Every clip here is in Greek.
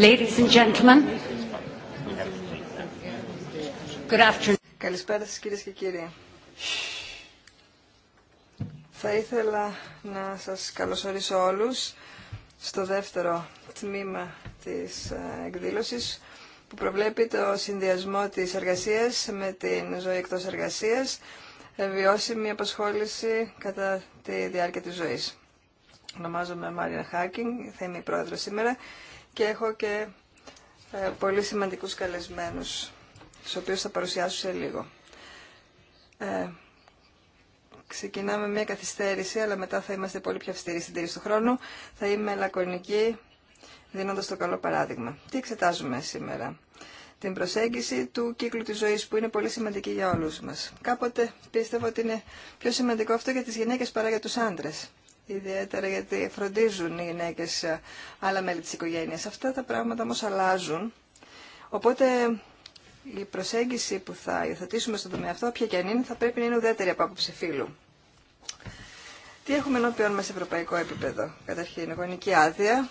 Ladies and gentlemen. Good Καλησπέρα σας κυρίες και κύριοι. Θα ήθελα να σας καλωσορίσω όλους στο δεύτερο τμήμα της ε, εκδήλωσης που προβλέπει το συνδυασμό της εργασίας με την ζωή εκτός εργασίας, ε, βιώσιμη απασχόληση κατά τη διάρκεια της ζωής. Ονομάζομαι Μάρια Χάκινγκ, θα είμαι η πρόεδρος σήμερα και έχω και ε, πολύ σημαντικούς καλεσμένους, τους οποίους θα παρουσιάσω σε λίγο. Ε, ξεκινάμε μια καθυστέρηση, αλλά μετά θα είμαστε πολύ πιο αυστηροί στην τήρηση του χρόνου. Θα είμαι λακωνική, δίνοντας το καλό παράδειγμα. Τι εξετάζουμε σήμερα. Την προσέγγιση του κύκλου της ζωής, που είναι πολύ σημαντική για όλους μας. Κάποτε πίστευα ότι είναι πιο σημαντικό αυτό για τις γυναίκες παρά για τους άντρες ιδιαίτερα γιατί φροντίζουν οι γυναίκες ε, άλλα μέλη της οικογένειας. Αυτά τα πράγματα όμως αλλάζουν, οπότε η προσέγγιση που θα υιοθετήσουμε στον τομέα αυτό, όποια και αν είναι, θα πρέπει να είναι ουδέτερη από άποψη φύλου. Τι έχουμε ενώπιον μας σε ευρωπαϊκό επίπεδο. Καταρχήν, γονική άδεια.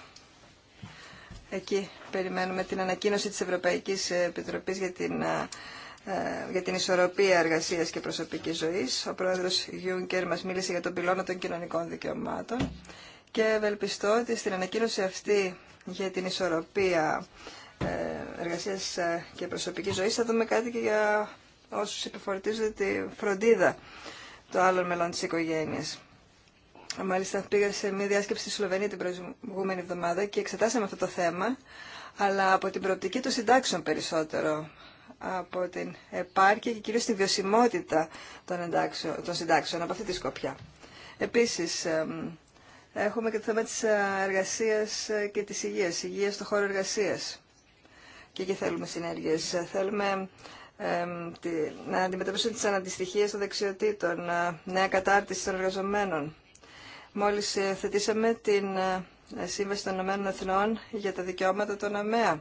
Εκεί περιμένουμε την ανακοίνωση της Ευρωπαϊκής Επιτροπής για την ε, ε, για την ισορροπία εργασία και προσωπική ζωή. Ο πρόεδρο Γιούνκερ μα μίλησε για τον πυλώνα των κοινωνικών δικαιωμάτων και ευελπιστώ ότι στην ανακοίνωση αυτή για την ισορροπία ε, εργασία ε, και προσωπική ζωή θα δούμε κάτι και για όσου επιφορτίζονται τη φροντίδα των άλλων μελών τη οικογένεια. Μάλιστα, πήγα σε μια διάσκεψη στη Σλοβενία την προηγούμενη εβδομάδα και εξετάσαμε αυτό το θέμα, αλλά από την προοπτική των συντάξεων περισσότερο από την επάρκεια και κυρίως τη βιωσιμότητα των, των συντάξεων από αυτή τη σκοπιά. Επίσης, έχουμε και το θέμα της ε, εργασίας ε, και της υγείας, υγείας στον χώρο εργασίας. Και εκεί θέλουμε συνέργειες. Θέλουμε να αντιμετωπίσουμε τις αναντιστοιχίες των δεξιοτήτων, ε, νέα κατάρτιση των εργαζομένων. Μόλις θετήσαμε την Σύμβαση των Ηνωμένων Εθνών για τα δικαιώματα των ΑΜΕΑ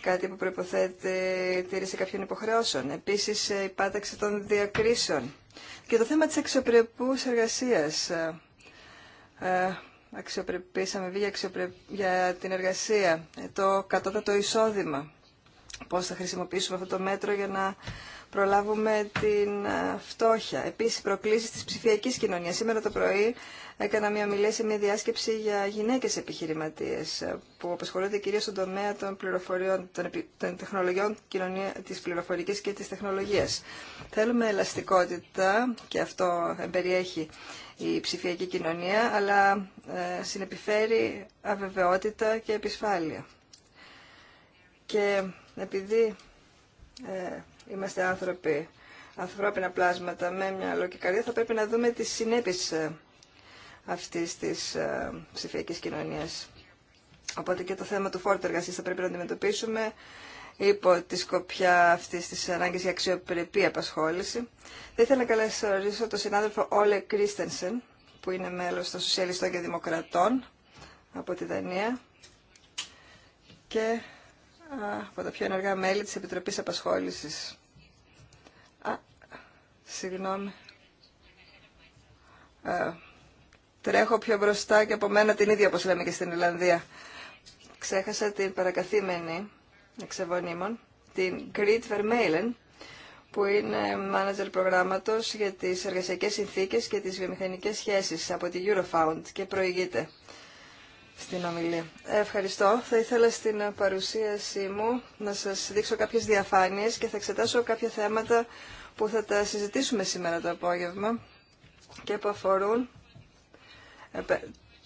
κάτι που προϋποθέτει τήρηση κάποιων υποχρεώσεων. Επίσης, ε, η πάταξη των διακρίσεων και το θέμα της αξιοπρεπούς εργασίας. Ε, ε, Αξιοπρεπή αμοιβή για, για την εργασία, το κατώτατο εισόδημα πώς θα χρησιμοποιήσουμε αυτό το μέτρο για να προλάβουμε την ε, φτώχεια. Επίσης, προκλήσεις της ψηφιακής κοινωνίας. Σήμερα το πρωί έκανα μια μιλή σε μια διάσκεψη για γυναίκες επιχειρηματίες ε, που απασχολούνται κυρίως στον τομέα των, πληροφοριών, των, τεχνολογιών κοινωνία, της πληροφορικής και της τεχνολογίας. Θέλουμε ελαστικότητα και αυτό περιέχει η ψηφιακή κοινωνία, αλλά ε, συνεπιφέρει αβεβαιότητα και επισφάλεια. Και επειδή ε, είμαστε άνθρωποι, ανθρώπινα πλάσματα με μια λογική καρδιά, θα πρέπει να δούμε τις συνέπειες ε, αυτής της ε, ψηφιακής κοινωνίας. Οπότε και το θέμα του φόρτου εργασίας θα πρέπει να αντιμετωπίσουμε υπό τη σκοπιά αυτής της ανάγκης για αξιοπρεπή απασχόληση. Θα ήθελα να καλωσορίσω τον συνάδελφο Όλε Κρίστενσεν, που είναι μέλος των Σοσιαλιστών και Δημοκρατών από τη Δανία και από τα πιο ενεργά μέλη της Επιτροπής Απασχόλησης. Α, συγγνώμη. Ε, τρέχω πιο μπροστά και από μένα την ίδια, όπως λέμε και στην Ιλλανδία. Ξέχασα την παρακαθήμενη εξεβονίμων, την Greet Vermeilen, που είναι manager προγράμματος για τις εργασιακές συνθήκες και τις βιομηχανικές σχέσεις από τη Eurofound και προηγείται στην ομιλία. Ε, ευχαριστώ. Θα ήθελα στην παρουσίασή μου να σας δείξω κάποιες διαφάνειες και θα εξετάσω κάποια θέματα που θα τα συζητήσουμε σήμερα το απόγευμα και που αφορούν... Ε,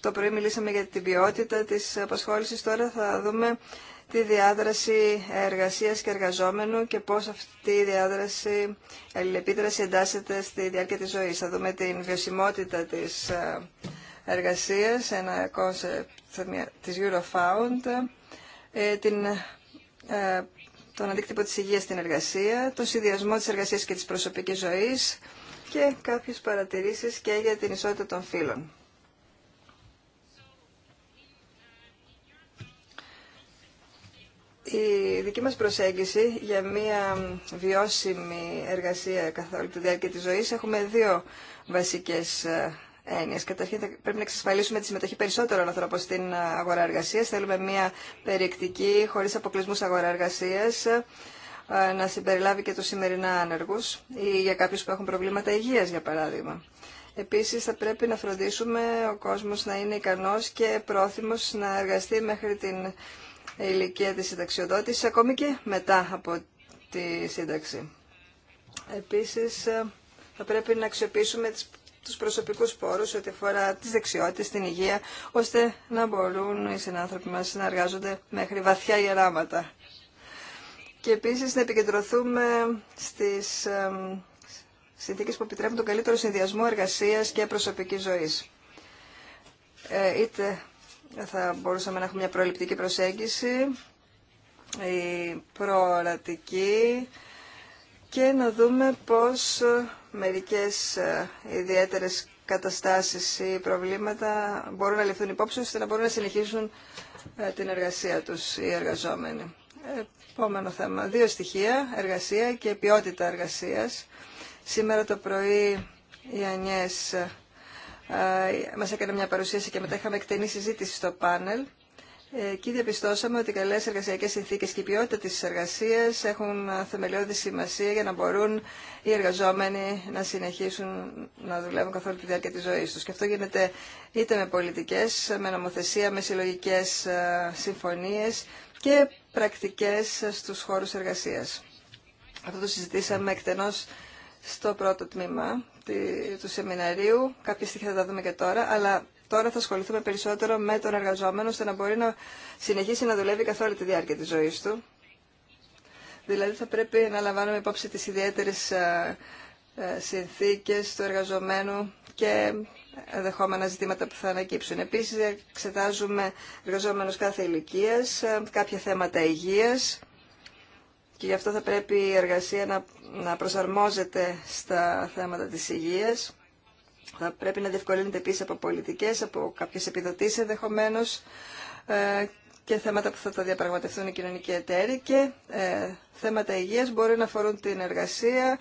το πρωί μιλήσαμε για την ποιότητα της απασχόλησης, τώρα θα δούμε τη διάδραση εργασίας και εργαζόμενου και πώς αυτή η διάδραση, η αλληλεπίδραση εντάσσεται στη διάρκεια της ζωής. Θα δούμε την βιωσιμότητα της ε, εργασίας, ένα κόνσεπτ της Eurofound, ε, την, ε, τον αντίκτυπο της υγείας στην εργασία, τον συνδυασμό της εργασίας και της προσωπικής ζωής και κάποιες παρατηρήσεις και για την ισότητα των φύλων. Η δική μας προσέγγιση για μια βιώσιμη εργασία καθ' όλη τη διάρκεια της ζωής έχουμε δύο βασικές ε, έννοιε. Καταρχήν πρέπει να εξασφαλίσουμε τη συμμετοχή περισσότερων ανθρώπων στην ε, αγορά εργασία. Θέλουμε μια περιεκτική, χωρί αποκλεισμού αγορά εργασία ε, να συμπεριλάβει και του σημερινά άνεργους ή για κάποιου που έχουν προβλήματα υγεία, για παράδειγμα. Επίση, θα πρέπει να φροντίσουμε ο κόσμο να είναι ικανό και πρόθυμο να εργαστεί μέχρι την ηλικία τη συνταξιοδότηση, ακόμη και μετά από τη σύνταξη. Επίσης, ε, θα πρέπει να αξιοποιήσουμε τις τους προσωπικούς πόρους ό,τι αφορά τις δεξιότητες, την υγεία, ώστε να μπορούν οι συνάνθρωποι μας να εργάζονται μέχρι βαθιά γεράματα. Και επίσης να επικεντρωθούμε στις συνθήκες που επιτρέπουν τον καλύτερο συνδυασμό εργασίας και προσωπικής ζωής. Ε, είτε θα μπορούσαμε να έχουμε μια προληπτική προσέγγιση, η προορατική, και να δούμε πώς ε, μερικές ε, ιδιαίτερες καταστάσεις ή προβλήματα μπορούν να ληφθούν υπόψη ώστε να μπορούν να συνεχίσουν ε, την εργασία τους οι εργαζόμενοι. Επόμενο θέμα. Δύο στοιχεία, εργασία και ποιότητα εργασίας. Σήμερα το πρωί η Ανιές μας έκανε μια παρουσίαση και μετά είχαμε εκτενή συζήτηση στο πάνελ ε, εκεί διαπιστώσαμε ότι οι καλέ εργασιακέ συνθήκε και η ποιότητα τη εργασία έχουν θεμελιώδη σημασία για να μπορούν οι εργαζόμενοι να συνεχίσουν να δουλεύουν καθ' όλη τη διάρκεια τη ζωή του. Και αυτό γίνεται είτε με πολιτικέ, με νομοθεσία, με συλλογικέ ε, συμφωνίε και πρακτικέ στου χώρου εργασία. Αυτό το συζητήσαμε εκτενώς στο πρώτο τμήμα του σεμιναρίου. Κάποια στοιχεία θα τα δούμε και τώρα, αλλά Τώρα θα ασχοληθούμε περισσότερο με τον εργαζόμενο ώστε να μπορεί να συνεχίσει να δουλεύει καθ' όλη τη διάρκεια της ζωής του. Δηλαδή θα πρέπει να λαμβάνουμε υπόψη τις ιδιαίτερες ε, ε, συνθήκες του εργαζομένου και δεχόμενα ζητήματα που θα ανακύψουν. Επίσης, εξετάζουμε εργαζόμενους κάθε ηλικίας, ε, κάποια θέματα υγείας και γι' αυτό θα πρέπει η εργασία να, να προσαρμόζεται στα θέματα της υγείας. Θα πρέπει να διευκολύνεται επίση από πολιτικές, από κάποιες επιδοτήσει ενδεχομένω ε, και θέματα που θα τα διαπραγματευτούν οι κοινωνικοί εταίροι και ε, θέματα υγείας μπορεί να αφορούν την εργασία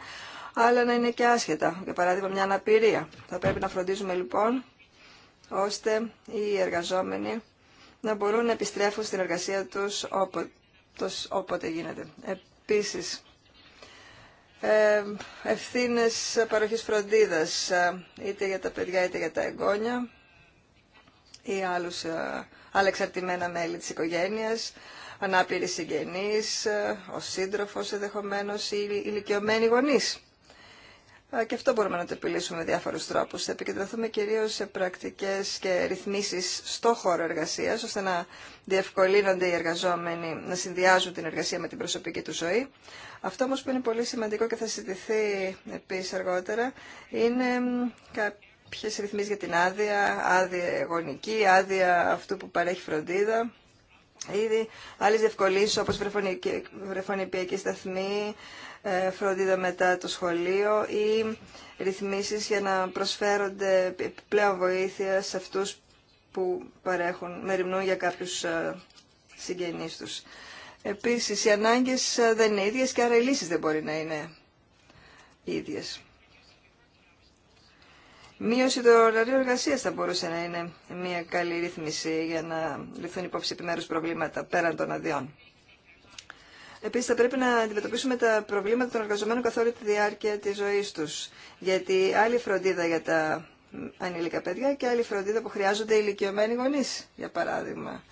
αλλά να είναι και άσχετα, για παράδειγμα μια αναπηρία. Θα πρέπει να φροντίζουμε λοιπόν ώστε οι εργαζόμενοι να μπορούν να επιστρέφουν στην εργασία τους όποτε, όποτε γίνεται. Επίσης, ευθύνες παροχής φροντίδας, ε, είτε για τα παιδιά είτε για τα εγγόνια ή άλλους, ε, άλλα εξαρτημένα μέλη της οικογένειας, ανάπηροι συγγενείς, ε, ο σύντροφος ενδεχομένω ή ηλικιωμένοι γονείς και αυτό μπορούμε να το επιλύσουμε με διάφορου τρόπου. Θα επικεντρωθούμε κυρίω σε πρακτικέ και ρυθμίσει στο χώρο εργασία, ώστε να διευκολύνονται οι εργαζόμενοι να συνδυάζουν την εργασία με την προσωπική του ζωή. Αυτό όμω που είναι πολύ σημαντικό και θα συζητηθεί επίση αργότερα, είναι κάποιε ρυθμίσει για την άδεια, άδεια γονική, άδεια αυτού που παρέχει φροντίδα. Ήδη άλλες διευκολύνσεις όπως βρεφονιπιακή σταθμή, ε, φροντίδα μετά το σχολείο ή ρυθμίσεις για να προσφέρονται πλέον βοήθεια σε αυτούς που παρέχουν, μεριμνούν για κάποιους ε, συγγενείς τους. Επίσης, οι ανάγκες ε, δεν είναι ίδιες και άρα οι δεν μπορεί να είναι ίδιες. Μείωση του ωραρίου εργασία θα μπορούσε να είναι μια καλή ρύθμιση για να ληφθούν υπόψη επιμέρου προβλήματα πέραν των αδειών. Επίση, θα πρέπει να αντιμετωπίσουμε τα προβλήματα των εργαζομένων καθ' όλη τη διάρκεια τη ζωή του. Γιατί άλλη φροντίδα για τα ανήλικα παιδιά και άλλη φροντίδα που χρειάζονται οι ηλικιωμένοι γονεί, για παράδειγμα.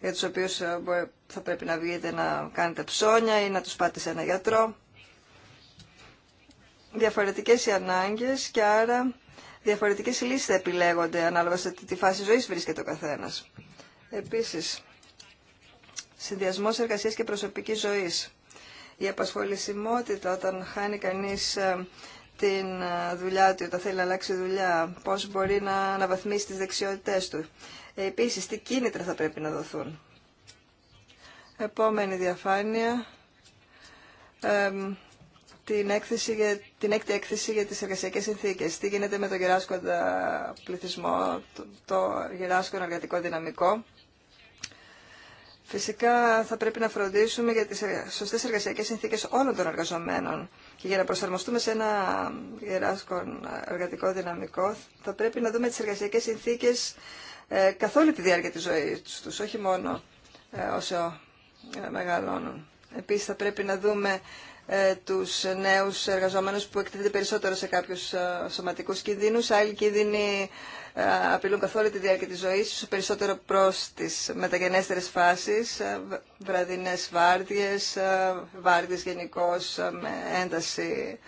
Για του οποίου ε, θα πρέπει να βγείτε να κάνετε ψώνια ή να του πάτε σε ένα γιατρό. Διαφορετικέ οι ανάγκε και άρα διαφορετικέ λύσει θα επιλέγονται ανάλογα σε τη φάση ζωή βρίσκεται ο καθένα. Επίσης, συνδυασμός εργασίας και προσωπικής ζωής. Η απασχολησιμότητα όταν χάνει κανείς ε, την ε, δουλειά του, όταν θέλει να αλλάξει δουλειά, πώς μπορεί να αναβαθμίσει τις δεξιότητές του. Επίσης, τι κίνητρα θα πρέπει να δοθούν. Επόμενη διαφάνεια, την, έκθεση για, την έκτη έκθεση για τις εργασιακές συνθήκες. Τι γίνεται με το γεράσκοντα πληθυσμό, το, το εργατικό δυναμικό. Φυσικά θα πρέπει να φροντίσουμε για τις σωστές εργασιακές συνθήκες όλων των εργαζομένων και για να προσαρμοστούμε σε ένα γεράσκον εργατικό δυναμικό θα πρέπει να δούμε τις εργασιακές συνθήκες ε, καθ' όλη τη διάρκεια της ζωής τους, όχι μόνο ε, όσο μεγαλώνουν. Επίσης θα πρέπει να δούμε ε, τους νέους εργαζόμενους που εκτίθεται περισσότερο σε κάποιους ε, σωματικούς κινδύνους. Άλλοι κίνδυνοι ε, απειλούν καθ' τη διάρκεια της ζωής, περισσότερο προς τις μεταγενέστερες φάσεις, βραδινές βάρδιες, βάρδιες γενικώ με ένταση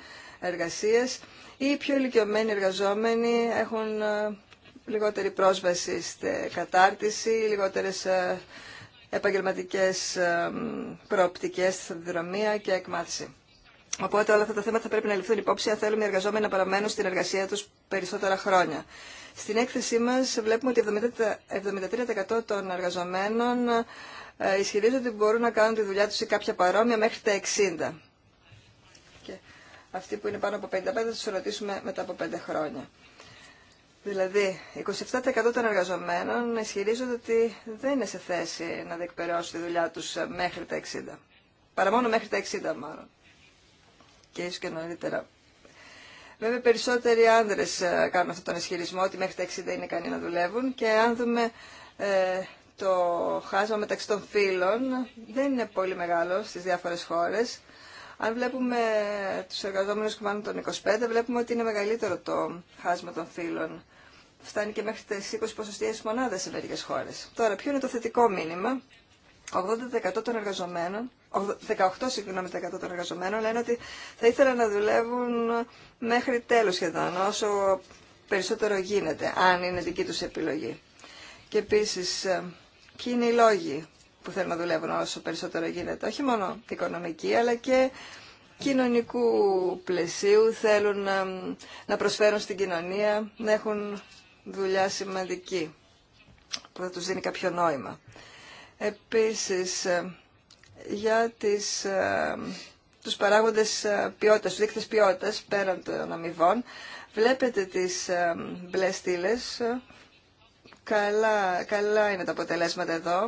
εργασίας. Οι πιο ηλικιωμένοι εργαζόμενοι έχουν λιγότερη πρόσβαση στη κατάρτιση, λιγότερες επαγγελματικές προοπτικές, σταδιοδρομία και εκμάθηση. Οπότε όλα αυτά τα θέματα θα πρέπει να ληφθούν υπόψη αν θέλουμε οι εργαζόμενοι να παραμένουν στην εργασία τους περισσότερα χρόνια. Στην έκθεσή μας βλέπουμε ότι 73% των εργαζομένων ε, ισχυρίζονται ότι μπορούν να κάνουν τη δουλειά τους ή κάποια παρόμοια μέχρι τα 60. Και αυτοί που είναι πάνω από 55 θα τους ρωτήσουμε μετά από 5 χρόνια. Δηλαδή, 27% των εργαζομένων ισχυρίζονται ότι δεν είναι σε θέση να διεκπαιρεώσουν τη δουλειά τους μέχρι τα 60. Παρά μόνο μέχρι τα 60 μάλλον. Και ίσως και νωρίτερα. Βέβαια, περισσότεροι άνδρες ε, κάνουν αυτόν τον ισχυρισμό ότι μέχρι τα 60 είναι ικανοί να δουλεύουν και αν δούμε ε, το χάσμα μεταξύ των φύλων δεν είναι πολύ μεγάλο στις διάφορες χώρες. Αν βλέπουμε τους εργαζόμενους που των 25, βλέπουμε ότι είναι μεγαλύτερο το χάσμα των φύλων. Φτάνει και μέχρι τις 20 ποσοστιαίες μονάδες σε μερικέ χώρες. Τώρα, ποιο είναι το θετικό μήνυμα. 80% των εργαζομένων 18% των εργαζομένων λένε ότι θα ήθελαν να δουλεύουν μέχρι τέλος σχεδόν, όσο περισσότερο γίνεται, αν είναι δική τους επιλογή. Και επίσης, ε, ποιοι είναι οι λόγοι που θέλουν να δουλεύουν όσο περισσότερο γίνεται. Όχι μόνο οικονομική, αλλά και κοινωνικού πλαισίου. Θέλουν να, να προσφέρουν στην κοινωνία, να έχουν δουλειά σημαντική που θα τους δίνει κάποιο νόημα. Επίσης, για τις, τους παράγοντες ε, ποιότητας, τους δείκτες ποιότητας πέραν των αμοιβών, βλέπετε τις μπλε στήλες, καλά, καλά είναι τα αποτελέσματα εδώ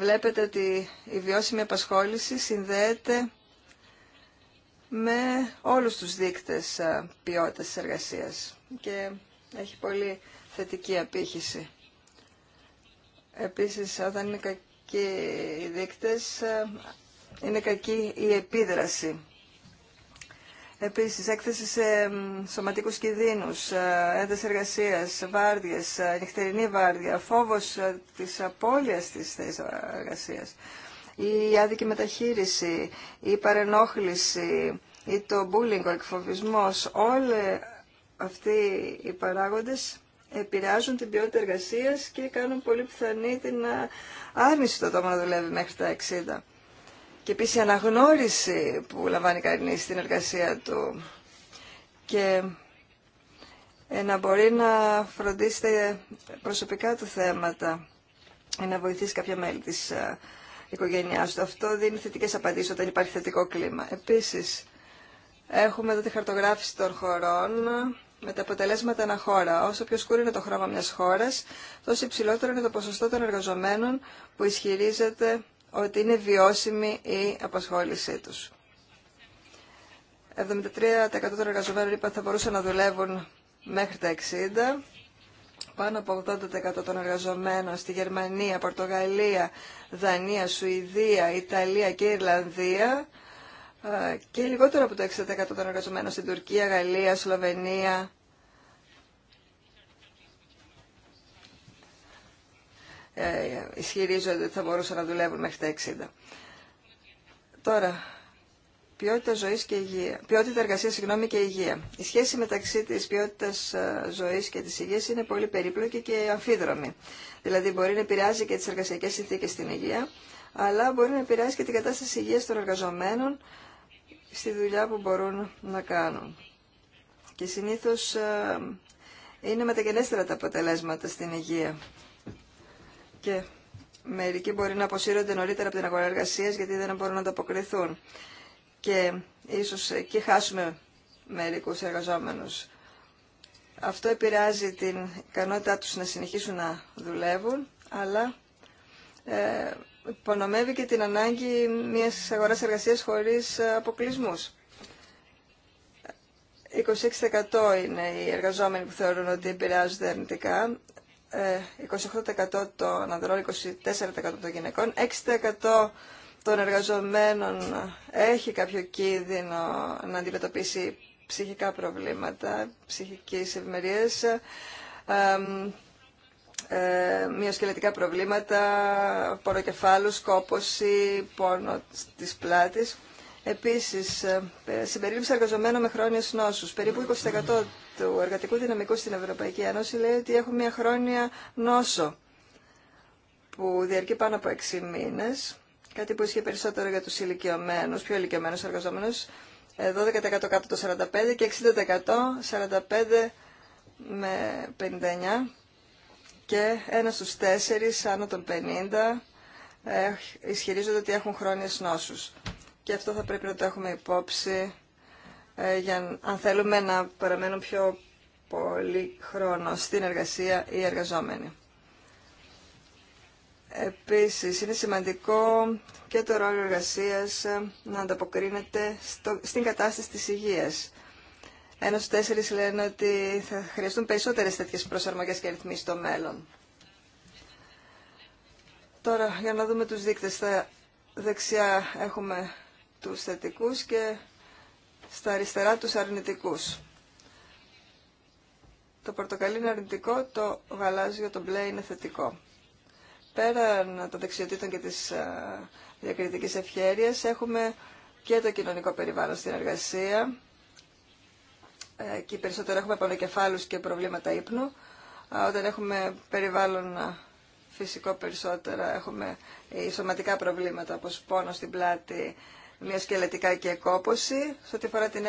βλέπετε ότι η βιώσιμη απασχόληση συνδέεται με όλους τους δείκτες ποιότητας της εργασίας και έχει πολύ θετική απήχηση. Επίσης, όταν είναι κακοί οι δείκτες, είναι κακή η επίδραση Επίσης, έκθεση σε σωματικούς κινδύνους, ε, ένταση εργασίας, βάρδιες, ε, νυχτερινή βάρδια, φόβος ε, της απώλειας της θέσης εργασίας, η άδικη μεταχείριση, η παρενόχληση ή το bullying, ο εκφοβισμός, όλοι αυτοί οι παράγοντες επηρεάζουν την ποιότητα εργασίας και κάνουν πολύ πιθανή την άρνηση το ατόμου να δουλεύει μέχρι τα 60 και επίσης η αναγνώριση που λαμβάνει κανεί στην εργασία του και ε, να μπορεί να φροντίσετε προσωπικά του θέματα ή να βοηθήσει κάποια μέλη της ε, οικογένειάς του. Αυτό δίνει θετικές απαντήσεις όταν υπάρχει θετικό κλίμα. Επίσης, έχουμε εδώ τη χαρτογράφηση των χωρών με τα αποτελέσματα ένα χώρα. Όσο πιο σκούρο είναι το χρώμα μιας χώρας, τόσο υψηλότερο είναι το ποσοστό των εργαζομένων που ισχυρίζεται ότι είναι βιώσιμη η απασχόλησή τους. 73% των εργαζομένων είπαν θα μπορούσαν να δουλεύουν μέχρι τα 60%. Πάνω από 80% των εργαζομένων στη Γερμανία, Πορτογαλία, Δανία, Σουηδία, Ιταλία και Ιρλανδία ε, και λιγότερο από το 60% των εργαζομένων στην Τουρκία, Γαλλία, Σλοβενία, Ε, ισχυρίζονται ότι θα μπορούσαν να δουλεύουν μέχρι τα 60. Τώρα, ποιότητα ζωής και υγεία. Ποιότητα εργασίας, συγγνώμη, και υγεία. Η σχέση μεταξύ της ποιότητας ε, ζωής και της υγείας είναι πολύ περίπλοκη και αμφίδρομη. Δηλαδή μπορεί να επηρεάζει και τις εργασιακές συνθήκες στην υγεία, αλλά μπορεί να επηρεάζει και την κατάσταση υγείας των εργαζομένων στη δουλειά που μπορούν να κάνουν. Και συνήθως ε, είναι μεταγενέστερα τα αποτελέσματα στην υγεία και μερικοί μπορεί να αποσύρονται νωρίτερα από την αγορά εργασία γιατί δεν μπορούν να ανταποκριθούν και ίσω και χάσουμε μερικούς εργαζόμενου. Αυτό επηρεάζει την ικανότητά τους να συνεχίσουν να δουλεύουν, αλλά ε, υπονομεύει και την ανάγκη μιας αγοράς εργασίας χωρίς ε, αποκλεισμούς. 26% είναι οι εργαζόμενοι που θεωρούν ότι επηρεάζονται αρνητικά, 28% των ανδρών, 24% των γυναικών, 6% των εργαζομένων έχει κάποιο κίνδυνο να αντιμετωπίσει ψυχικά προβλήματα, ψυχικές ευημερίας, ε, μειοσκελετικά προβλήματα, ποροκεφάλους, κόπωση, πόνο της πλάτης. Επίσης, ε, συμπερίληψη εργαζομένων με χρόνιες νόσους. Περίπου 20% του εργατικού δυναμικού στην Ευρωπαϊκή Ένωση λέει ότι έχουμε μια χρόνια νόσο που διαρκεί πάνω από 6 μήνες, κάτι που ισχύει περισσότερο για τους ηλικιωμένους, πιο ηλικιωμένους εργαζόμενους, 12% ε, κάτω το 45% και 60% 45% με 59% και ένα στους τέσσερις άνω των 50% ε, ισχυρίζονται ότι έχουν χρόνιες νόσους. Και αυτό θα πρέπει να το έχουμε υπόψη ε, για, αν θέλουμε να παραμένουν πιο πολύ χρόνο στην εργασία οι εργαζόμενοι. Επίσης, είναι σημαντικό και το ρόλο εργασίας ε, να ανταποκρίνεται στο, στην κατάσταση της υγείας. Ένα στους τέσσερις λένε ότι θα χρειαστούν περισσότερες τέτοιες προσαρμογές και ρυθμίσεις στο μέλλον. Τώρα, για να δούμε τους δείκτες. Στα δεξιά έχουμε τους θετικούς και στα αριστερά τους αρνητικούς. Το πορτοκαλί είναι αρνητικό, το γαλάζιο, το μπλε είναι θετικό. Πέραν των δεξιοτήτων και της ε, διακριτικής ευχέρειας έχουμε και το κοινωνικό περιβάλλον στην εργασία. Ε, εκεί περισσότερο έχουμε πανοκεφάλους και προβλήματα ύπνου. Ε, όταν έχουμε περιβάλλον φυσικό περισσότερα έχουμε σωματικά προβλήματα όπως πόνο στην πλάτη, μια σκελετικά και κόπωση Σε ό,τι αφορά την,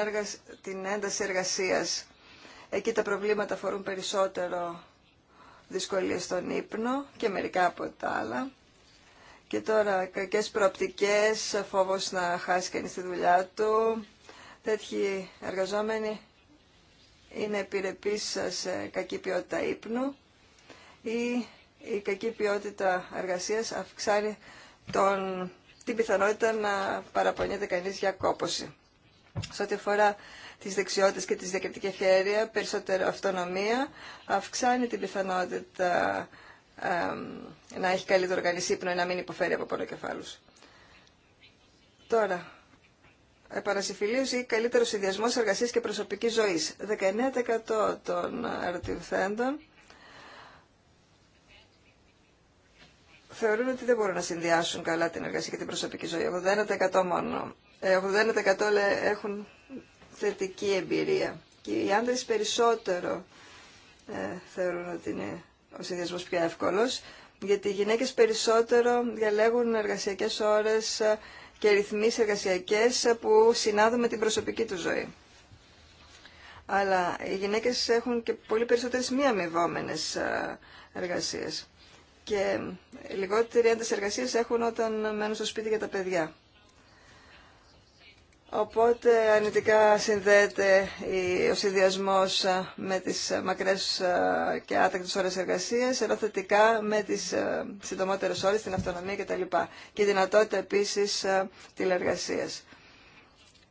την ένταση εργασίας, εκεί τα προβλήματα αφορούν περισσότερο δυσκολίες στον ύπνο και μερικά από τα άλλα. Και τώρα κακές προοπτικές, φόβος να χάσει κανείς τη δουλειά του. Τέτοιοι εργαζόμενοι είναι επιρρεπείς σε κακή ποιότητα ύπνου ή η κακή ποιότητα εργασίας αυξάνει τον την πιθανότητα να παραπονιέται κανείς για κόπωση. Σε ό,τι αφορά τις δεξιότητες και τις διακριτική ευχαίρεια, περισσότερη αυτονομία αυξάνει την πιθανότητα να έχει καλύτερο κανείς ύπνο ή να μην υποφέρει από πονοκεφάλους. Τώρα, επανασυμφιλίωση ή καλύτερο συνδυασμό εργασία και προσωπική ζωή. 19% των ερωτηθέντων θεωρούν ότι δεν μπορούν να συνδυάσουν καλά την εργασία και την προσωπική ζωή. 81% μόνο. Ε, έχουν θετική εμπειρία. Και οι άντρε περισσότερο ε, θεωρούν ότι είναι ο συνδυασμό πιο εύκολος, γιατί οι γυναίκες περισσότερο διαλέγουν εργασιακές ώρες ε, και ρυθμίσει εργασιακές ε, που συνάδουν με την προσωπική του ζωή. Αλλά οι γυναίκε έχουν και πολύ περισσότερε μη αμοιβόμενε εργασίε και λιγότερη ένταση εργασία έχουν όταν μένουν στο σπίτι για τα παιδιά. Οπότε αρνητικά συνδέεται ο συνδυασμό με τις μακρές και άτακτες ώρες εργασίας, ενώ θετικά με τις συντομότερε ώρες, την αυτονομία κτλ. Και η δυνατότητα επίση τηλεργασία,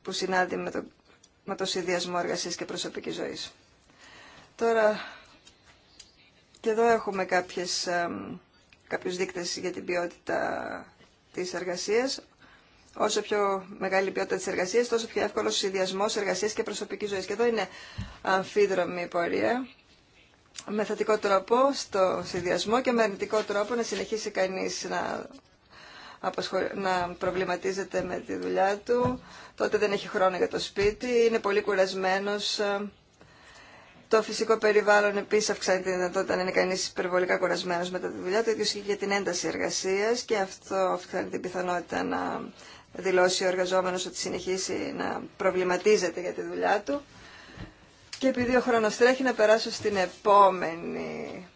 που συνάδει με το, με το συνδυασμό εργασία και προσωπική ζωή. Τώρα και εδώ έχουμε κάποιες, κάποιους δείκτες για την ποιότητα της εργασίας. Όσο πιο μεγάλη η ποιότητα της εργασίας, τόσο πιο εύκολος ο συνδυασμός εργασίας και προσωπικής ζωής. Και εδώ είναι αμφίδρομη η πορεία. Με θετικό τρόπο στο συνδυασμό και με αρνητικό τρόπο να συνεχίσει κανείς να να προβληματίζεται με τη δουλειά του, τότε δεν έχει χρόνο για το σπίτι, είναι πολύ κουρασμένος το φυσικό περιβάλλον επίση αυξάνει τη δυνατότητα να είναι κανεί υπερβολικά κουρασμένο μετά τη δουλειά. Το ίδιο ισχύει για την ένταση εργασία και αυτό αυξάνει την πιθανότητα να δηλώσει ο εργαζόμενο ότι συνεχίσει να προβληματίζεται για τη δουλειά του. Και επειδή ο χρόνο τρέχει, να περάσω στην επόμενη,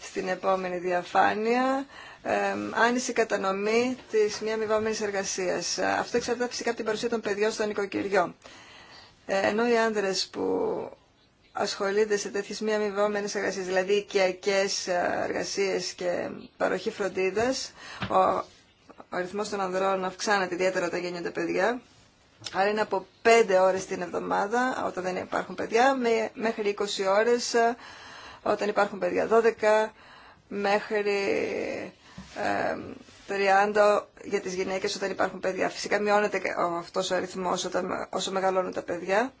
στην επόμενη διαφάνεια. Ε, άνηση κατανομή τη μη αμοιβόμενη εργασία. Αυτό εξαρτάται φυσικά από την παρουσία των παιδιών στο νοικοκυριό. Ε, ενώ οι άνδρες που ασχολείται σε τέτοιε μη αμοιβόμενε εργασίε, δηλαδή οικιακέ ε, εργασίε και παροχή φροντίδα. Ο αριθμό των ανδρών αυξάνεται ιδιαίτερα όταν γίνονται παιδιά. Άρα είναι από 5 ώρες την εβδομάδα όταν δεν υπάρχουν παιδιά μέχρι 20 ώρες ε, όταν υπάρχουν παιδιά. 12 μέχρι 30 για τις γυναίκες όταν υπάρχουν παιδιά. Φυσικά μειώνεται αυτός ο αριθμός όταν, όσο μεγαλώνουν τα παιδιά.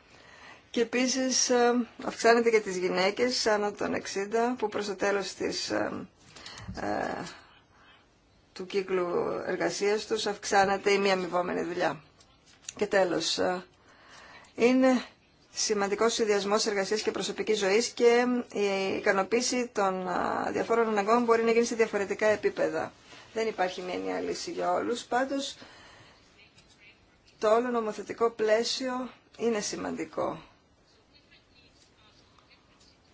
Και επίσης ε, αυξάνεται για τις γυναίκες άνω των 60 που προς το τέλος ε, ε, του κύκλου εργασίας τους αυξάνεται η μη αμοιβόμενη δουλειά. Και τέλος, ε, είναι σημαντικό συνδυασμό εργασία και προσωπική ζωή και η ικανοποίηση των διαφόρων αναγκών μπορεί να γίνει σε διαφορετικά επίπεδα. Δεν υπάρχει μία νέα λύση για όλους. Πάντως, το όλο νομοθετικό πλαίσιο είναι σημαντικό.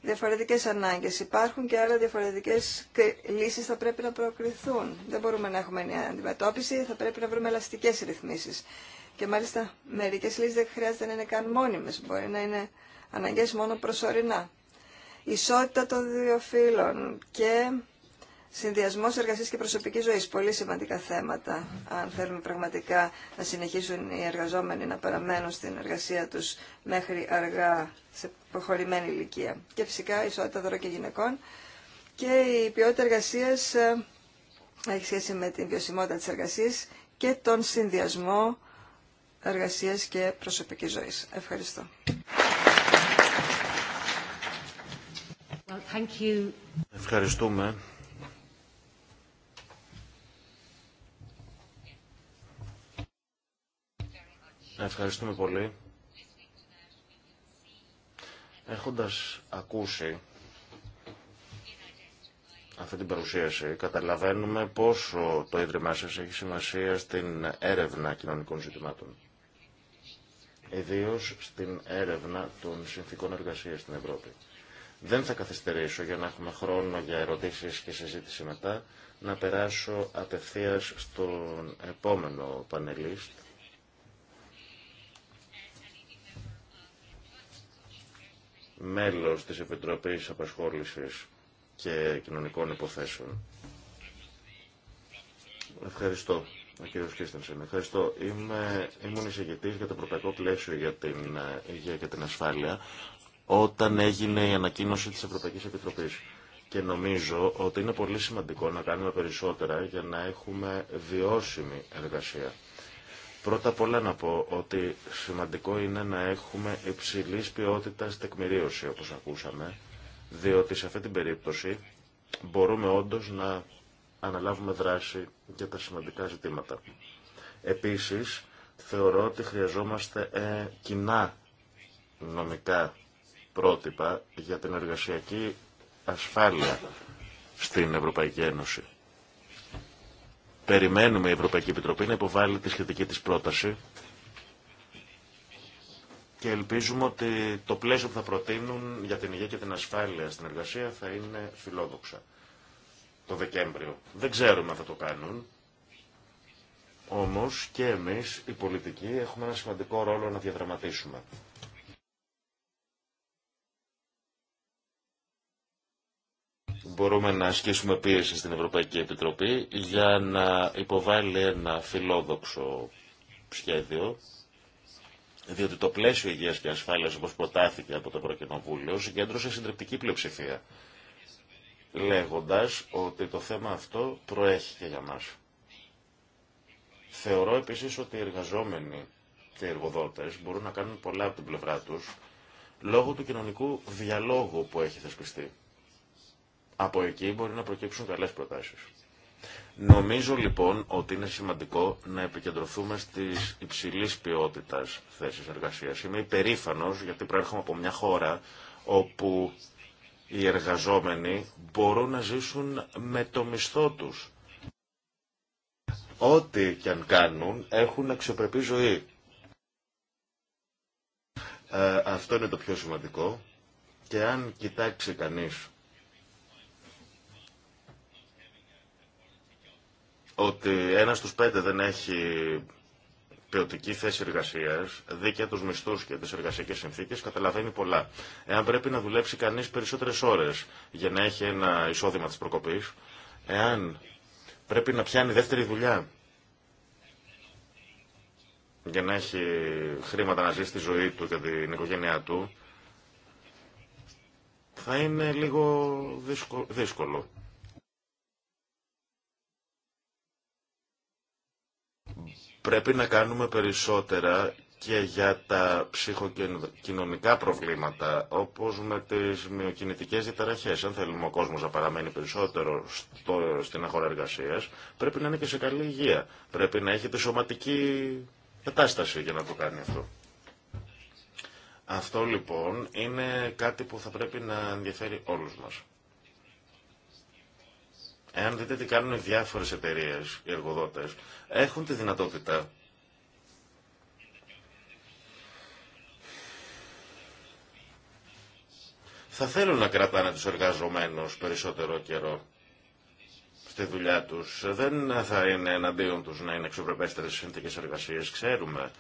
Διαφορετικές ανάγκες υπάρχουν και μάλιστα, διαφορετικές λύσεις θα πρέπει να προκριθούν. Δεν μπορούμε να έχουμε μια αντιμετώπιση, θα πρέπει να βρούμε ελαστικές ρυθμίσεις. Και μάλιστα μερικές λύσεις δεν χρειάζεται να είναι καν μόνιμες, μπορεί να είναι αναγκές μόνο προσωρινά. Ισότητα των δύο φύλων και Συνδυασμό εργασία και προσωπική ζωή. Πολύ σημαντικά θέματα, αν θέλουμε πραγματικά να συνεχίσουν οι εργαζόμενοι να παραμένουν στην εργασία του μέχρι αργά, σε προχωρημένη ηλικία. Και φυσικά ισότητα δωρό και γυναικών. Και η ποιότητα εργασία ε, έχει σχέση με την βιωσιμότητα τη εργασία και τον συνδυασμό εργασία και προσωπική ζωή. Ευχαριστώ. Ευχαριστούμε. Ευχαριστούμε πολύ. Έχοντας ακούσει αυτή την παρουσίαση, καταλαβαίνουμε πόσο το Ίδρυμά σας έχει σημασία στην έρευνα κοινωνικών ζητημάτων. Ιδίως στην έρευνα των συνθήκων εργασίας στην Ευρώπη. Δεν θα καθυστερήσω για να έχουμε χρόνο για ερωτήσεις και συζήτηση μετά, να περάσω απευθείας στον επόμενο πανελίστ, μέλος της Επιτροπής Απασχόλησης και Κοινωνικών Υποθέσεων. Ευχαριστώ. Ο κύριο Κίστενσεν, ευχαριστώ. Είμαι, ήμουν εισηγητή για το Ευρωπαϊκό Πλαίσιο για την Υγεία και την Ασφάλεια όταν έγινε η ανακοίνωση της Ευρωπαϊκής Επιτροπής Και νομίζω ότι είναι πολύ σημαντικό να κάνουμε περισσότερα για να έχουμε βιώσιμη εργασία. Πρώτα απ' όλα να πω ότι σημαντικό είναι να έχουμε υψηλής ποιότητας τεκμηρίωση, όπως ακούσαμε, διότι σε αυτή την περίπτωση μπορούμε όντως να αναλάβουμε δράση για τα σημαντικά ζητήματα. Επίσης, θεωρώ ότι χρειαζόμαστε ε, κοινά νομικά πρότυπα για την εργασιακή ασφάλεια στην Ευρωπαϊκή Ένωση. Περιμένουμε η Ευρωπαϊκή Επιτροπή να υποβάλει τη σχετική της πρόταση και ελπίζουμε ότι το πλαίσιο που θα προτείνουν για την υγεία και την ασφάλεια στην εργασία θα είναι φιλόδοξα το Δεκέμβριο. Δεν ξέρουμε αν θα το κάνουν. Όμως και εμείς οι πολιτικοί έχουμε ένα σημαντικό ρόλο να διαδραματίσουμε. μπορούμε να ασκήσουμε πίεση στην Ευρωπαϊκή Επιτροπή για να υποβάλει ένα φιλόδοξο σχέδιο, διότι το πλαίσιο υγείας και ασφάλεια όπως προτάθηκε από το Ευρωκοινοβούλιο, συγκέντρωσε συντριπτική πλειοψηφία, λέγοντας ότι το θέμα αυτό προέχει και για μας. Θεωρώ επίσης ότι οι εργαζόμενοι και οι εργοδότες μπορούν να κάνουν πολλά από την πλευρά τους, λόγω του κοινωνικού διαλόγου που έχει θεσπιστεί. Από εκεί μπορεί να προκύψουν καλές προτάσεις. Νομίζω λοιπόν ότι είναι σημαντικό να επικεντρωθούμε στις υψηλής ποιότητας θέσεις εργασίας. Είμαι υπερήφανος γιατί προέρχομαι από μια χώρα όπου οι εργαζόμενοι μπορούν να ζήσουν με το μισθό τους. Ό,τι και αν κάνουν έχουν αξιοπρεπή ζωή. Ε, αυτό είναι το πιο σημαντικό και αν κοιτάξει κανείς ότι ένας στους πέντε δεν έχει ποιοτική θέση εργασία, δίκαια του μισθού και τι εργασιακέ συνθήκε, καταλαβαίνει πολλά. Εάν πρέπει να δουλέψει κανεί περισσότερε ώρε για να έχει ένα εισόδημα τη προκοπή, εάν πρέπει να πιάνει δεύτερη δουλειά για να έχει χρήματα να ζει στη ζωή του και την οικογένειά του, θα είναι λίγο δύσκολο. Πρέπει να κάνουμε περισσότερα και για τα ψυχοκοινωνικά προβλήματα, όπως με τις μειοκινητικές διαταραχές. Αν θέλουμε ο κόσμος να παραμένει περισσότερο στην αγορά εργασία, πρέπει να είναι και σε καλή υγεία. Πρέπει να έχει τη σωματική κατάσταση για να το κάνει αυτό. Αυτό λοιπόν είναι κάτι που θα πρέπει να ενδιαφέρει όλους μας. Εάν δείτε τι κάνουν οι διάφορες εταιρείες, οι εργοδότες, έχουν τη δυνατότητα θα θέλουν να κρατάνε τους εργαζομένους περισσότερο καιρό στη δουλειά τους. Δεν θα είναι εναντίον τους να είναι εξωπρεπέστερες συνθήκες εργασίες, ξέρουμε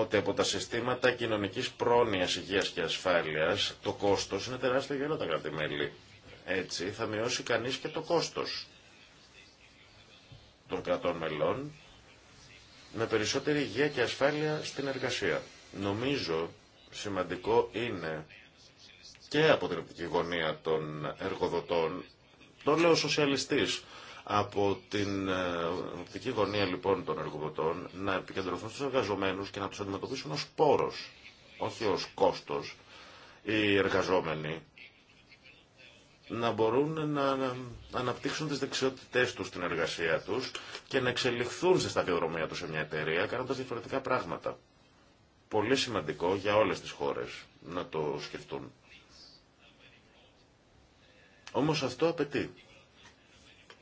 ότι από τα συστήματα κοινωνικής πρόνοιας, υγεία και ασφάλειας το κόστο είναι τεράστιο για όλα τα κράτη-μέλη. Έτσι θα μειώσει κανείς και το κόστος των κρατών μελών με περισσότερη υγεία και ασφάλεια στην εργασία. Νομίζω σημαντικό είναι και από την οπτική γωνία των εργοδοτών, το λέω σοσιαλιστής, από την ε, οπτική γωνία λοιπόν των εργοδοτών να επικεντρωθούν στους εργαζομένους και να τους αντιμετωπίσουν ως πόρος, όχι ως κόστος. Οι εργαζόμενοι να μπορούν να αναπτύξουν τις δεξιότητές τους στην εργασία τους και να εξελιχθούν σε σταδιοδρομία τους σε μια εταιρεία κάνοντας διαφορετικά πράγματα. Πολύ σημαντικό για όλες τις χώρες να το σκεφτούν. Όμως αυτό απαιτεί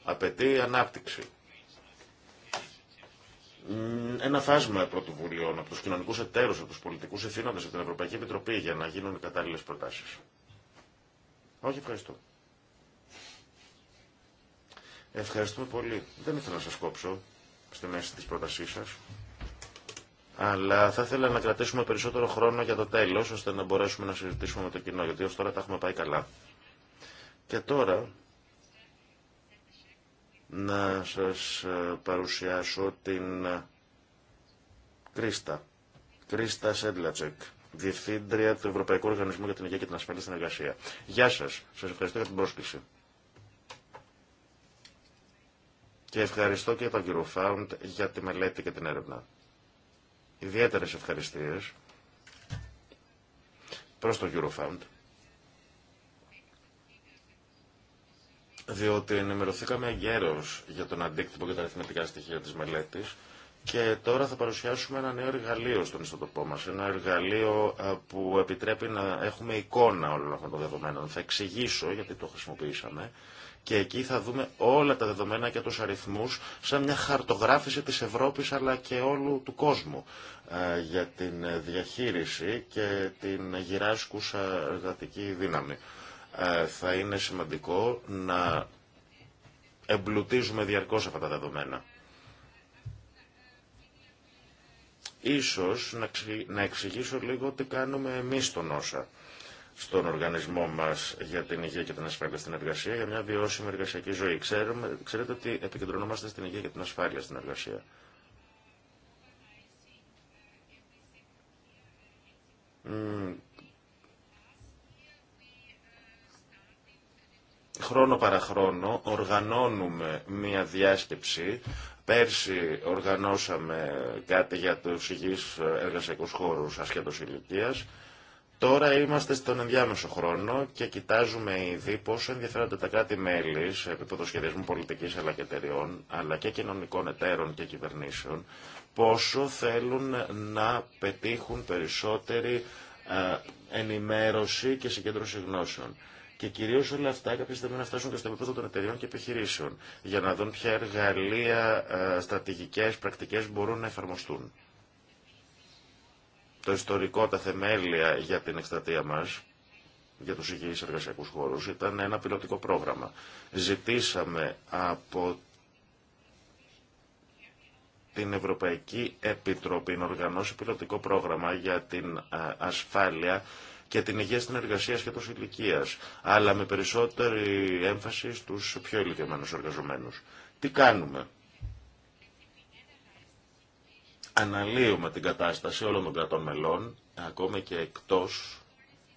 Απαιτεί ανάπτυξη. Ένα φάσμα πρωτοβουλειών από του κοινωνικού εταίρου, από του πολιτικού ευθύνοντε, από την Ευρωπαϊκή Επιτροπή για να γίνουν οι κατάλληλε προτάσει. Όχι, ευχαριστώ. Ευχαριστούμε πολύ. Δεν ήθελα να σας κόψω στη μέση της πρότασή σας. Αλλά θα ήθελα να κρατήσουμε περισσότερο χρόνο για το τέλος, ώστε να μπορέσουμε να συζητήσουμε με το κοινό, γιατί ως τώρα τα έχουμε πάει καλά. Και τώρα να σας ε, παρουσιάσω την ε, Κρίστα. Κρίστα Σέντλατσεκ, Διευθύντρια του Ευρωπαϊκού Οργανισμού για την Υγεία και την Ασφαλή στην Εργασία. Γεια σας. Σας ευχαριστώ για την πρόσκληση. Και ευχαριστώ και τον κύριο Φάουντ για τη μελέτη και την έρευνα. Ιδιαίτερες ευχαριστίες προς τον Φάουντ διότι ενημερωθήκαμε γέρο για τον αντίκτυπο και τα αριθμητικά στοιχεία τη μελέτη, και τώρα θα παρουσιάσουμε ένα νέο εργαλείο στον ιστοτοπό μα. ένα εργαλείο ε, που επιτρέπει να έχουμε εικόνα όλων αυτών των δεδομένων. Θα εξηγήσω γιατί το χρησιμοποιήσαμε και εκεί θα δούμε όλα τα δεδομένα και τους αριθμούς σαν μια χαρτογράφηση της Ευρώπης αλλά και όλου του κόσμου ε, για την διαχείριση και την γυράσκουσα εργατική δύναμη. Ε, θα είναι σημαντικό να εμπλουτίζουμε διαρκώς αυτά τα δεδομένα. Ίσως να εξηγήσω λίγο τι κάνουμε εμείς στον όσα στον οργανισμό μας για την υγεία και την ασφάλεια στην εργασία, για μια βιώσιμη εργασιακή ζωή. Ξέρουμε, ξέρετε ότι επικεντρωνόμαστε στην υγεία και την ασφάλεια στην εργασία. χρόνο παραχρόνο οργανώνουμε μία διάσκεψη. Πέρσι οργανώσαμε κάτι για τους υγιείς εργασιακούς χώρους ασχέτως ηλικία. Τώρα είμαστε στον ενδιάμεσο χρόνο και κοιτάζουμε ήδη πόσο ενδιαφέρονται τα κράτη-μέλη σε επίπεδο σχεδιασμού πολιτική αλλά και εταιριών, αλλά και κοινωνικών εταίρων και κυβερνήσεων, πόσο θέλουν να πετύχουν περισσότερη ε, ενημέρωση και συγκέντρωση γνώσεων. Και κυρίω όλα αυτά κάποια στιγμή να φτάσουν και στο επίπεδο των εταιριών και επιχειρήσεων για να δουν ποια εργαλεία, ε, στρατηγικέ, πρακτικέ μπορούν να εφαρμοστούν. Το ιστορικό, τα θεμέλια για την εκστρατεία μα για τους υγιεί εργασιακούς χώρους ήταν ένα πιλωτικό πρόγραμμα. Ζητήσαμε από την Ευρωπαϊκή Επιτροπή να οργανώσει πιλωτικό πρόγραμμα για την ε, ασφάλεια και την υγεία στην εργασία σχέτω ηλικία, αλλά με περισσότερη έμφαση στου πιο ηλικιωμένου εργαζομένου. Τι κάνουμε. Αναλύουμε την κατάσταση όλων των κρατών μελών, ακόμα και εκτός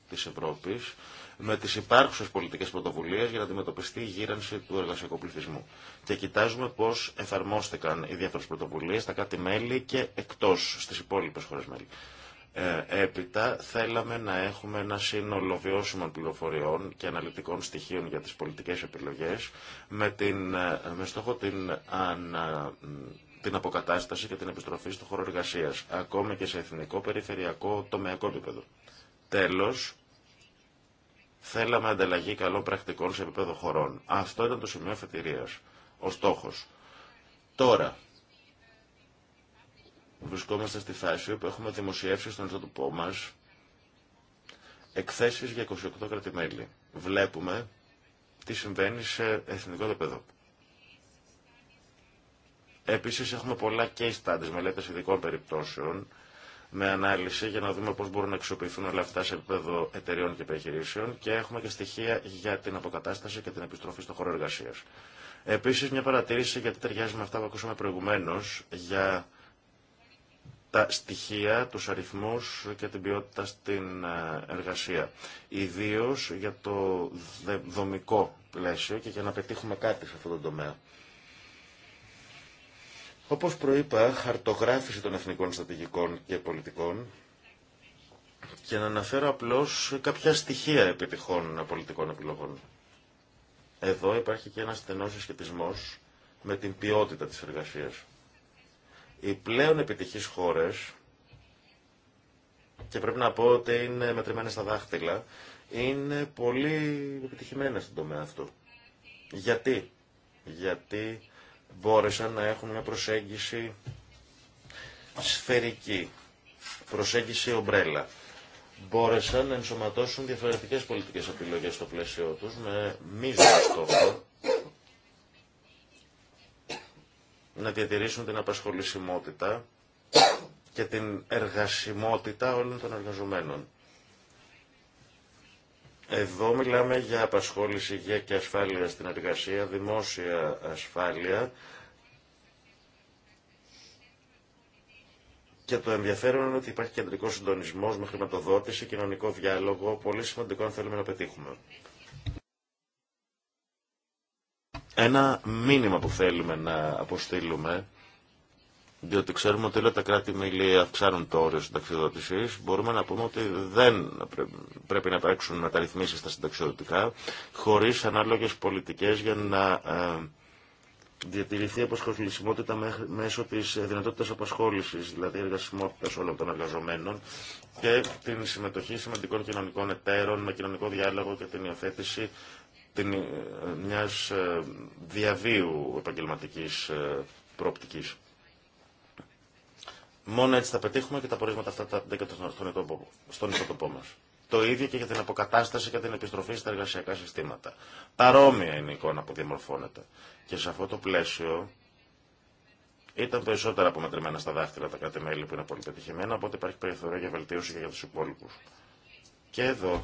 της Ευρώπης, με τις υπάρχουσες πολιτικές πρωτοβουλίες για να αντιμετωπιστεί η γύρανση του εργασιακού πληθυσμού. Και κοιτάζουμε πώς εφαρμόστηκαν οι διάφορες πρωτοβουλίες στα κάτι μέλη και εκτός στις υπόλοιπες χώρε μέλη. Ε, έπειτα θέλαμε να έχουμε ένα σύνολο βιώσιμων πληροφοριών και αναλυτικών στοιχείων για τις πολιτικές επιλογές με, την, ε, με στόχο την, την αποκατάσταση και την επιστροφή στο χώρο εργασία, ακόμη και σε εθνικό, περιφερειακό, τομεακό επίπεδο. Τέλος, θέλαμε ανταλλαγή καλών πρακτικών σε επίπεδο χωρών. Αυτό ήταν το σημείο αφετηρίας, ο στόχος. Τώρα, βρισκόμαστε στη φάση όπου έχουμε δημοσιεύσει στον ιστότοπό μα εκθέσει για 28 κρατημέλη. Βλέπουμε τι συμβαίνει σε εθνικό επίπεδο. Επίση έχουμε πολλά case studies, μελέτε ειδικών περιπτώσεων, με ανάλυση για να δούμε πώ μπορούν να αξιοποιηθούν όλα αυτά σε επίπεδο εταιρεών και επιχειρήσεων και έχουμε και στοιχεία για την αποκατάσταση και την επιστροφή στον χώρο εργασία. Επίση, μια παρατήρηση γιατί ταιριάζει με αυτά που ακούσαμε προηγουμένω. για τα στοιχεία, τους αριθμούς και την ποιότητα στην ε, εργασία. Ιδίω για το δομικό πλαίσιο και για να πετύχουμε κάτι σε αυτό το τομέα. Όπως προείπα, χαρτογράφηση των εθνικών στρατηγικών και πολιτικών και να αναφέρω απλώς κάποια στοιχεία επιτυχών πολιτικών επιλογών. Εδώ υπάρχει και ένας στενός συσχετισμός με την ποιότητα της εργασίας. Οι πλέον επιτυχείς χώρες, και πρέπει να πω ότι είναι μετρημένες στα δάχτυλα, είναι πολύ επιτυχημένες στον τομέα αυτό. Γιατί? Γιατί μπόρεσαν να έχουν μια προσέγγιση σφαιρική, προσέγγιση ομπρέλα. Μπόρεσαν να ενσωματώσουν διαφορετικές πολιτικές επιλογές στο πλαίσιο τους με μίζο στόχο να διατηρήσουν την απασχολησιμότητα και την εργασιμότητα όλων των εργαζομένων. Εδώ μιλάμε για απασχόληση, υγεία και ασφάλεια στην εργασία, δημόσια ασφάλεια και το ενδιαφέρον είναι ότι υπάρχει κεντρικό συντονισμός με χρηματοδότηση, κοινωνικό διάλογο, πολύ σημαντικό αν θέλουμε να πετύχουμε. Ένα μήνυμα που θέλουμε να αποστείλουμε, διότι ξέρουμε ότι όλα τα κρατη μιλη αυξάνουν το όριο συνταξιοδότηση, μπορούμε να πούμε ότι δεν πρέπει να υπάρξουν μεταρρυθμίσει στα συνταξιοδοτικά χωρί ανάλογε πολιτικέ για να ε, διατηρηθεί η αποσχολησιμότητα μέσω τη δυνατότητα απασχόληση, δηλαδή εργασιμότητα όλων των εργαζομένων και την συμμετοχή σημαντικών κοινωνικών εταίρων με κοινωνικό διάλογο και την υιοθέτηση την, ε, μιας ε, διαβίου επαγγελματικής ε, προοπτικής. Μόνο έτσι θα πετύχουμε και τα πορίσματα αυτά τα δέκα στον ιστοτοπό μας. Το ίδιο και για την αποκατάσταση και την επιστροφή στα εργασιακά συστήματα. Παρόμοια είναι η εικόνα που διαμορφώνεται. Και σε αυτό το πλαίσιο ήταν περισσότερα απομετρημένα στα δάχτυλα τα κράτη-μέλη που είναι πολύ πετυχημένα, οπότε υπάρχει περιθώριο για βελτίωση και για του υπόλοιπου. Και εδώ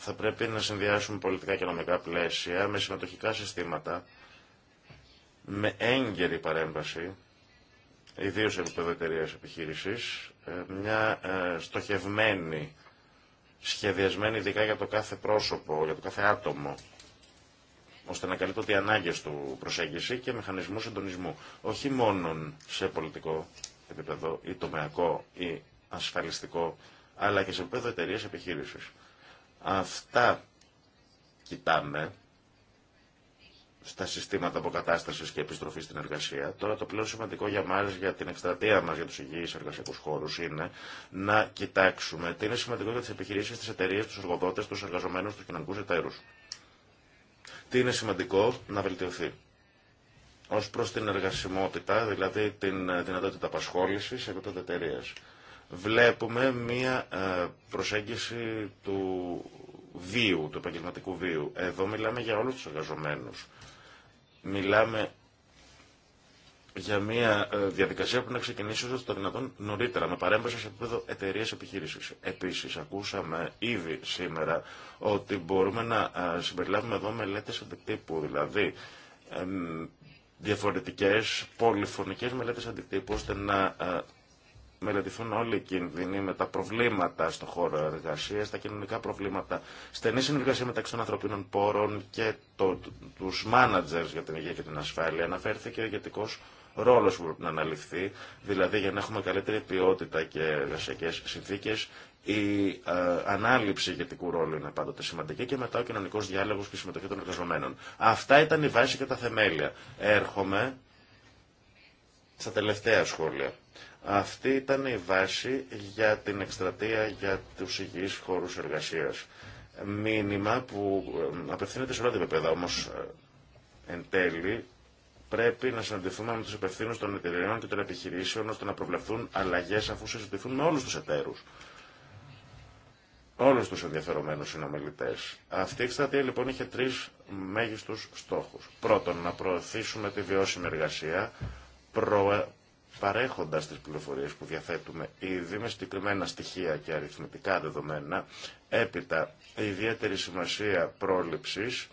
θα πρέπει να συνδυάσουμε πολιτικά και νομικά πλαίσια με συμμετοχικά συστήματα, με έγκαιρη παρέμβαση, ιδίως σε επίπεδο εταιρεία επιχείρησης, ε, μια ε, στοχευμένη, σχεδιασμένη ειδικά για το κάθε πρόσωπο, για το κάθε άτομο, ώστε να καλύπτω οι ανάγκε του προσέγγιση και μηχανισμού συντονισμού. Όχι μόνο σε πολιτικό επίπεδο ή τομεακό ή ασφαλιστικό, αλλά και σε επίπεδο εταιρεία επιχείρηση. Αυτά κοιτάμε στα συστήματα αποκατάσταση και επιστροφή στην εργασία. Τώρα το πλέον σημαντικό για μα, για την εκστρατεία μα για του υγιεί εργασιακού χώρου, είναι να κοιτάξουμε τι είναι σημαντικό για τι επιχειρήσει, τι εταιρείε, του εργοδότε, του εργαζομένου, του κοινωνικού εταίρου. Τι είναι σημαντικό να βελτιωθεί. Ω προ την εργασιμότητα, δηλαδή την δυνατότητα απασχόληση σε επίπεδο εταιρεία. Βλέπουμε μία ε, προσέγγιση του βίου, του επαγγελματικού βίου. Εδώ μιλάμε για όλους τους εργαζομένους. Μιλάμε για μια ε, διαδικασία που να ξεκινήσει όσο το δυνατόν νωρίτερα, με παρέμβαση σε επίπεδο εταιρεία επιχείρηση. Επίση, ακούσαμε ήδη σήμερα ότι μπορούμε να ε, συμπεριλάβουμε εδώ μελέτε αντικτύπου, δηλαδή διαφορετικέ πολυφωνικέ μελέτε αντικτύπου, ώστε να ε, μελετηθούν όλοι οι κίνδυνοι με τα προβλήματα στον χώρο εργασία, τα κοινωνικά προβλήματα, στενή συνεργασία μεταξύ των ανθρωπίνων πόρων και το, του μάνατζερ για την υγεία και την ασφάλεια. Αναφέρθηκε ο ηγετικό ρόλο που πρέπει να αναλυφθεί, δηλαδή για να έχουμε καλύτερη ποιότητα και εργασιακέ συνθήκε. Η ε, ανάληψη ηγετικού ρόλου είναι πάντοτε σημαντική και μετά ο κοινωνικό διάλογο και η συμμετοχή των εργαζομένων. Αυτά ήταν η βάση και τα θεμέλια. Έρχομαι στα τελευταία σχόλια. Αυτή ήταν η βάση για την εκστρατεία για τους υγιείς χώρους εργασίας. Μήνυμα που ε, απευθύνεται σε όλα τα επίπεδα, όμως ε, εν τέλει πρέπει να συναντηθούμε με τους υπευθύνου των εταιρεών και των επιχειρήσεων ώστε να προβλεφθούν αλλαγές αφού συζητηθούν με όλους τους εταίρους. Όλους τους ενδιαφερομένους συνομιλητές. Αυτή η εκστρατεία λοιπόν είχε τρεις μέγιστους στόχους. Πρώτον, να προωθήσουμε τη βιώσιμη εργασία, προ παρέχοντας τις πληροφορίες που διαθέτουμε ήδη με συγκεκριμένα στοιχεία και αριθμητικά δεδομένα, έπειτα ιδιαίτερη σημασία πρόληψης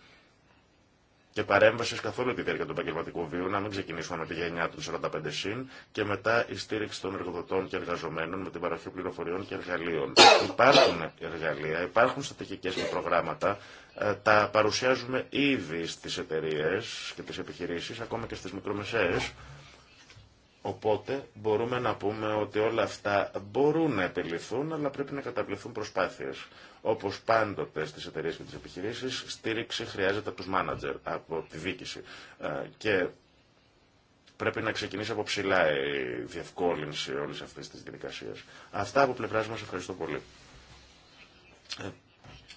και παρέμβασης καθόλου τη διάρκεια του επαγγελματικού βίου, να μην ξεκινήσουμε με τη γενιά των 45 συν και μετά η στήριξη των εργοδοτών και εργαζομένων με την παροχή πληροφοριών και εργαλείων. Υπάρχουν εργαλεία, υπάρχουν στρατηγικές και προγράμματα, ε, τα παρουσιάζουμε ήδη στις εταιρείε και τι επιχειρήσει, ακόμα και στι μικρομεσαίες, Οπότε μπορούμε να πούμε ότι όλα αυτά μπορούν να επιληθούν, αλλά πρέπει να καταπληθούν προσπάθειες. Όπως πάντοτε στις εταιρείε και τις επιχειρήσεις, στήριξη χρειάζεται από τους μάνατζερ, από τη δίκηση. Ε, και πρέπει να ξεκινήσει από ψηλά η διευκόλυνση όλης αυτής της διαδικασίας. Αυτά από πλευρά μας ευχαριστώ πολύ.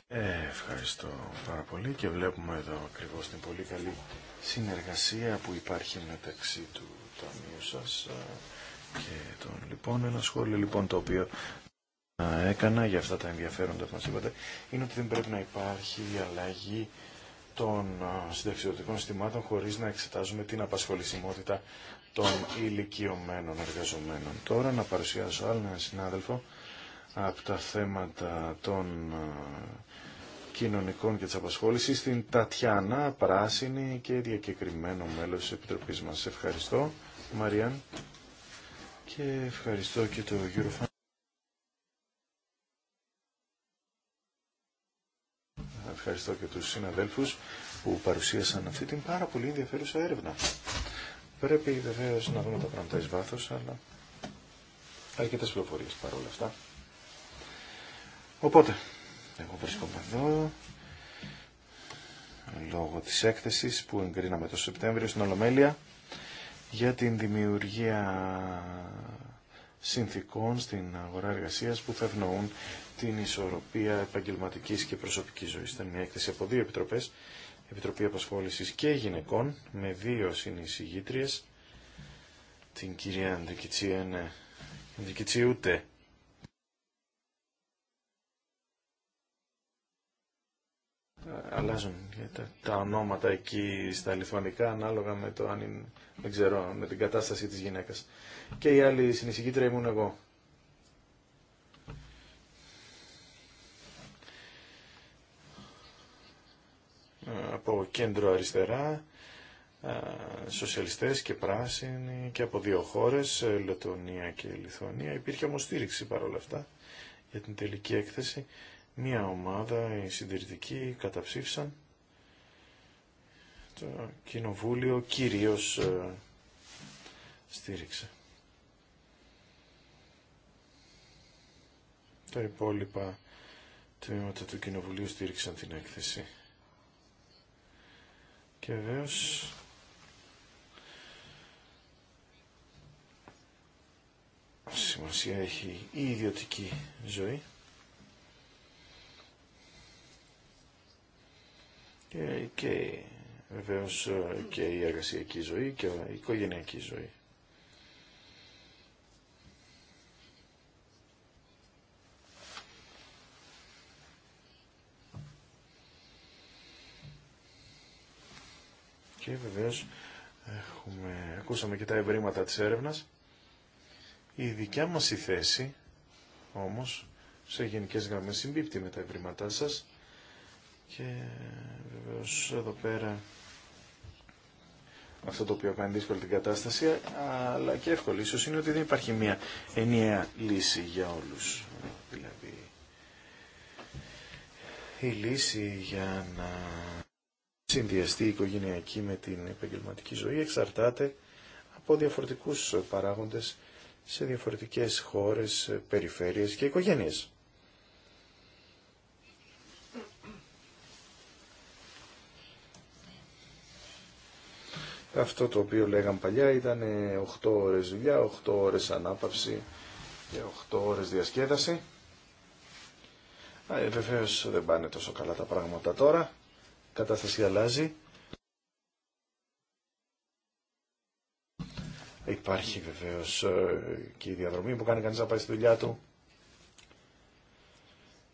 Ε, ευχαριστώ πάρα πολύ και βλέπουμε εδώ ακριβώς την πολύ καλή συνεργασία που υπάρχει μεταξύ του ταμείου σα ε, και τον λοιπόν. Ένα σχόλιο λοιπόν το οποίο ε, έκανα για αυτά τα ενδιαφέροντα που είπατε είναι ότι δεν πρέπει να υπάρχει αλλαγή των ε, συνταξιδοτικών συστημάτων χωρίς να εξετάζουμε την απασχολησιμότητα των ηλικιωμένων εργαζομένων. Τώρα να παρουσιάσω άλλο έναν συνάδελφο από τα θέματα των κοινωνικών και της απασχόλησης την Τατιάνα, πράσινη και διακεκριμένο μέλος της Επιτροπής μας. Ευχαριστώ. Μαριάν και ευχαριστώ και το Φαν... Ευχαριστώ και τους συναδέλφους που παρουσίασαν αυτή την πάρα πολύ ενδιαφέρουσα έρευνα. Πρέπει βεβαίως να δούμε τα πράγματα εις βάθος, αλλά αρκετές πληροφορίες παρόλα αυτά. Οπότε, εγώ βρίσκομαι εδώ, λόγω της έκθεσης που εγκρίναμε το Σεπτέμβριο στην Ολομέλεια για την δημιουργία συνθήκων στην αγορά εργασίας που θα ευνοούν την ισορροπία επαγγελματικής και προσωπικής ζωής. Ήταν μια έκθεση από δύο επιτροπές, Επιτροπή Απασχόλησης και Γυναικών, με δύο συνεισηγήτριες, την κυρία ναι, Τε. Ε, αλλάζουν τα, τα ονόματα εκεί στα λιθουανικά ανάλογα με το αν δεν ξέρω, με την κατάσταση της γυναίκας. Και η άλλη συνεισηγήτρια ήμουν εγώ. Από κέντρο αριστερά, σοσιαλιστές και πράσινοι και από δύο χώρες, ε, Λετωνία και Λιθωνία. Υπήρχε όμως στήριξη παρόλα αυτά για την τελική έκθεση. Μία ομάδα, οι συντηρητικοί, καταψήφισαν το Κοινοβούλιο κυρίως ε, στήριξε. Τα υπόλοιπα τμήματα του Κοινοβουλίου στήριξαν την έκθεση. Και βεβαίω. Σημασία έχει η ιδιωτική ζωή και, και Βεβαίω ε, και η εργασιακή ζωή και η οικογενειακή ζωή. Και βεβαίω έχουμε, ακούσαμε και τα ευρήματα της έρευνας. Η δικιά μας η θέση όμως σε γενικές γραμμές συμπίπτει με τα ευρήματά σας και βεβαίως εδώ πέρα αυτό το οποίο κάνει δύσκολη την κατάσταση, αλλά και εύκολη ίσως είναι ότι δεν υπάρχει μια ενιαία λύση για όλους. Δηλαδή, η λύση για να συνδυαστεί η οικογενειακή με την επαγγελματική ζωή εξαρτάται από διαφορετικούς παράγοντες σε διαφορετικές χώρες, περιφέρειες και οικογένειες. Αυτό το οποίο λέγαν παλιά ήταν 8 ώρες δουλειά, 8 ώρες ανάπαυση και 8 ώρες διασκέδαση. Ε, βεβαίω δεν πάνε τόσο καλά τα πράγματα τώρα. Η κατάσταση αλλάζει. Υπάρχει βεβαίω ε, και η διαδρομή που κάνει κανείς να πάει στη δουλειά του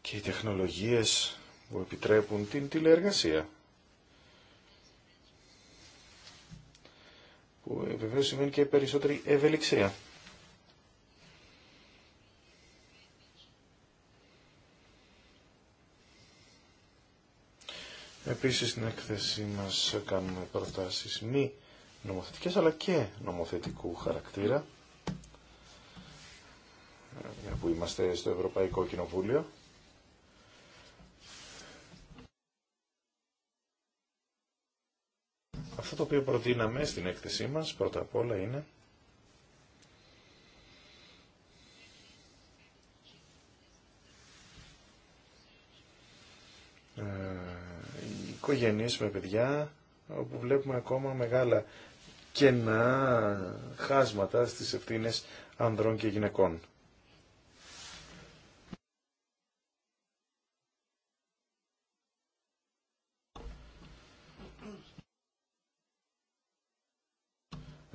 και οι τεχνολογίες που επιτρέπουν την τηλεεργασία. που ε, βεβαίως σημαίνει και περισσότερη ευελιξία. Επίσης στην έκθεσή μας κάνουμε προτάσεις μη νομοθετικές αλλά και νομοθετικού χαρακτήρα ε, που είμαστε στο Ευρωπαϊκό Κοινοβούλιο το οποίο προτείναμε στην έκθεσή μας πρώτα απ' όλα είναι ε, οι οικογένειες με παιδιά όπου βλέπουμε ακόμα μεγάλα κενά χάσματα στις ευθύνες ανδρών και γυναικών.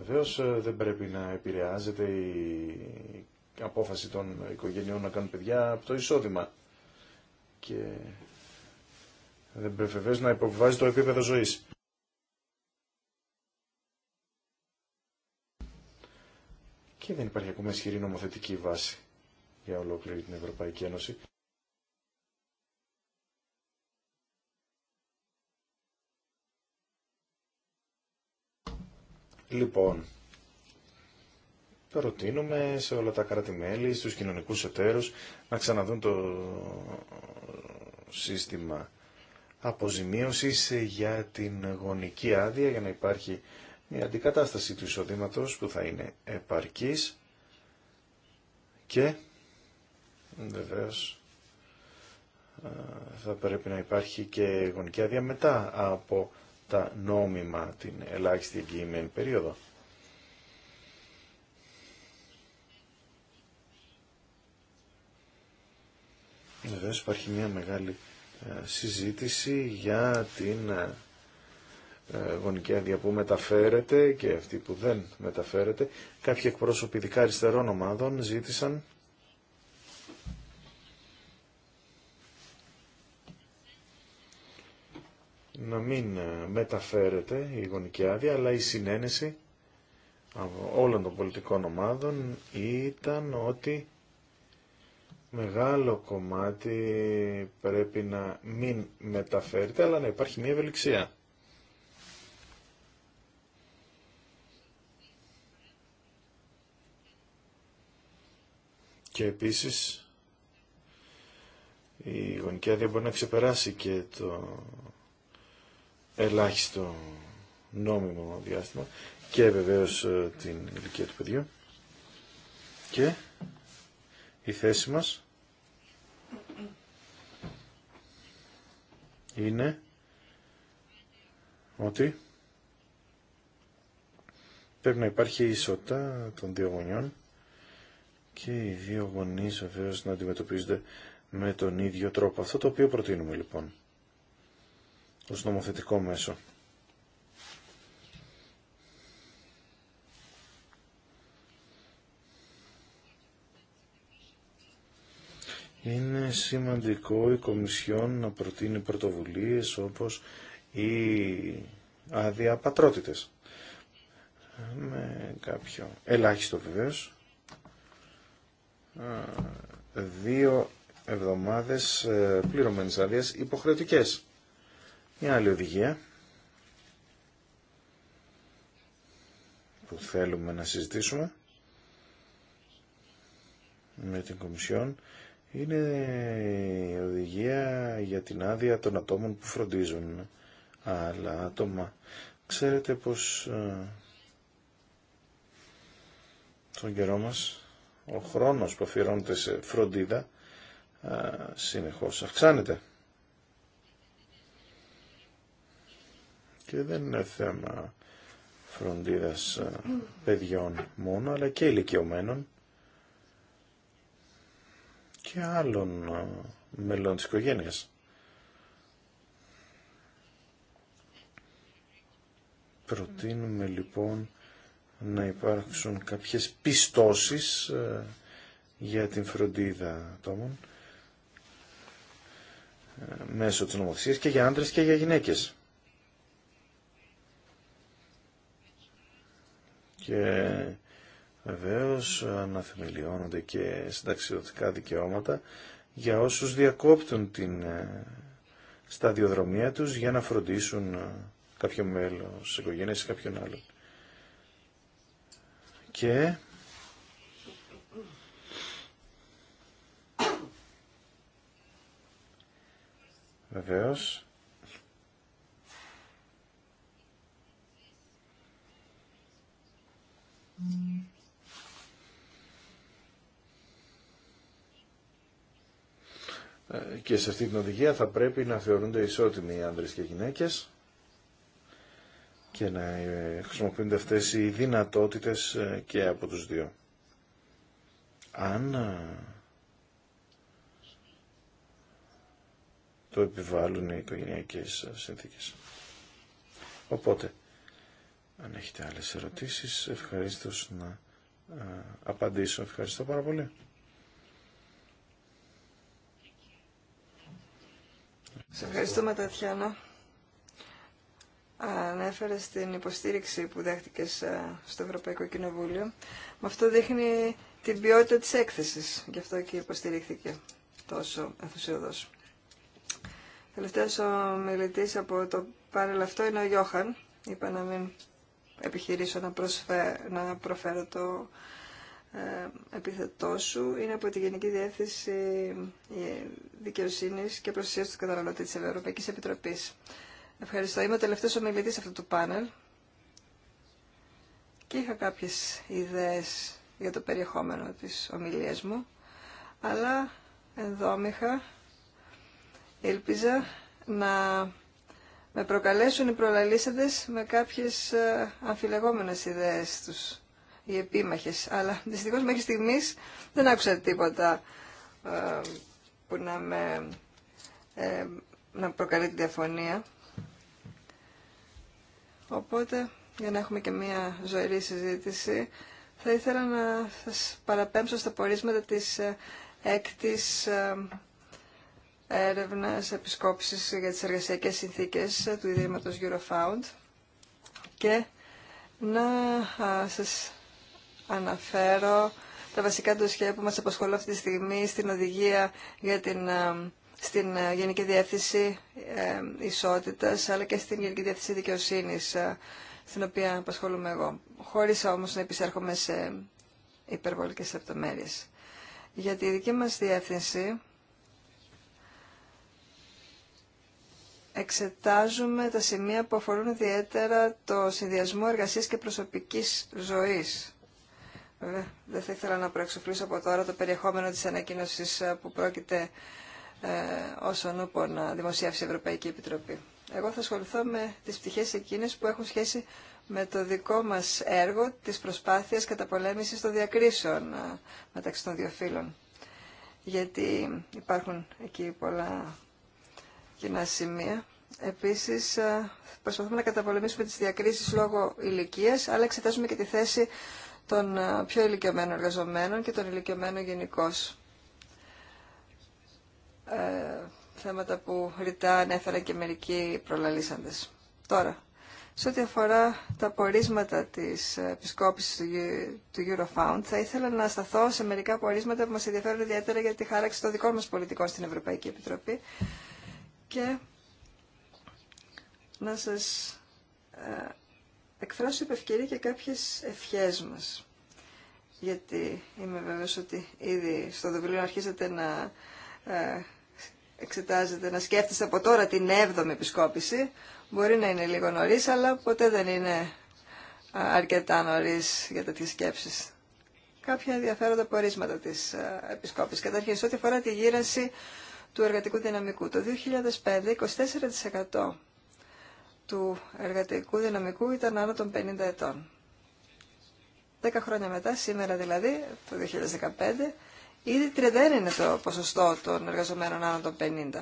βεβαίως ε, δεν πρέπει να επηρεάζεται η απόφαση των οικογενειών να κάνουν παιδιά από το εισόδημα. Και δεν πρέπει βεβαίως να υποβιβάζει το επίπεδο ζωής. Και δεν υπάρχει ακόμα ισχυρή νομοθετική βάση για ολόκληρη την Ευρωπαϊκή Ένωση. Λοιπόν, προτείνουμε σε όλα τα κράτη-μέλη, στους κοινωνικούς εταίρους, να ξαναδούν το σύστημα αποζημίωσης για την γονική άδεια για να υπάρχει μια αντικατάσταση του εισοδήματο που θα είναι επαρκής και βεβαίω ε, θα πρέπει να υπάρχει και γονική άδεια μετά από τα νόμιμα την ελάχιστη εγγυημένη περίοδο. Βεβαίω υπάρχει μια μεγάλη ε, συζήτηση για την ε, ε, γονική άδεια που μεταφέρεται και αυτή που δεν μεταφέρεται. Κάποιοι εκπρόσωποι ειδικά αριστερών ομάδων ζήτησαν να μην ε, μεταφέρεται η γονική άδεια, αλλά η συνένεση όλων των πολιτικών ομάδων ήταν ότι μεγάλο κομμάτι πρέπει να μην μεταφέρεται, αλλά να υπάρχει μια ευελιξία. Και επίσης η γονική άδεια μπορεί να ξεπεράσει και το ελάχιστο νόμιμο διάστημα και βεβαίως ε, την ηλικία του παιδιού και η θέση μας είναι ότι πρέπει να υπάρχει ισότητα των δύο γονιών και οι δύο γονείς βεβαίως να αντιμετωπίζονται με τον ίδιο τρόπο. Αυτό το οποίο προτείνουμε λοιπόν ως νομοθετικό μέσο. Είναι σημαντικό η Κομισιόν να προτείνει πρωτοβουλίες όπως οι αδιαπατρότητες. Με κάποιο ελάχιστο βεβαίω. Δύο εβδομάδες ε, πληρωμένης άδειας υποχρεωτικές. Μια άλλη οδηγία που θέλουμε να συζητήσουμε με την Κομισιόν είναι η οδηγία για την άδεια των ατόμων που φροντίζουν άλλα άτομα. Ξέρετε πως ε, τον καιρό μας ο χρόνος που αφιερώνεται σε φροντίδα ε, συνεχώς αυξάνεται. και δεν είναι θέμα φροντίδας ε, παιδιών μόνο, αλλά και ηλικιωμένων και άλλων ε, μελών της οικογένειας. Προτείνουμε λοιπόν να υπάρξουν κάποιες πιστώσεις ε, για την φροντίδα ατόμων μέσω της νομοθεσίας και για άντρες και για γυναίκες. και βεβαίω αναθεμελιώνονται και συνταξιδοτικά δικαιώματα για όσους διακόπτουν την ε, σταδιοδρομία τους για να φροντίσουν ε, κάποιο μέλος οικογένειας ή κάποιον άλλον. Και βεβαίως Ε, και σε αυτή την οδηγία θα πρέπει να θεωρούνται ισότιμοι οι άνδρες και οι γυναίκες και να ε, χρησιμοποιούνται αυτές οι δυνατότητες ε, και από τους δύο. Αν το επιβάλλουν οι οικογενειακές συνθήκες. Οπότε, αν έχετε άλλες ερωτήσεις, ευχαριστώ να ε, απαντήσω. Ευχαριστώ πάρα πολύ. Σε ευχαριστούμε, Τατιάνα. Ανέφερε την υποστήριξη που δέχτηκες ε, στο Ευρωπαϊκό Κοινοβούλιο. Με αυτό δείχνει την ποιότητα της έκθεσης. Γι' αυτό και υποστηρίχθηκε τόσο ενθουσιοδός. Τελευταίος ο μιλητής από το πάνελ αυτό είναι ο Γιώχαν. Είπα να μην επιχειρήσω να, να προφέρω το ε, επιθετό σου. Είναι από τη Γενική Διεύθυνση ε, Δικαιοσύνης και Προστασίας του Καταναλωτή της Ευρωπαϊκής Επιτροπής. Ευχαριστώ. Είμαι ο τελευταίος ομιλητής αυτού του πάνελ και είχα κάποιες ιδέες για το περιεχόμενο της ομιλίας μου, αλλά ενδόμηχα ελπίζα να με προκαλέσουν οι προλαλήσαντες με κάποιες ε, αμφιλεγόμενες ιδέες τους, οι επίμαχες. Αλλά δυστυχώς μέχρι στιγμής δεν άκουσα τίποτα ε, που να ε, να προκαλεί τη διαφωνία. Οπότε, για να έχουμε και μια ζωηρή συζήτηση, θα ήθελα να σας παραπέμψω στα πορίσματα της έκτης έρευνας, επισκόπησης για τις εργασιακές συνθήκες του Ιδρύματος Eurofound και να σας αναφέρω τα βασικά σχέδια που μας απασχολούν αυτή τη στιγμή στην οδηγία για την, στην Γενική Διεύθυνση ε, Ισότητας αλλά και στην Γενική Διεύθυνση Δικαιοσύνης στην οποία απασχολούμαι εγώ. Χωρίς όμως να επισέρχομαι σε υπερβολικές λεπτομέρειες. Για τη δική μας διεύθυνση εξετάζουμε τα σημεία που αφορούν ιδιαίτερα το συνδυασμό εργασίας και προσωπικής ζωής. Βέβαια, δεν θα ήθελα να προεξοφλήσω από τώρα το περιεχόμενο της ανακοίνωσης ε, που πρόκειται ε, όσον ούπο να δημοσιεύσει η Ευρωπαϊκή Επιτροπή. Εγώ θα ασχοληθώ με τις πτυχές εκείνες που έχουν σχέση με το δικό μας έργο της προσπάθειας καταπολέμησης των διακρίσεων ε, μεταξύ των δύο φύλων. Γιατί υπάρχουν εκεί πολλά κοινά σημεία Επίσης, ε, προσπαθούμε να καταπολεμήσουμε τις διακρίσεις λόγω ηλικίας, αλλά εξετάζουμε και τη θέση των ε, πιο ηλικιωμένων εργαζομένων και των ηλικιωμένων γενικώ. Ε, θέματα που ρητά ανέφερα και μερικοί προλαλήσαντες. Τώρα, σε ό,τι αφορά τα πορίσματα της επισκόπησης του Eurofound, θα ήθελα να σταθώ σε μερικά πορίσματα που μας ενδιαφέρουν ιδιαίτερα για τη χάραξη των δικών μας πολιτικών στην Ευρωπαϊκή Επιτροπή και να σας ε, εκφράσω επ' και κάποιες ευχές μας. Γιατί είμαι βέβαιος ότι ήδη στο βιβλίο αρχίσατε να ε, εξετάζετε, να σκέφτεστε από τώρα την 7η επισκόπηση. Μπορεί να είναι λίγο νωρίς, αλλά ποτέ δεν είναι ε, αρκετά νωρίς για τέτοιες σκέψεις. Κάποια ενδιαφέροντα πορίσματα της επισκόπησης. Καταρχήν, σε ό,τι αφορά τη γύρανση του εργατικού δυναμικού. Το 2005, 24% του εργατικού δυναμικού ήταν άνω των 50 ετών. Δέκα χρόνια μετά, σήμερα δηλαδή, το 2015, ήδη τριδέν είναι το ποσοστό των εργαζομένων άνω των 50.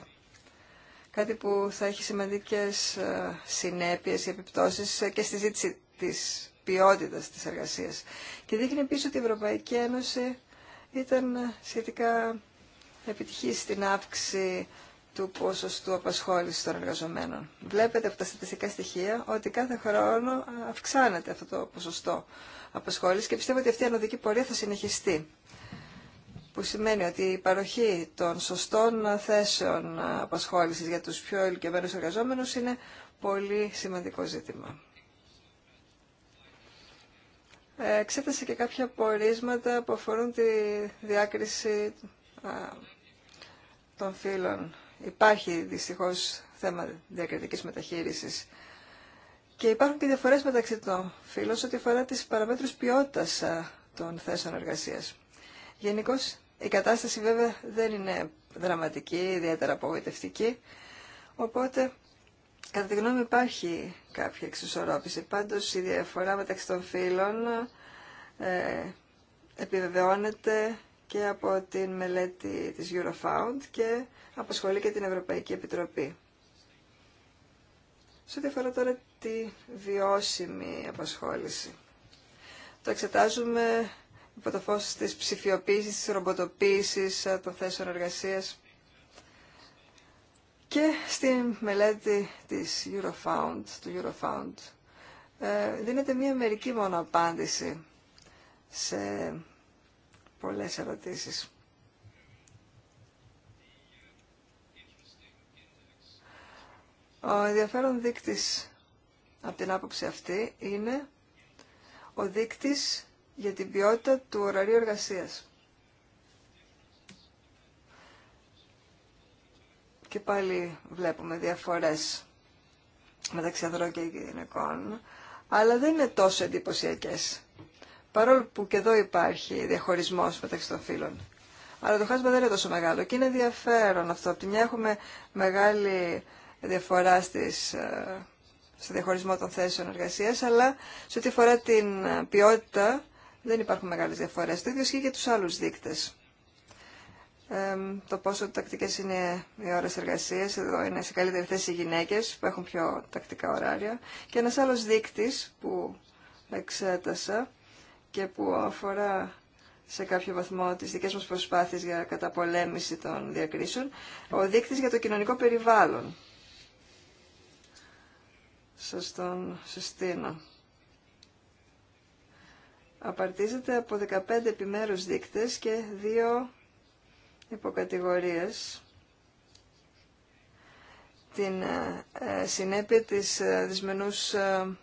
Κάτι που θα έχει σημαντικές ε, συνέπειες ή επιπτώσεις και στη ζήτηση της ποιότητας της εργασίας. Και δείχνει επίση ότι η Ευρωπαϊκή Ένωση ήταν ε, σχετικά επιτυχής στην αύξηση του ποσοστού απασχόλησης των εργαζομένων. Βλέπετε από τα στατιστικά στοιχεία ότι κάθε χρόνο αυξάνεται αυτό το ποσοστό απασχόλησης και πιστεύω ότι αυτή η ανωδική πορεία θα συνεχιστεί. Που σημαίνει ότι η παροχή των σωστών θέσεων απασχόλησης για τους πιο ηλικιωμένους εργαζόμενους είναι πολύ σημαντικό ζήτημα. Ε, Εξέτασε και κάποια πορίσματα που αφορούν τη διάκριση των φύλων Υπάρχει δυστυχώς θέμα διακριτικής μεταχείρισης. Και υπάρχουν και διαφορές μεταξύ των φύλων σε ό,τι αφορά τις παραμέτρους ποιότητας των θέσεων εργασίας. Γενικώ η κατάσταση βέβαια δεν είναι δραματική, ιδιαίτερα απογοητευτική, οπότε κατά τη γνώμη υπάρχει κάποια εξισορρόπηση. Πάντως η διαφορά μεταξύ των φύλων ε, επιβεβαιώνεται και από την μελέτη της Eurofound και απασχολεί και την Ευρωπαϊκή Επιτροπή. Σε ό,τι αφορά τώρα τη βιώσιμη απασχόληση. Το εξετάζουμε υπό το φως της ψηφιοποίησης, της ρομποτοποίησης ε, των θέσεων εργασίας και στη μελέτη της Eurofound, του Eurofound ε, δίνεται μία μερική μόνο απάντηση σε πολλές ερωτήσεις. Ο ενδιαφέρον δείκτης από την άποψη αυτή είναι ο δείκτης για την ποιότητα του ωραρίου εργασίας. Και πάλι βλέπουμε διαφορές μεταξύ ανδρών και γυναικών, αλλά δεν είναι τόσο εντυπωσιακέ. Παρόλο που και εδώ υπάρχει διαχωρισμός μεταξύ των φύλων. Αλλά το χάσμα δεν είναι τόσο μεγάλο και είναι ενδιαφέρον αυτό. Από τη μια έχουμε μεγάλη διαφορά στις, ε, στο διαχωρισμό των θέσεων εργασία, αλλά σε ό,τι αφορά την ε, ποιότητα δεν υπάρχουν μεγάλε διαφορέ. Το ίδιο ισχύει και τους άλλους δείκτες. Ε, το πόσο τακτικέ είναι οι ώρε εργασία, εδώ είναι σε καλύτερη θέση οι γυναίκες που έχουν πιο τακτικά ωράρια. Και ένα άλλο δείκτη που εξέτασα και που αφορά σε κάποιο βαθμό τις δικές μας προσπάθειες για καταπολέμηση των διακρίσεων, ο δείκτης για το κοινωνικό περιβάλλον. Σας τον συστήνω. Απαρτίζεται από 15 επιμέρους δείκτες και δύο υποκατηγορίες. Την ε, συνέπεια της ε, δυσμενούς ε,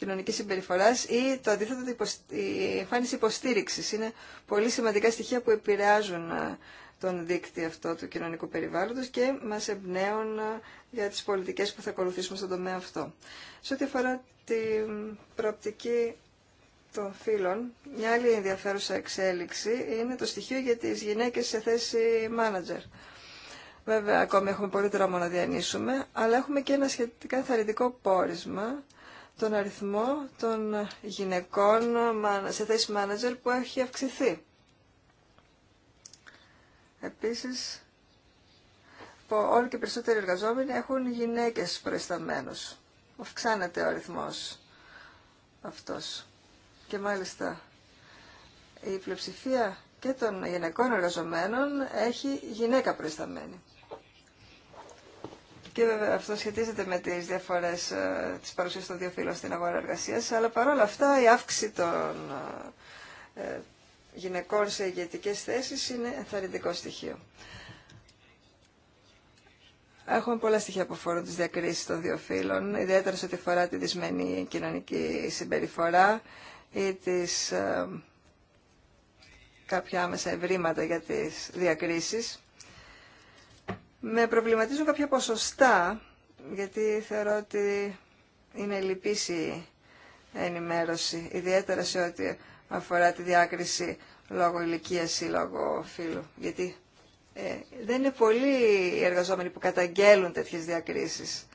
κοινωνικής συμπεριφοράς ή το αντίθετο η εμφάνιση υποστήριξης. Είναι πολύ σημαντικά στοιχεία που επηρεάζουν ε, τον δίκτυο αυτό του κοινωνικού περιβάλλοντος και μας εμπνέουν ε, για τις πολιτικές που θα ακολουθήσουμε στον τομέα αυτό. Σε ό,τι αφορά την προοπτική των φύλων, μια άλλη ενδιαφέρουσα εξέλιξη είναι το στοιχείο για τις γυναίκες σε θέση μάνατζερ. Βέβαια, ακόμη έχουμε πολύ δρόμο να διανύσουμε, αλλά έχουμε και ένα σχετικά θαρρυντικό πόρισμα τον αριθμό των γυναικών σε θέση μάνατζερ που έχει αυξηθεί. Επίσης, όλο και περισσότεροι εργαζόμενοι έχουν γυναίκες προϊσταμένους. Αυξάνεται ο αριθμός αυτός. Και μάλιστα η πλειοψηφία και των γυναικών εργαζομένων έχει γυναίκα προϊσταμένη. Και βέβαια αυτό σχετίζεται με τις διαφορές τη ε, της παρουσίας των δύο φύλων στην αγορά εργασίας, αλλά παρόλα αυτά η αύξηση των ε, ε, γυναικών σε ηγετικέ θέσεις είναι ενθαρρυντικό στοιχείο. Έχουμε πολλά στοιχεία που αφορούν τις διακρίσεις των δύο φύλων, ιδιαίτερα σε ό,τι αφορά τη δυσμενή κοινωνική συμπεριφορά ή κάποια άμεσα ευρήματα για τις διακρίσεις. Με προβληματίζουν κάποια ποσοστά, γιατί θεωρώ ότι είναι λυπής η ενημέρωση, ιδιαίτερα σε ό,τι αφορά τη διάκριση λόγω ηλικία ή λόγω φύλου. Γιατί ε, δεν είναι πολλοί οι εργαζόμενοι που καταγγέλουν τέτοιες διακρίσεις.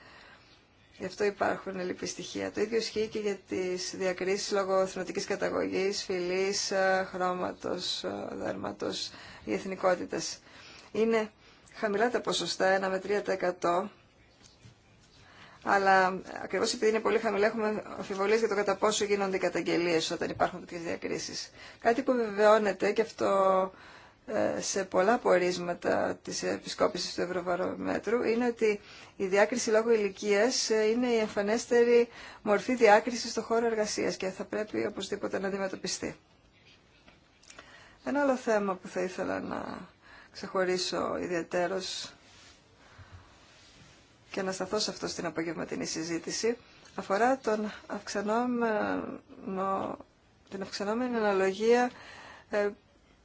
Γι' αυτό υπάρχουν λυπή στοιχεία. Το ίδιο ισχύει και για τις διακρίσεις λόγω εθνοτικής καταγωγής, φυλής, ε, χρώματος, ε, δέρματος ή εθνικότητα. Είναι χαμηλά τα ποσοστά, 1 με 3%. Αλλά ακριβώς επειδή είναι πολύ χαμηλά έχουμε αμφιβολίες για το κατά πόσο γίνονται οι καταγγελίες όταν υπάρχουν τέτοιες διακρίσεις. Κάτι που βεβαιώνεται και αυτό ε, σε πολλά πορίσματα της επισκόπησης του Ευρωβαρομέτρου είναι ότι η διάκριση λόγω ηλικία ε, είναι η εμφανέστερη μορφή διάκρισης στον χώρο εργασίας και θα πρέπει οπωσδήποτε να αντιμετωπιστεί. Ένα άλλο θέμα που θα ήθελα να ξεχωρίσω ιδιαίτερος και να σταθώ σε αυτό στην απογευματινή συζήτηση, αφορά τον αυξανόμενο, την αυξανόμενη αναλογία ε,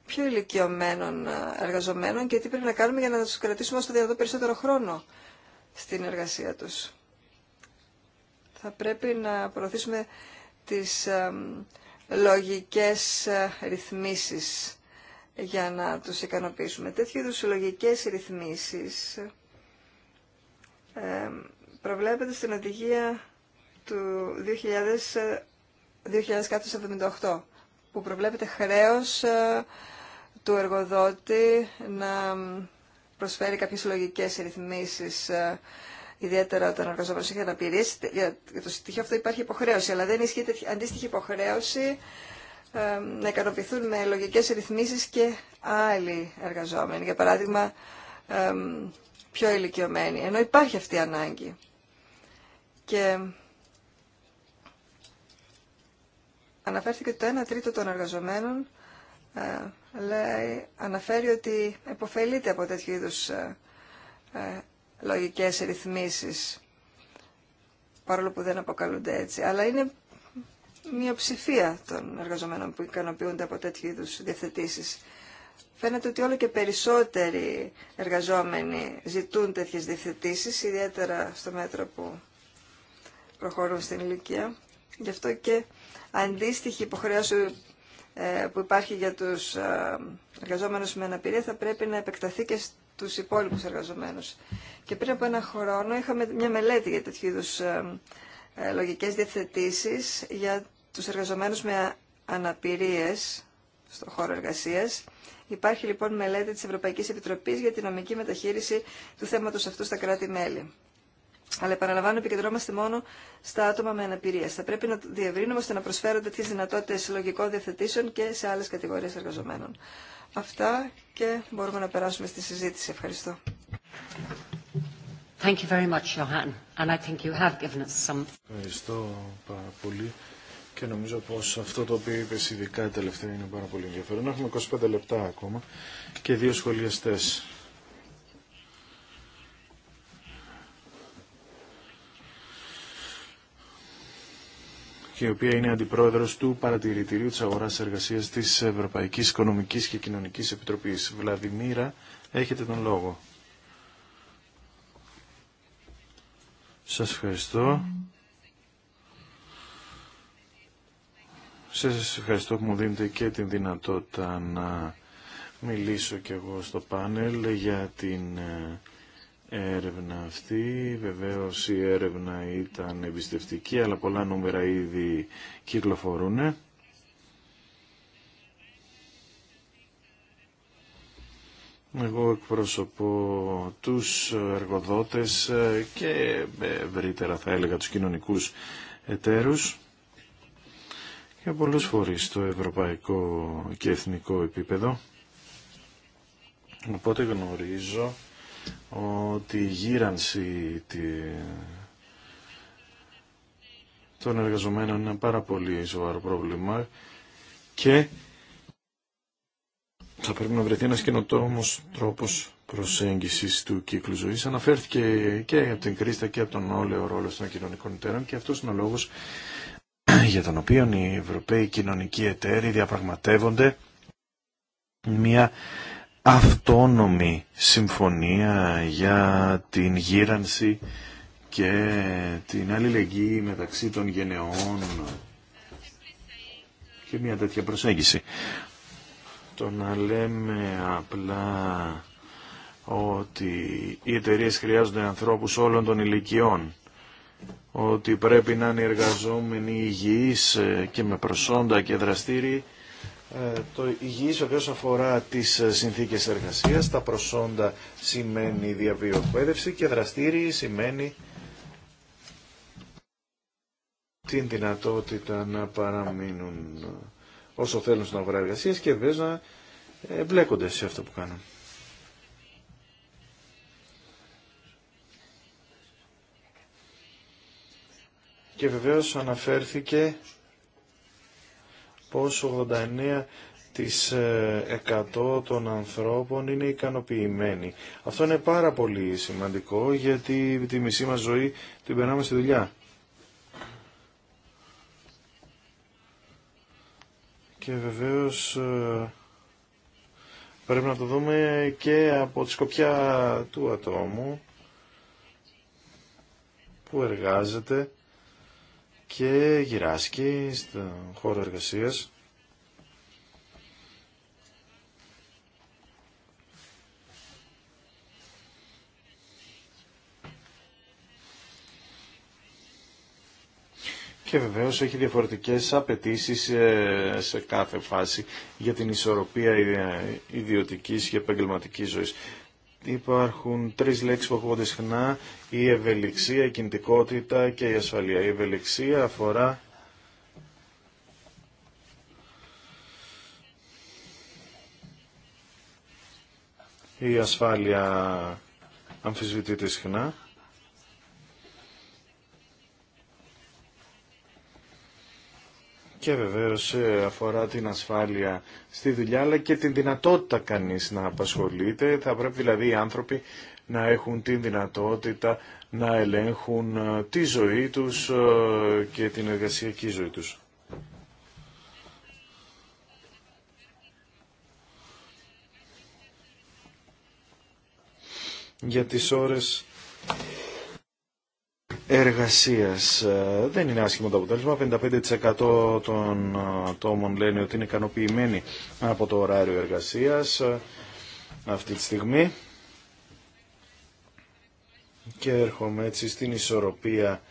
πιο ηλικιωμένων ε, εργαζομένων και τι πρέπει να κάνουμε για να τους κρατήσουμε όσο το περισσότερο χρόνο στην εργασία τους. Θα πρέπει να προωθήσουμε τις ε, λογικές ρυθμίσεις για να τους ικανοποιήσουμε. Τέτοιου είδους συλλογικές ρυθμίσεις ε, προβλέπεται στην οδηγία του 2000, 2078 που προβλέπεται χρέος ε, του εργοδότη να προσφέρει κάποιες συλλογικές ρυθμίσεις ε, ιδιαίτερα όταν ο εργαζόμενος έχει αναπηρήσει. Για το στοιχείο αυτό υπάρχει υποχρέωση, αλλά δεν ισχύει αντίστοιχη υποχρέωση να ικανοποιηθούν με λογικές ρυθμίσεις και άλλοι εργαζόμενοι, για παράδειγμα πιο ηλικιωμένοι, ενώ υπάρχει αυτή η ανάγκη. Και αναφέρθηκε το 1 τρίτο των εργαζομένων ε, λέει, αναφέρει ότι επωφελείται από τέτοιου είδους ε, ε, λογικές ρυθμίσεις παρόλο που δεν αποκαλούνται έτσι. Αλλά είναι μειοψηφία των εργαζομένων που ικανοποιούνται από τέτοιου είδου διευθετήσει. Φαίνεται ότι όλο και περισσότεροι εργαζόμενοι ζητούν τέτοιε διευθετήσει, ιδιαίτερα στο μέτρο που προχωρούν στην ηλικία. Γι' αυτό και αντίστοιχη υποχρέωση ε, που υπάρχει για τους ε, εργαζόμενους με αναπηρία θα πρέπει να επεκταθεί και στους υπόλοιπους εργαζομένους. Και πριν από ένα χρόνο είχαμε μια μελέτη για τέτοιου είδου. Ε, ε, λογικές διευθετήσεις για τους εργαζομένους με αναπηρίες στον χώρο εργασίας. Υπάρχει λοιπόν μελέτη της Ευρωπαϊκής Επιτροπής για τη νομική μεταχείριση του θέματος αυτού στα κράτη-μέλη. Αλλά επαναλαμβάνω, επικεντρώμαστε μόνο στα άτομα με αναπηρία. Θα πρέπει να διευρύνουμε ώστε να προσφέρονται τι δυνατότητε λογικών διαθετήσεων και σε άλλε κατηγορίε εργαζομένων. Αυτά και μπορούμε να περάσουμε στη συζήτηση. Ευχαριστώ. Thank you very much, Johan. And I think you have given us some... Ευχαριστώ πάρα πολύ. Και νομίζω πως αυτό το οποίο είπες ειδικά τελευταία είναι πάρα πολύ ενδιαφέρον. Έχουμε 25 λεπτά ακόμα και δύο σχολιαστές. και η οποία είναι αντιπρόεδρος του Παρατηρητηρίου της Αγοράς Εργασίας της Ευρωπαϊκής Οικονομικής και Κοινωνικής Επιτροπής. Βλαδιμίρα, έχετε τον λόγο. Σας ευχαριστώ. Σας ευχαριστώ που μου δίνετε και την δυνατότητα να μιλήσω κι εγώ στο πάνελ για την ε, έρευνα αυτή. Βεβαίως η έρευνα ήταν εμπιστευτική, αλλά πολλά νούμερα ήδη κυκλοφορούν. Εγώ εκπροσωπώ τους εργοδότες ε, και ευρύτερα θα έλεγα τους κοινωνικούς εταίρους και πολλές φορές στο ευρωπαϊκό και εθνικό επίπεδο. Οπότε γνωρίζω ότι η γύρανση των εργαζομένων είναι πάρα πολύ σοβαρό πρόβλημα και θα πρέπει να βρεθεί ένα καινοτόμο τρόπος προσέγγισης του κύκλου ζωή. Αναφέρθηκε και από την Κρίστα και από τον Όλεο ρόλο των κοινωνικών εταίρων και αυτός είναι ο λόγο για τον οποίο οι Ευρωπαίοι κοινωνικοί εταίροι διαπραγματεύονται μια αυτόνομη συμφωνία για την γύρανση και την αλληλεγγύη μεταξύ των γενεών και μια τέτοια προσέγγιση το να λέμε απλά ότι οι εταιρείε χρειάζονται ανθρώπους όλων των ηλικιών, ότι πρέπει να είναι εργαζόμενοι υγιείς ε, και με προσόντα και δραστήριοι, ε, το υγιής βεβαίως αφορά τις ε, συνθήκες εργασίας, τα προσόντα σημαίνει διαβίωση και δραστήριοι σημαίνει την δυνατότητα να παραμείνουν όσο θέλουν στην αγορά εργασία και βέβαια να ε, εμπλέκονται σε αυτό που κάνουν. Και βεβαίως αναφέρθηκε πως 89% ε, των ανθρώπων είναι ικανοποιημένοι. Αυτό είναι πάρα πολύ σημαντικό γιατί τη μισή μας ζωή την περνάμε στη δουλειά. Και βεβαίως ε, πρέπει να το δούμε και από τη σκοπιά του ατόμου που εργάζεται και γυράσκει στον χώρο εργασίας και βεβαίως έχει διαφορετικές απαιτήσει ε, σε κάθε φάση για την ισορροπία ε, ιδιωτικής και επαγγελματικής ζωής. Υπάρχουν τρεις λέξεις που ακούγονται συχνά, η ευελιξία, η κινητικότητα και η ασφαλεία. Η ευελιξία αφορά η ασφάλεια αμφισβητείται συχνά. και βεβαίω ε, αφορά την ασφάλεια στη δουλειά αλλά και την δυνατότητα κανείς να απασχολείται. Θα πρέπει δηλαδή οι άνθρωποι να έχουν την δυνατότητα να ελέγχουν ε, τη ζωή τους ε, και την εργασιακή ζωή τους. Για τις ώρες εργασίας. Ε, δεν είναι άσχημο το αποτέλεσμα. 55% των ατόμων λένε ότι είναι ικανοποιημένοι από το ωράριο εργασίας ε, αυτή τη στιγμή. Και έρχομαι έτσι στην ισορροπία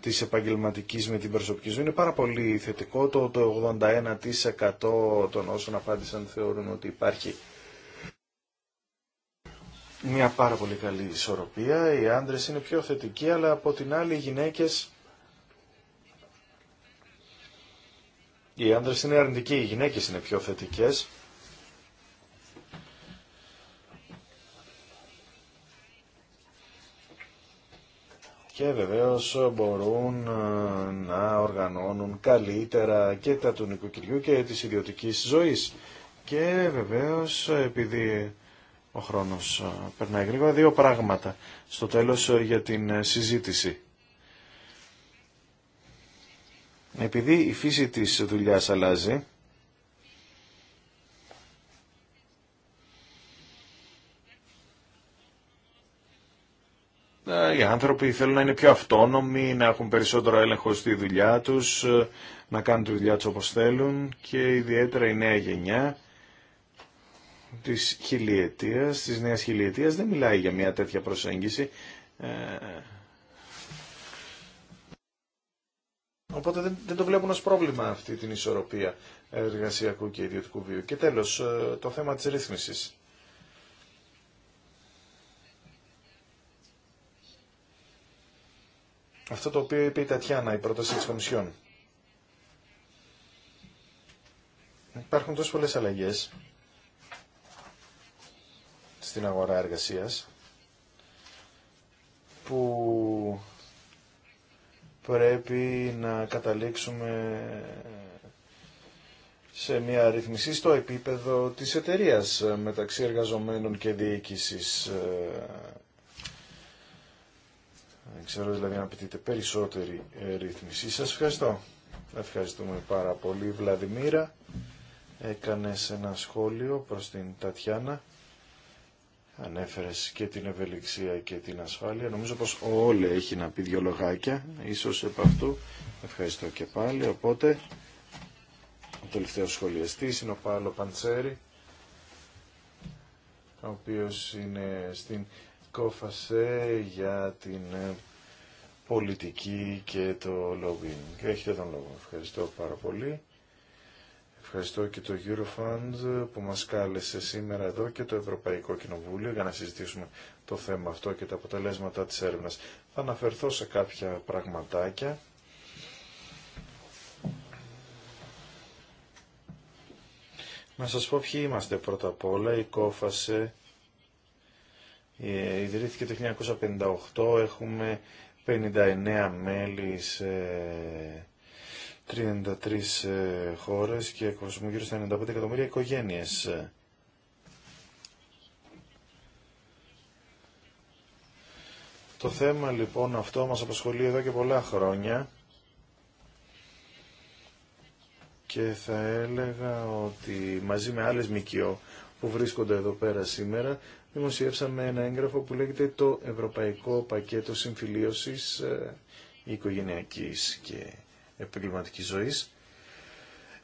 της επαγγελματικής με την προσωπική ζωή. Είναι πάρα πολύ θετικό το, το 81% των όσων απάντησαν θεωρούν ότι υπάρχει μια πάρα πολύ καλή ισορροπία. Οι άντρες είναι πιο θετικοί, αλλά από την άλλη οι γυναίκες... Οι άντρες είναι αρνητικοί, οι γυναίκες είναι πιο θετικές. Και βεβαίως μπορούν ε, να οργανώνουν καλύτερα και τα του νοικοκυριού και της ιδιωτικής ζωής. Και βεβαίως επειδή ο χρόνος περνάει γρήγορα. Δύο πράγματα στο τέλος για την συζήτηση. Επειδή η φύση της δουλειάς αλλάζει, οι άνθρωποι θέλουν να είναι πιο αυτόνομοι, να έχουν περισσότερο έλεγχο στη δουλειά τους, να κάνουν τη δουλειά τους όπως θέλουν και ιδιαίτερα η νέα γενιά της χιλιετίας, της νέας χιλιετίας δεν μιλάει για μια τέτοια προσέγγιση. Ε, οπότε δεν, δεν το βλέπουν ως πρόβλημα αυτή την ισορροπία εργασιακού και ιδιωτικού βίου. Και τέλος, ε, το θέμα της ρύθμισης. Αυτό το οποίο είπε η Τατιάνα, η πρόταση της Κομισιόν. Υπάρχουν τόσες πολλές αλλαγές στην αγορά εργασίας που πρέπει να καταλήξουμε σε μια ρυθμισή στο επίπεδο της εταιρείας ε, μεταξύ εργαζομένων και διοίκησης. Ε, δεν ξέρω δηλαδή αν απαιτείται περισσότερη ε, ρύθμιση. Σας ευχαριστώ. Ευχαριστούμε πάρα πολύ Βλαδιμίρα. Έκανες ένα σχόλιο προς την Τατιάνα ανέφερες και την ευελιξία και την ασφάλεια. Νομίζω πως όλοι έχει να πει δυο λογάκια, ίσως επ' αυτού. Ευχαριστώ και πάλι. Οπότε, ο τελευταίος σχολιαστής είναι ο Πάλο Παντσέρη, ο οποίος είναι στην Κόφασε για την ε, πολιτική και το login. Έχετε τον λόγο. Ευχαριστώ πάρα πολύ. Ευχαριστώ και το Eurofund που μας κάλεσε σήμερα εδώ και το Ευρωπαϊκό Κοινοβούλιο για να συζητήσουμε το θέμα αυτό και τα αποτελέσματα της έρευνας. Θα αναφερθώ σε κάποια πραγματάκια. Να σας πω ποιοι είμαστε πρώτα απ' όλα. Η Κόφασε ιδρύθηκε το 1958. Έχουμε 59 μέλη σε 33 ε, χώρες και εκπροσωπούν γύρω στα 95 εκατομμύρια οικογένειες. Το θέμα λοιπόν αυτό μας απασχολεί εδώ και πολλά χρόνια και θα έλεγα ότι μαζί με άλλες ΜΚΟ που βρίσκονται εδώ πέρα σήμερα δημοσιεύσαμε ένα έγγραφο που λέγεται το Ευρωπαϊκό Πακέτο Συμφιλίωσης ε, Οικογενειακής και επαγγελματική ζωή,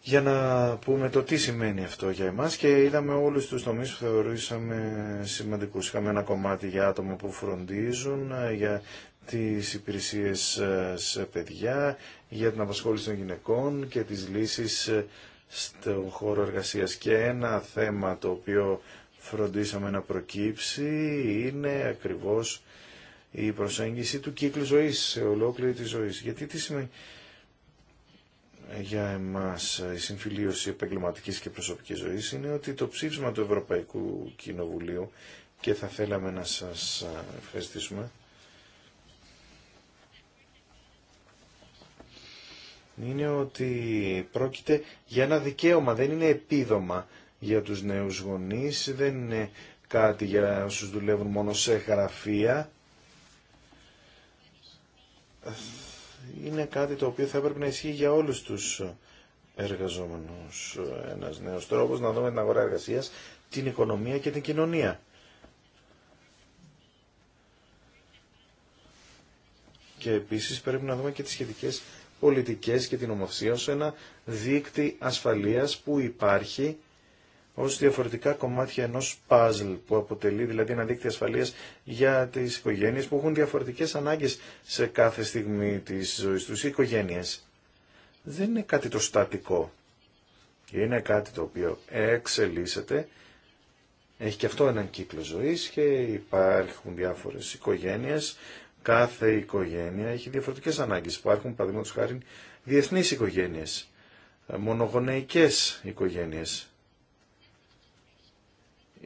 για να πούμε το τι σημαίνει αυτό για εμάς και είδαμε όλου τους τομείς που θεωρήσαμε σημαντικούς. Είχαμε ένα κομμάτι για άτομα που φροντίζουν, για τις υπηρεσίες ε, σε παιδιά, για την απασχόληση των γυναικών και τις λύσεις ε, στον χώρο εργασία. Και ένα θέμα το οποίο φροντίσαμε να προκύψει είναι ακριβώς η προσέγγιση του κύκλου ζωής, σε ολόκληρη τη ζωή. Γιατί τι σημαίνει για εμάς η συμφιλίωση επαγγελματικής και προσωπικής ζωής είναι ότι το ψήφισμα του Ευρωπαϊκού Κοινοβουλίου και θα θέλαμε να σας ευχαριστήσουμε είναι ότι πρόκειται για ένα δικαίωμα, δεν είναι επίδομα για τους νέους γονείς, δεν είναι κάτι για όσους δουλεύουν μόνο σε γραφεία είναι κάτι το οποίο θα έπρεπε να ισχύει για όλους τους εργαζόμενους. Ένας νέος τρόπος να δούμε την αγορά εργασίας, την οικονομία και την κοινωνία. Και επίσης πρέπει να δούμε και τις σχετικές πολιτικές και την ομοθεσία ως ένα δίκτυ ασφαλείας που υπάρχει ως διαφορετικά κομμάτια ενός παζλ που αποτελεί δηλαδή ένα δίκτυο ασφαλείας για τις οικογένειες που έχουν διαφορετικές ανάγκες σε κάθε στιγμή της ζωής τους. Οι οικογένειες δεν είναι κάτι το στατικό. Είναι κάτι το οποίο εξελίσσεται, έχει και αυτό έναν κύκλο ζωής και υπάρχουν διάφορες οικογένειες. Κάθε οικογένεια έχει διαφορετικές ανάγκες. Υπάρχουν, παραδείγματος χάρη, διεθνείς οικογένειες, μονογονεϊκές οικογένειες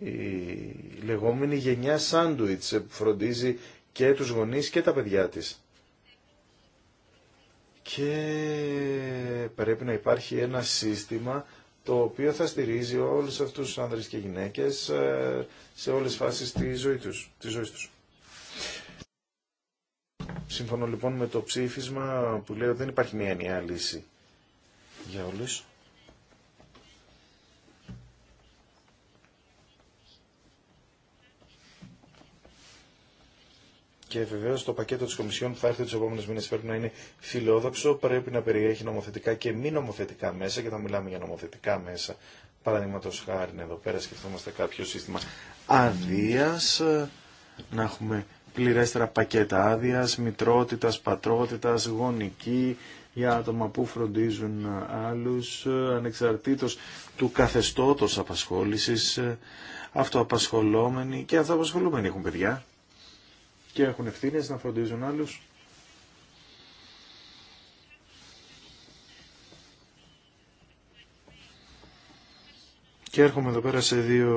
η λεγόμενη γενιά σάντουιτς που φροντίζει και τους γονείς και τα παιδιά της. Και πρέπει να υπάρχει ένα σύστημα το οποίο θα στηρίζει όλους αυτούς τους άνδρες και γυναίκες ε, σε όλες τις φάσεις της ζωής τους. Της ζωής τους. Σύμφωνο λοιπόν με το ψήφισμα που λέω δεν υπάρχει μία ενιαία λύση για όλους. Και βεβαίω το πακέτο τη Κομισιόν που θα έρθει του επόμενου μήνε πρέπει να είναι φιλόδοξο, πρέπει να περιέχει νομοθετικά και μη νομοθετικά μέσα, και θα μιλάμε για νομοθετικά μέσα. Παραδείγματο χάρη ναι, εδώ πέρα σκεφτόμαστε κάποιο σύστημα αδεία, να έχουμε πληρέστερα πακέτα άδεια, μητρότητα, πατρότητα, γονική, για άτομα που φροντίζουν άλλους, ανεξαρτήτως του καθεστώτος απασχόλησης, αυτοαπασχολόμενοι και αυτοαπασχολούμενοι έχουν παιδιά και έχουν ευθύνες να φροντίζουν άλλους. Και έρχομαι εδώ πέρα σε δύο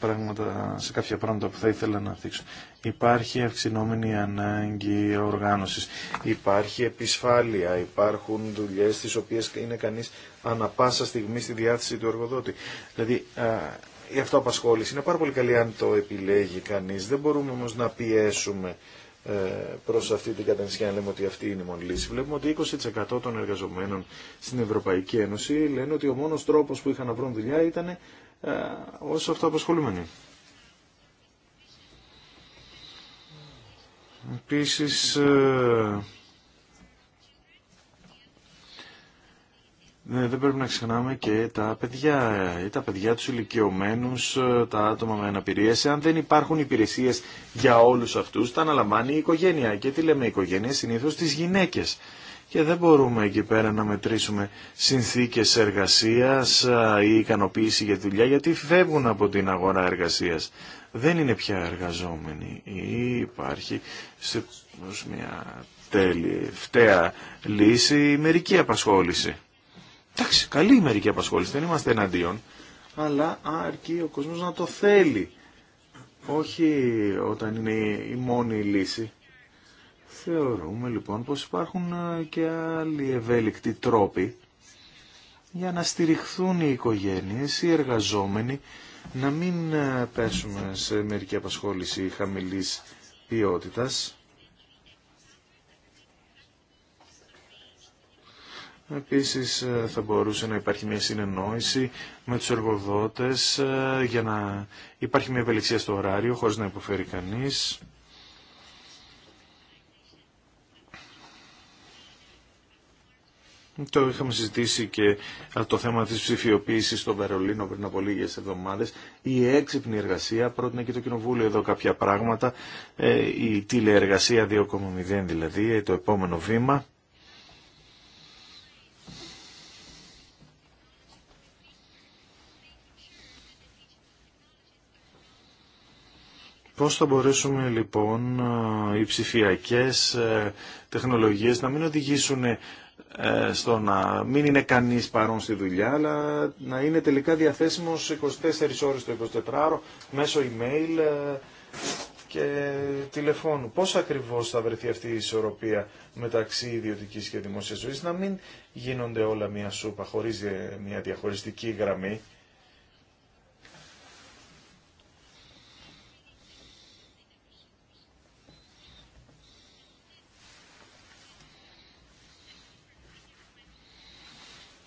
πράγματα, σε κάποια πράγματα που θα ήθελα να δείξω. Υπάρχει αυξηνόμενη ανάγκη οργάνωσης, υπάρχει επισφάλεια, υπάρχουν δουλειές τις οποίες είναι κανείς ανα πάσα στιγμή στη διάθεση του εργοδότη. Δηλαδή η αυτοαπασχόληση είναι πάρα πολύ καλή αν το επιλέγει κανείς. Δεν μπορούμε όμως να πιέσουμε ε, προς αυτή την κατανησία να λέμε ότι αυτή είναι η μόνη λύση. Βλέπουμε ότι 20% των εργαζομένων στην Ευρωπαϊκή Ένωση λένε ότι ο μόνος τρόπος που είχαν να βρουν δουλειά ήταν ε, ως αυτοαπασχολούμενοι. Επίσης, ε, Ναι, δεν πρέπει να ξεχνάμε και τα παιδιά, ή ε, τα παιδιά του ηλικιωμένου, ε, τα άτομα με αναπηρία. Αν δεν υπάρχουν υπηρεσίε για όλους αυτούς, τα αναλαμβάνει η οικογένεια. Και τι λέμε οικογένεια, συνήθως τι γυναίκες. Και δεν μπορούμε εκεί πέρα να μετρήσουμε συνθήκες εργασίας ε, ή ικανοποίηση για δουλειά, γιατί φεύγουν από την αγορά εργασία. Δεν είναι πια εργαζόμενοι. Ή υπάρχει σε μια τέλεια, φταία λύση, μερική απασχόληση. Εντάξει, καλή η μερική απασχόληση, δεν είμαστε εναντίον, αλλά αρκεί ο κόσμος να το θέλει. Όχι όταν είναι η μόνη λύση. Θεωρούμε λοιπόν πως υπάρχουν ε, και άλλοι ευέλικτοι τρόποι για να στηριχθούν οι οικογένειες, οι εργαζόμενοι, να μην ε, πέσουμε σε μερική απασχόληση χαμηλής ποιότητας Επίσης ε, θα μπορούσε να υπάρχει μια συνεννόηση με τους εργοδότες ε, για να υπάρχει μια ευελιξία στο ωράριο χωρίς να υποφέρει κανείς. Το είχαμε συζητήσει και το θέμα της ψηφιοποίησης στο Βερολίνο πριν από λίγες εβδομάδες. Η έξυπνη εργασία πρότεινε και το Κοινοβούλιο εδώ κάποια πράγματα. Ε, η τηλεεργασία 2,0 δηλαδή, το επόμενο βήμα. Πώς θα μπορέσουμε λοιπόν οι ψηφιακές ε, τεχνολογίες να μην οδηγήσουν ε, στο να μην είναι κανείς παρόν στη δουλειά, αλλά να είναι τελικά διαθέσιμος 24 ώρες το 24ωρο μέσω email ε, και τηλεφώνου. Πώς ακριβώς θα βρεθεί αυτή η ισορροπία μεταξύ ιδιωτικής και δημόσιας ζωής, να μην γίνονται όλα μια σούπα χωρίς μια διαχωριστική γραμμή.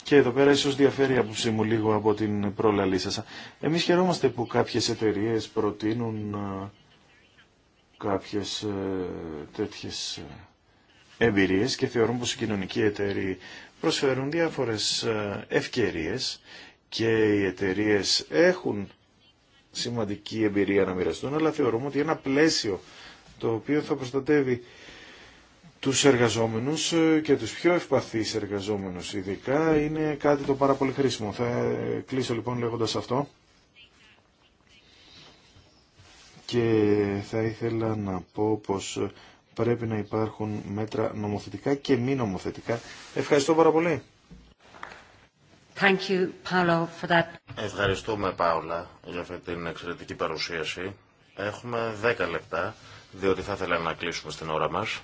Και εδώ πέρα ίσως διαφέρει η άποψή μου λίγο από την προλαλή σας. Εμείς χαιρόμαστε που κάποιες εταιρείες προτείνουν ε, κάποιες ε, τέτοιες ε, εμπειρίες και θεωρούν πως οι κοινωνικοί εταιροί προσφέρουν διάφορες ευκαιρίες και οι εταιρείε έχουν σημαντική εμπειρία να μοιραστούν, αλλά θεωρούμε ότι ένα πλαίσιο το οποίο θα προστατεύει τους εργαζόμενους ε, και τους πιο ευπαθείς εργαζόμενους ειδικά είναι κάτι το πάρα πολύ χρήσιμο. Θα κλείσω λοιπόν λέγοντας αυτό και θα ήθελα να πω πως πρέπει να υπάρχουν μέτρα νομοθετικά και μη νομοθετικά. Ευχαριστώ πάρα πολύ. Thank you, Paolo, for that. Ευχαριστούμε Πάολα για αυτή την εξαιρετική παρουσίαση. Έχουμε 10 λεπτά διότι θα ήθελα να κλείσουμε στην ώρα μας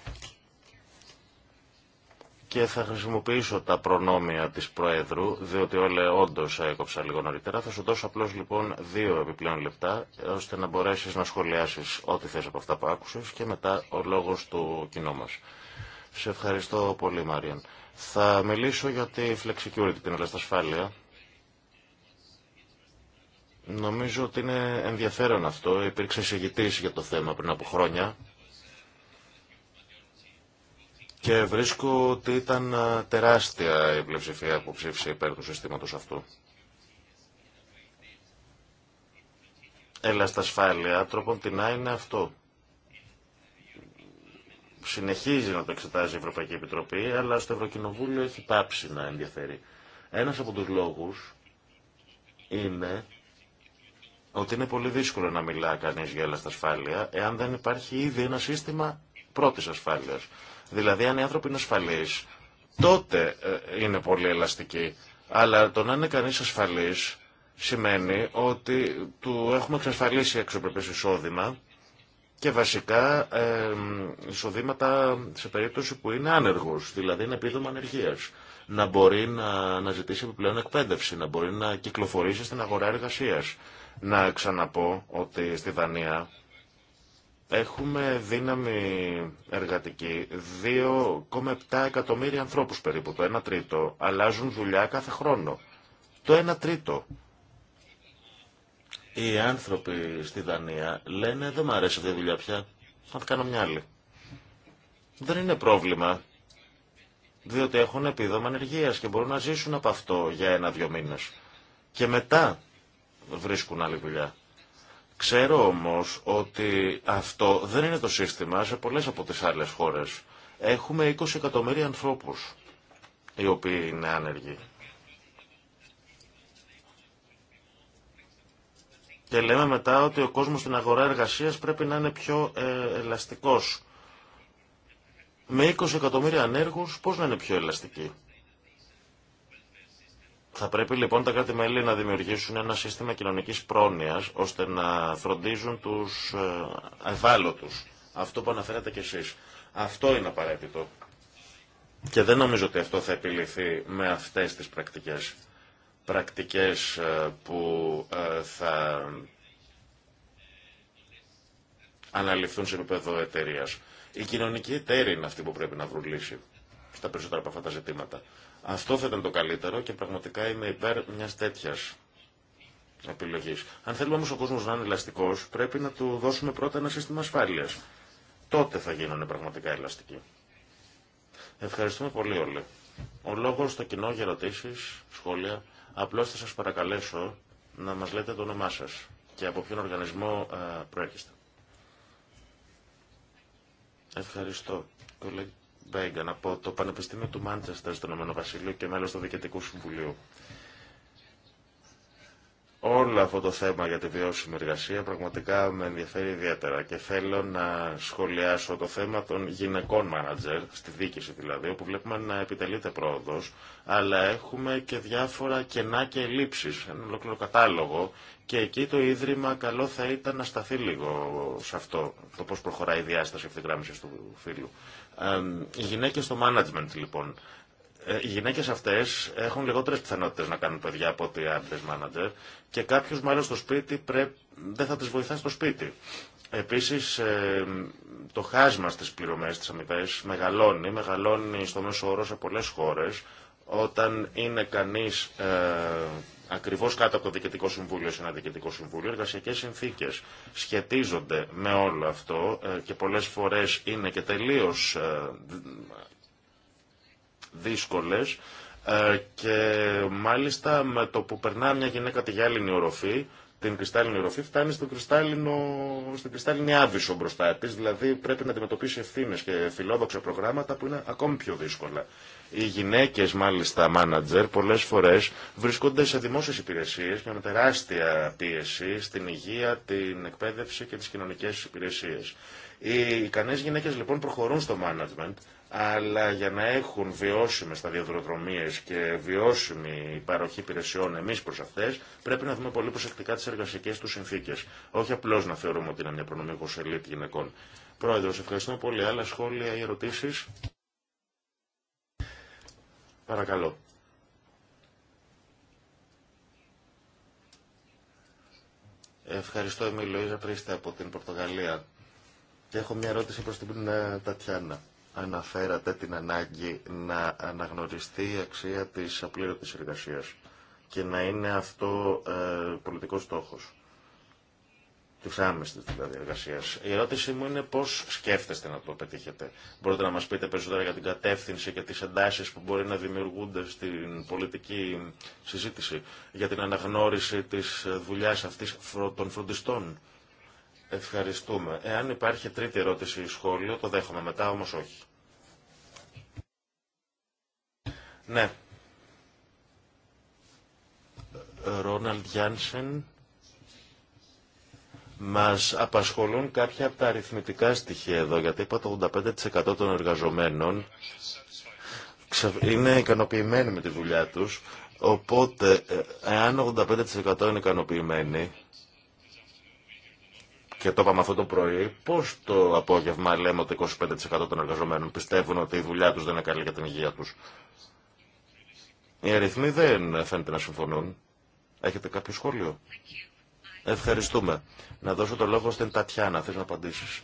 και θα χρησιμοποιήσω τα προνόμια της Προέδρου, διότι όλα όντω έκοψα λίγο νωρίτερα. Θα σου δώσω απλώς λοιπόν δύο επιπλέον λεπτά, ώστε να μπορέσεις να σχολιάσεις ό,τι θες από αυτά που άκουσες και μετά ο λόγος του κοινού μας. Σε ευχαριστώ πολύ Μαριαν. Θα μιλήσω για τη flexicurity, την ασφάλεια. Νομίζω ότι είναι ενδιαφέρον αυτό. Υπήρξε εισηγητής για το θέμα πριν από χρόνια και βρίσκω ότι ήταν τεράστια η πλειοψηφία που ψήφισε υπέρ του συστήματος αυτού. Έλα στα ασφάλεια, τρόπον την είναι αυτό. Συνεχίζει να το εξετάζει η Ευρωπαϊκή Επιτροπή, αλλά στο Ευρωκοινοβούλιο έχει πάψει να ενδιαφέρει. Ένας από τους λόγους είναι ότι είναι πολύ δύσκολο να μιλά κανείς για έλα στα ασφάλεια, εάν δεν υπάρχει ήδη ένα σύστημα πρώτης ασφάλειας. Δηλαδή, αν οι άνθρωποι είναι ασφαλεί τότε ε, είναι πολύ ελαστική. Αλλά το να είναι κανείς ασφαλής σημαίνει ότι του έχουμε εξασφαλίσει αξιοπρεπές εισόδημα και βασικά ε, εισοδήματα σε περίπτωση που είναι άνεργος, δηλαδή είναι επίδομα ανεργίας. Να μπορεί να, να ζητήσει επιπλέον εκπαίδευση, να μπορεί να κυκλοφορήσει στην αγορά εργασίας. Να ξαναπώ ότι στη Δανία Έχουμε δύναμη εργατική 2,7 εκατομμύρια ανθρώπους περίπου, το 1 τρίτο. Αλλάζουν δουλειά κάθε χρόνο. Το 1 τρίτο. Οι άνθρωποι στη Δανία λένε δεν μου αρέσει αυτή η δουλειά πια, θα κάνω μια άλλη. Δεν είναι πρόβλημα, διότι έχουν επίδομα ανεργία και μπορούν να ζήσουν από αυτό για ένα-δυο μήνες. Και μετά βρίσκουν άλλη δουλειά. Ξέρω όμως ότι αυτό δεν είναι το σύστημα σε πολλές από τις άλλες χώρες. Έχουμε 20 εκατομμύρια ανθρώπους οι οποίοι είναι άνεργοι. Και λέμε μετά ότι ο κόσμος στην αγορά εργασίας πρέπει να είναι πιο ε, ελαστικός. Με 20 εκατομμύρια ανέργους πώς να είναι πιο ελαστική. Θα πρέπει λοιπόν τα κράτη-μέλη να δημιουργήσουν ένα σύστημα κοινωνικής πρόνοιας ώστε να φροντίζουν τους ε, ευάλωτους. Αυτό που αναφέρατε κι εσείς. Αυτό είναι απαραίτητο. Και δεν νομίζω ότι αυτό θα επιληθεί με αυτές τις πρακτικές. Πρακτικές ε, που ε, θα αναλυφθούν σε επίπεδο εταιρεία. Η κοινωνική εταιρεία είναι αυτή που πρέπει να βρουν λύση στα περισσότερα από αυτά τα ζητήματα. Αυτό θα ήταν το καλύτερο και πραγματικά είμαι υπέρ μια τέτοια επιλογή. Αν θέλουμε όμω ο κόσμο να είναι ελαστικό, πρέπει να του δώσουμε πρώτα ένα σύστημα ασφάλεια. Τότε θα γίνουν πραγματικά ελαστικοί. Ευχαριστούμε πολύ όλοι. Ο λόγο στο κοινό για ερωτήσει, σχόλια. Απλώ θα σα παρακαλέσω να μα λέτε το όνομά σα και από ποιον οργανισμό ε, προέρχεστε. Ευχαριστώ. Μπέγκαν από το Πανεπιστήμιο του Μάντσεστερ στον Ηνωμένο Βασίλειο και μέλος του Διοικητικού Συμβουλίου. Όλο αυτό το θέμα για τη βιώσιμη εργασία πραγματικά με ενδιαφέρει ιδιαίτερα και θέλω να σχολιάσω το θέμα των γυναικών μάνατζερ, στη δίκηση δηλαδή, όπου βλέπουμε να επιτελείται πρόοδος, αλλά έχουμε και διάφορα κενά και ελλείψεις, ένα ολόκληρο κατάλογο και εκεί το Ίδρυμα καλό θα ήταν να σταθεί λίγο σε αυτό, το πώς προχωράει η διάσταση ευθυγράμμισης του φίλου. Ε, οι γυναίκες στο management λοιπόν. Ε, οι γυναίκες αυτές έχουν λιγότερες πιθανότητες να κάνουν παιδιά από ότι άντρες manager και κάποιος μάλλον στο σπίτι πρέπει δεν θα τις βοηθά στο σπίτι. Επίσης το χάσμα στις πληρωμές της αμοιβές μεγαλώνει, μεγαλώνει στο μέσο όρο σε πολλές χώρες. Όταν είναι κανείς ε, ακριβώ κάτω από το Διοικητικό Συμβούλιο σε ένα Διοικητικό Συμβούλιο, εργασιακέ συνθήκε σχετίζονται με όλο αυτό ε, και πολλέ φορέ είναι και τελείω ε, δύσκολε ε, και μάλιστα με το που περνά μια γυναίκα τη γυάλινη οροφή την κρυστάλλινη ροφή φτάνει στο κρυστάλλινο, στην κρυστάλλινη άβυσο μπροστά τη. Δηλαδή πρέπει να αντιμετωπίσει ευθύνε και φιλόδοξα προγράμματα που είναι ακόμη πιο δύσκολα. Οι γυναίκε, μάλιστα, μάνατζερ, πολλέ φορέ βρισκόνται σε δημόσιε υπηρεσίε και με τεράστια πίεση στην υγεία, την εκπαίδευση και τι κοινωνικέ υπηρεσίε. Οι ικανέ γυναίκε λοιπόν προχωρούν στο management αλλά για να έχουν βιώσιμες διαδροδρομίες και βιώσιμη παροχή υπηρεσιών εμείς προς αυτές, πρέπει να δούμε πολύ προσεκτικά τις εργασιακές τους συνθήκες. Όχι απλώς να θεωρούμε ότι είναι μια προνομιακός ελίτ γυναικών. Πρόεδρος, ευχαριστούμε πολύ. Άλλα σχόλια ή ερωτήσεις. Παρακαλώ. Ευχαριστώ, Εμιλοίζα Πρίστα από την Πορτογαλία. Και έχω μια ερώτηση προς την ε, Τατιάνα αναφέρατε την ανάγκη να αναγνωριστεί η αξία της απλήρωτης εργασίας και να είναι αυτό ε, πολιτικός στόχος τη άμεση δηλαδή εργασίας. Η ερώτησή μου είναι πώ σκέφτεστε να το πετύχετε. Μπορείτε να μα πείτε περισσότερα για την κατεύθυνση και τι εντάσει που μπορεί να δημιουργούνται στην πολιτική συζήτηση για την αναγνώριση τη δουλειά αυτή των φροντιστών Ευχαριστούμε. Εάν υπάρχει τρίτη ερώτηση ή σχόλιο, το δέχομαι. Μετά όμως όχι. Ναι. Ρόναλντ Γιάνσεν. Μας απασχολούν κάποια από τα αριθμητικά στοιχεία εδώ, γιατί είπα το 85% των εργαζομένων είναι ικανοποιημένοι με τη δουλειά τους, οπότε ε, εάν 85% είναι ικανοποιημένοι, και το είπαμε αυτό το πρωί, πώ το απόγευμα λέμε ότι 25% των εργαζομένων πιστεύουν ότι η δουλειά του δεν είναι καλή για την υγεία του. Οι αριθμοί δεν φαίνεται να συμφωνούν. Έχετε κάποιο σχόλιο. Ευχαριστούμε. Να δώσω το λόγο στην Τατιάνα. Θες να απαντήσεις.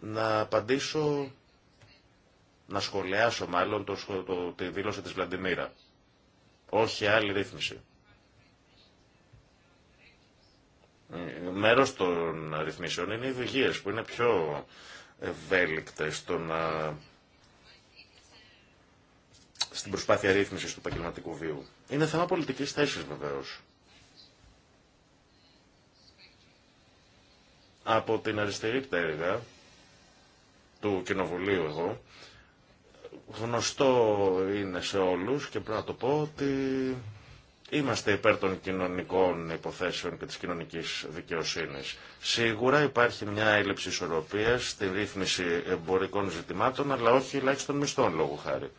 Να απαντήσω, να σχολιάσω μάλλον το, το, τη δήλωση της Βλαντιμίρα. Όχι άλλη ρύθμιση. μέρος των αριθμίσεων είναι οι που είναι πιο ευέλικτες στο στην προσπάθεια ρύθμισης του επαγγελματικού βίου. Είναι θέμα πολιτικής θέσης βεβαίως. Από την αριστερή πτέρυγα του Κοινοβουλίου εγώ, γνωστό είναι σε όλους και πρέπει να το πω ότι Είμαστε υπέρ των κοινωνικών υποθέσεων και της κοινωνικής δικαιοσύνης. Σίγουρα υπάρχει μια έλλειψη ισορροπίας στη ρύθμιση εμπορικών ζητημάτων, αλλά όχι ελάχιστον μισθών λόγου χάρη.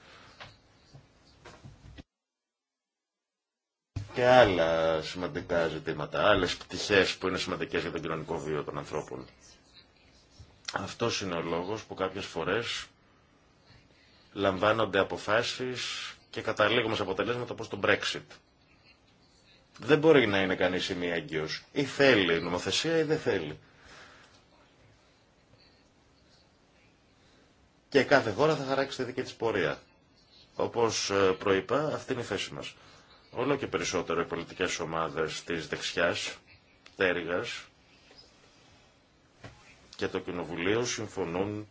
Και άλλα σημαντικά ζητήματα, άλλες πτυχές που είναι σημαντικές για τον κοινωνικό βίο των ανθρώπων. Αυτό είναι ο λόγος που κάποιες φορές λαμβάνονται αποφάσεις και καταλήγουμε σε αποτελέσματα όπως το Brexit. Δεν μπορεί να είναι κανείς ημιαγκαίος. Ή θέλει νομοθεσία ή δεν θέλει. Και κάθε χώρα θα χαράξει τη δική της πορεία. Όπως ε, προείπα, αυτή είναι η θέση μας. Όλο και περισσότερο οι πολιτικές ομάδες της δεξιάς, τέργας και το Κοινοβουλίο συμφωνούν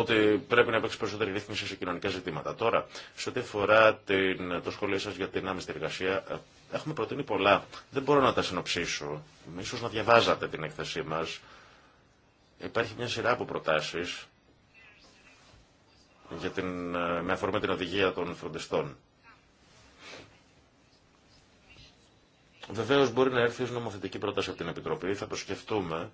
ότι πρέπει να υπάρξει περισσότερη ρύθμιση σε κοινωνικά ζητήματα. Τώρα, σε ό,τι αφορά την, το σχολείο σα για την άμεση εργασία, έχουμε προτείνει πολλά. Δεν μπορώ να τα συνοψίσω. σω να διαβάζατε την έκθεσή μα. Υπάρχει μια σειρά από προτάσει την, με αφορμή την οδηγία των φροντιστών. Βεβαίω μπορεί να έρθει ω νομοθετική πρόταση από την Επιτροπή, θα το σκεφτούμε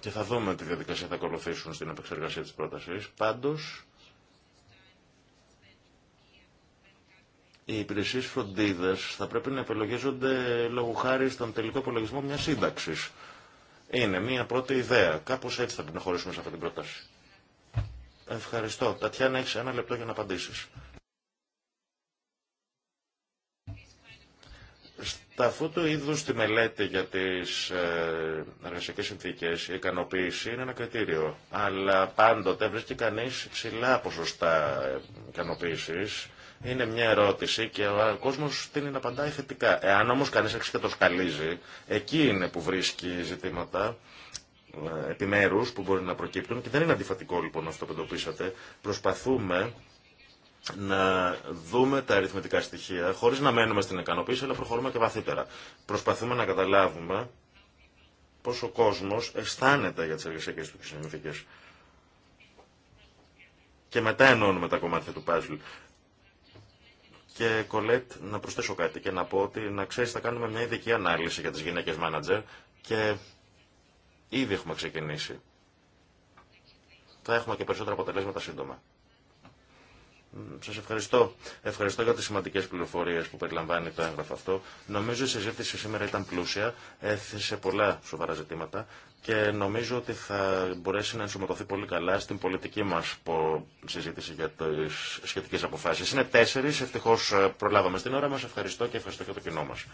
Και θα δούμε τι διαδικασία θα ακολουθήσουν στην επεξεργασία της πρότασης. Πάντως, οι υπηρεσίε φροντίδα θα πρέπει να επιλογίζονται λόγω χάρη στον τελικό απολογισμό μια σύνταξη. Είναι μια πρώτη ιδέα. Κάπως έτσι θα να χωρίσουμε σε αυτή την πρόταση. Ευχαριστώ. Τατιάνα, έχεις ένα λεπτό για να απαντήσει. Στα αυτού του είδου τη μελέτη για τι ε, εργασιακέ συνθήκε, η ικανοποίηση είναι ένα κριτήριο. Αλλά πάντοτε βρίσκει κανεί ψηλά ποσοστά ε, ικανοποίηση. Είναι μια ερώτηση και ο κόσμο την να απαντάει θετικά. Εάν όμω κανεί αρχίσει και το σκαλίζει, εκεί είναι που βρίσκει ζητήματα ε, επιμέρου που μπορεί να προκύπτουν και δεν είναι αντιφατικό λοιπόν αυτό που εντοπίσατε. Προσπαθούμε να δούμε τα αριθμητικά στοιχεία, χωρίς να μένουμε στην ικανοποίηση, αλλά προχωρούμε και βαθύτερα. Προσπαθούμε να καταλάβουμε πώς ο κόσμος αισθάνεται για τις εργασιακές του συνθήκες. Και μετά ενώνουμε τα κομμάτια του παζλ. Και Κολέτ, να προσθέσω κάτι και να πω ότι να ξέρεις θα κάνουμε μια ειδική ανάλυση για τις γυναίκες μάνατζερ και ήδη έχουμε ξεκινήσει. Θα έχουμε και περισσότερα αποτελέσματα σύντομα. Σας ευχαριστώ. Ευχαριστώ για τις σημαντικές πληροφορίες που περιλαμβάνει το έγγραφο αυτό. Νομίζω η συζήτηση σήμερα ήταν πλούσια, έθεσε πολλά σοβαρά ζητήματα και νομίζω ότι θα μπορέσει να ενσωματωθεί πολύ καλά στην πολιτική μας συζήτηση για τις σχετικές αποφάσεις. Είναι τέσσερις, ευτυχώς ε, προλάβαμε στην ώρα μας. Ευχαριστώ και ευχαριστώ και το κοινό μας.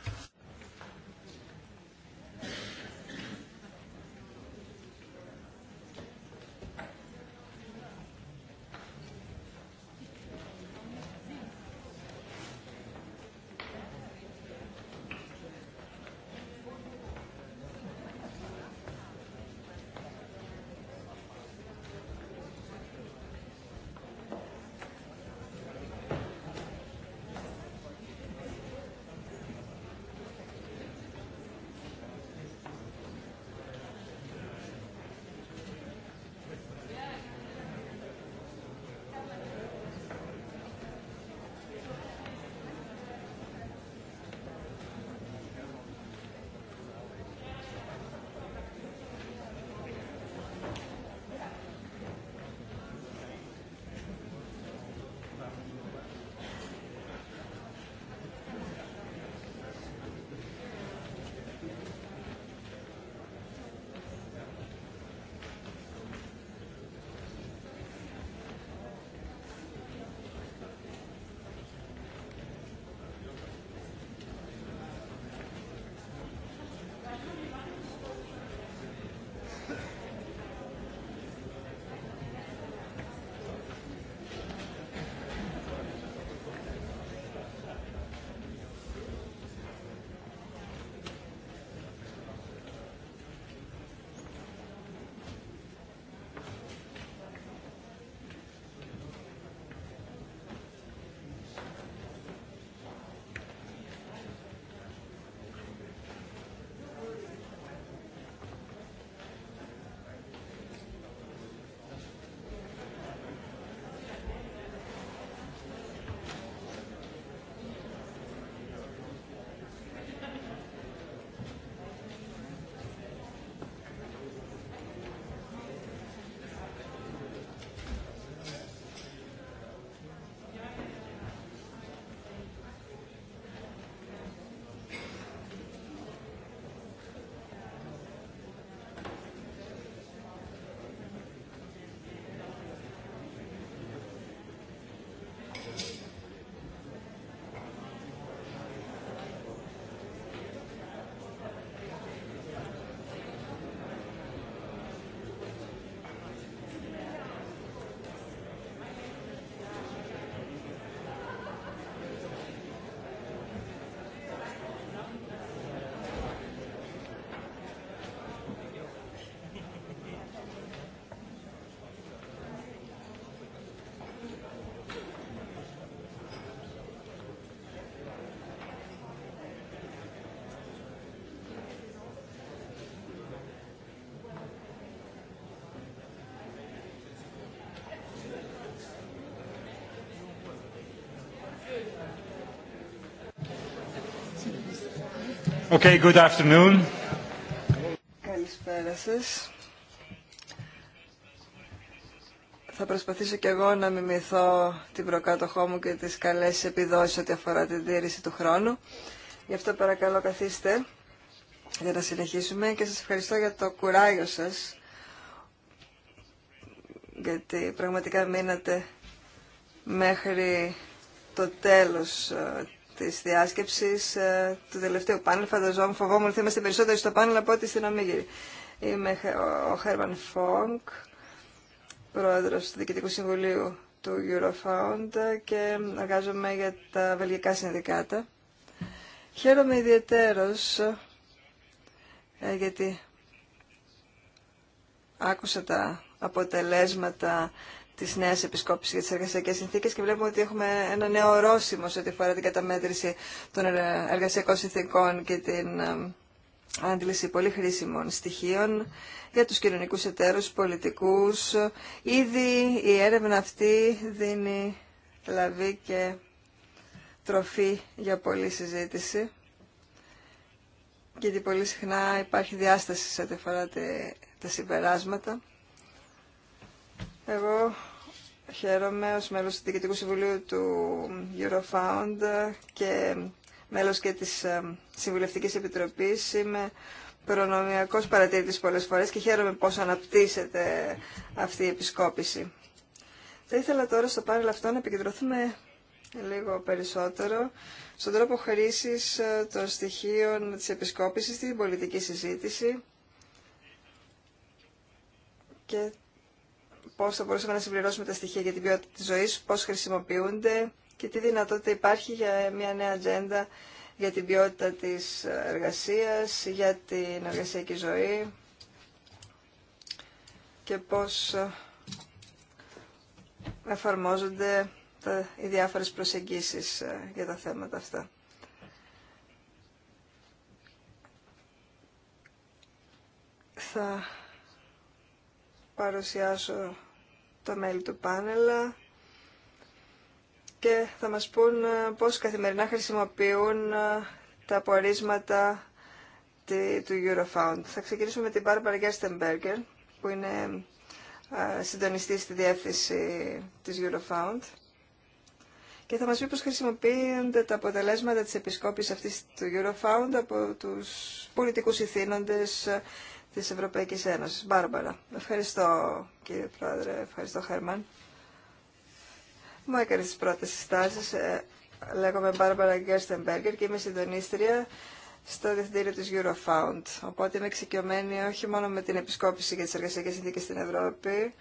Καλησπέρα σας. Θα προσπαθήσω κι εγώ να μιμηθώ την προκάτοχό μου και τις καλές επιδόσεις ό,τι αφορά την τήρηση του χρόνου. Γι' αυτό παρακαλώ καθίστε για να συνεχίσουμε και σας ευχαριστώ για το κουράγιο σας γιατί πραγματικά μείνατε μέχρι το τέλος ε, τη ε, του τελευταίου πάνελ. Φανταζόμουν, φοβόμουν ότι είμαστε περισσότεροι στο πάνελ από ό,τι στην Ομίγυρη. Είμαι ο Χέρμαν Φόγκ, πρόεδρο του Διοικητικού Συμβουλίου του Eurofound και εργάζομαι για τα βελγικά συνδικάτα. Χαίρομαι ιδιαίτερος ε, γιατί άκουσα τα αποτελέσματα της νέας επισκόπησης για τις εργασιακές συνθήκες και βλέπουμε ότι έχουμε ένα νέο ορόσημο σε ό,τι αφορά την καταμέτρηση των εργασιακών συνθήκων και την ε, άντληση πολύ χρήσιμων στοιχείων για τους κοινωνικούς εταίρους, πολιτικούς. Ήδη η έρευνα αυτή δίνει λαβή και τροφή για πολλή συζήτηση γιατί πολύ συχνά υπάρχει διάσταση σε ό,τι αφορά τα συμπεράσματα. Εγώ χαίρομαι ως μέλος του Διοικητικού Συμβουλίου του Eurofound και μέλος και της ε, Συμβουλευτικής Επιτροπής. Είμαι προνομιακός παρατηρητής πολλές φορές και χαίρομαι πώς αναπτύσσεται αυτή η επισκόπηση. Θα ήθελα τώρα στο πάνελ αυτό να επικεντρωθούμε λίγο περισσότερο στον τρόπο χρήσης ε, των στοιχείων της επισκόπησης στην πολιτική συζήτηση πώς θα μπορούσαμε να συμπληρώσουμε τα στοιχεία για την ποιότητα της ζωής, πώς χρησιμοποιούνται και τι δυνατότητα υπάρχει για μια νέα ατζέντα για την ποιότητα της εργασίας, για την εργασιακή ζωή και πώς εφαρμόζονται οι διάφορες προσεγγίσεις ε, για τα θέματα αυτά. Θα παρουσιάσω τα μέλη του πάνελ ε, και θα μας πούν ε, πώς καθημερινά χρησιμοποιούν ε, τα απορίσματα του Eurofound. Θα ξεκινήσουμε με την Barbara Gerstenberger, που είναι συντονιστή στη διεύθυνση της Eurofound και θα μας πει πώς χρησιμοποιούνται τα αποτελέσματα της επισκόπησης αυτής του Eurofound από τους πολιτικούς ηθήνοντες, της Ευρωπαϊκής Ένωσης. Μπάρμπαρα. Ευχαριστώ κύριε Πρόεδρε, ευχαριστώ Χέρμαν. Μου έκανε τις πρώτες συστάσεις. Ε, λέγομαι Μπάρμπαρα Γκέρστεμπεργκερ και είμαι συντονίστρια στο διευθυντήριο της Eurofound. Οπότε είμαι εξοικειωμένη όχι μόνο με την επισκόπηση για τις εργασιακές συνθήκες στην Ευρώπη,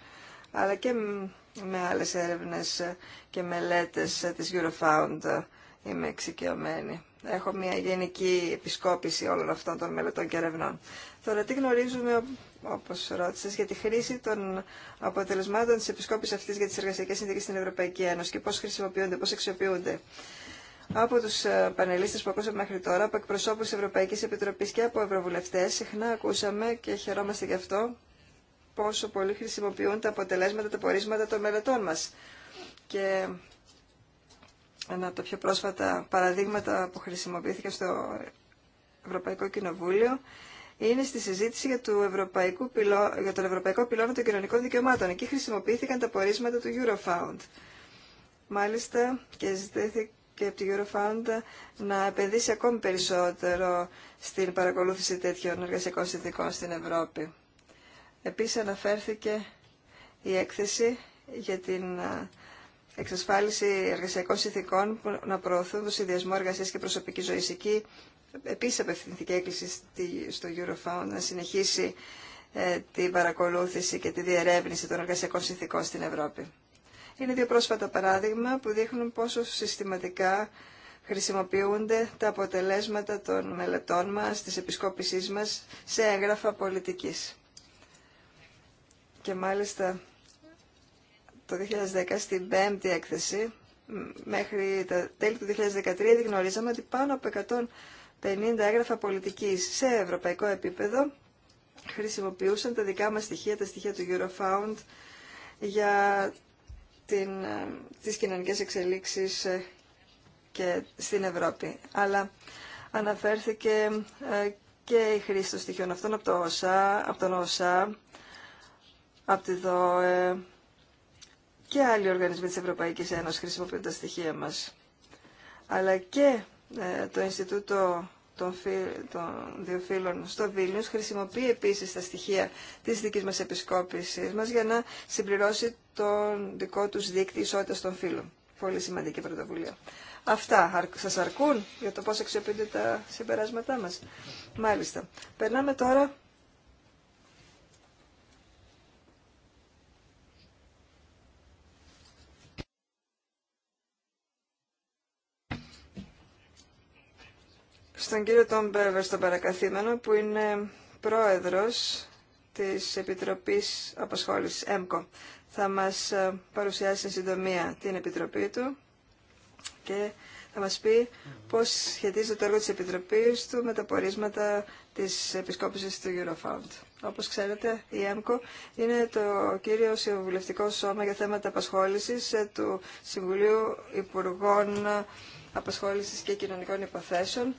αλλά και με άλλες έρευνες και μελέτες της Eurofound είμαι εξοικειωμένη. Έχω μια γενική επισκόπηση όλων αυτών των μελετών και ερευνών. Τώρα τι γνωρίζουμε, όπως ρώτησες, για τη χρήση των αποτελεσμάτων της επισκόπησης αυτής για τις εργασιακές συνθήκες στην Ευρωπαϊκή Ένωση και πώς χρησιμοποιούνται, πώς αξιοποιούνται. Από του ε, πανελίστε που ακούσαμε μέχρι τώρα, από εκπροσώπου τη Ευρωπαϊκή Επιτροπή και από ευρωβουλευτέ, συχνά ακούσαμε και χαιρόμαστε γι' αυτό πόσο πολύ χρησιμοποιούν τα αποτελέσματα, τα πορίσματα των μελετών μα. Και ένα από τα πιο πρόσφατα παραδείγματα που χρησιμοποιήθηκε στο Ευρωπαϊκό Κοινοβούλιο είναι στη συζήτηση για, για τον Ευρωπαϊκό Πυλώνα των Κοινωνικών Δικαιωμάτων. Εκεί χρησιμοποιήθηκαν τα πορίσματα του Eurofound. Μάλιστα και ζητήθηκε από τη Eurofound να επενδύσει ακόμη περισσότερο στην παρακολούθηση τέτοιων εργασιακών συνθήκων στην Ευρώπη. Επίσης αναφέρθηκε η έκθεση για την εξασφάλιση εργασιακών συνθήκων που να προωθούν το συνδυασμό εργασίας και προσωπικής ζωής. Εκεί Επίσης απευθυνθήκε έκκληση στο Eurofound να συνεχίσει ε, την παρακολούθηση και τη διερεύνηση των εργασιακών συνθήκων στην Ευρώπη. Είναι δύο πρόσφατα παράδειγμα που δείχνουν πόσο συστηματικά χρησιμοποιούνται τα αποτελέσματα των μελετών μας, της επισκόπησής μας σε έγγραφα πολιτικής. Και μάλιστα το 2010 στην πέμπτη έκθεση, μέχρι τα τέλη του 2013 γνωρίζαμε ότι πάνω από 50 έγγραφα πολιτικής σε ευρωπαϊκό επίπεδο χρησιμοποιούσαν τα δικά μας στοιχεία, τα στοιχεία του Eurofound για την, ε, τις κοινωνικές εξελίξεις ε, και στην Ευρώπη. Αλλά αναφέρθηκε ε, και η χρήση των στοιχείων αυτών από, το ΟΣΑ, από τον ΩΣΑ από τη ΔΟΕ και άλλοι οργανισμοί της Ευρωπαϊκής Ένωσης χρησιμοποιούν τα στοιχεία μας. Αλλά και το Ινστιτούτο των, δύο φίλων στο Βίλνιους χρησιμοποιεί επίσης τα στοιχεία της δικής μας επισκόπησης μας για να συμπληρώσει τον δικό τους δίκτυο ισότητας των φίλων. Πολύ σημαντική πρωτοβουλία. Αυτά σας αρκούν για το πώς αξιοποιείτε τα συμπεράσματά μας. Μάλιστα. Περνάμε τώρα στον κύριο Τον Μπέβερ, στον παρακαθήμενο, που είναι πρόεδρος της Επιτροπής Απασχόλησης, ΕΜΚΟ. Θα μας ε, παρουσιάσει στην συντομία την Επιτροπή του και θα μας πει πώς σχετίζεται το έργο της Επιτροπής του με τα πορίσματα της επισκόπησης του Eurofound. Όπως ξέρετε, η ΕΜΚΟ είναι το κύριο συμβουλευτικό σώμα για θέματα απασχόλησης ε, του Συμβουλίου Υπουργών Απασχόλησης και Κοινωνικών Υποθέσεων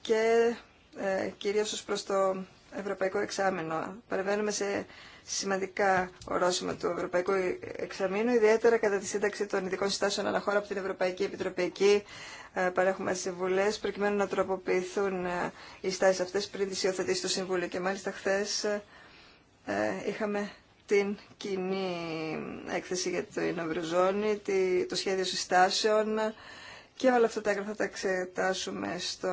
και ε, κυρίως ως προς το Ευρωπαϊκό Εξάμεινο. Παρεβαίνουμε σε σημαντικά ορόσημα του Ευρωπαϊκού Εξαμήνου, ιδιαίτερα κατά τη σύνταξη των ειδικών συστάσεων αναχώρα από την Ευρωπαϊκή Επιτροπή. Εκεί ε, παρέχουμε συμβουλέ προκειμένου να τροποποιηθούν ε, οι στάσει αυτέ πριν τι υιοθετήσει του Συμβούλου. Και μάλιστα χθε ε, είχαμε την κοινή έκθεση για την Ευρωζώνη, το σχέδιο συστάσεων και όλα αυτά τα έγγραφα τα εξετάσουμε στο,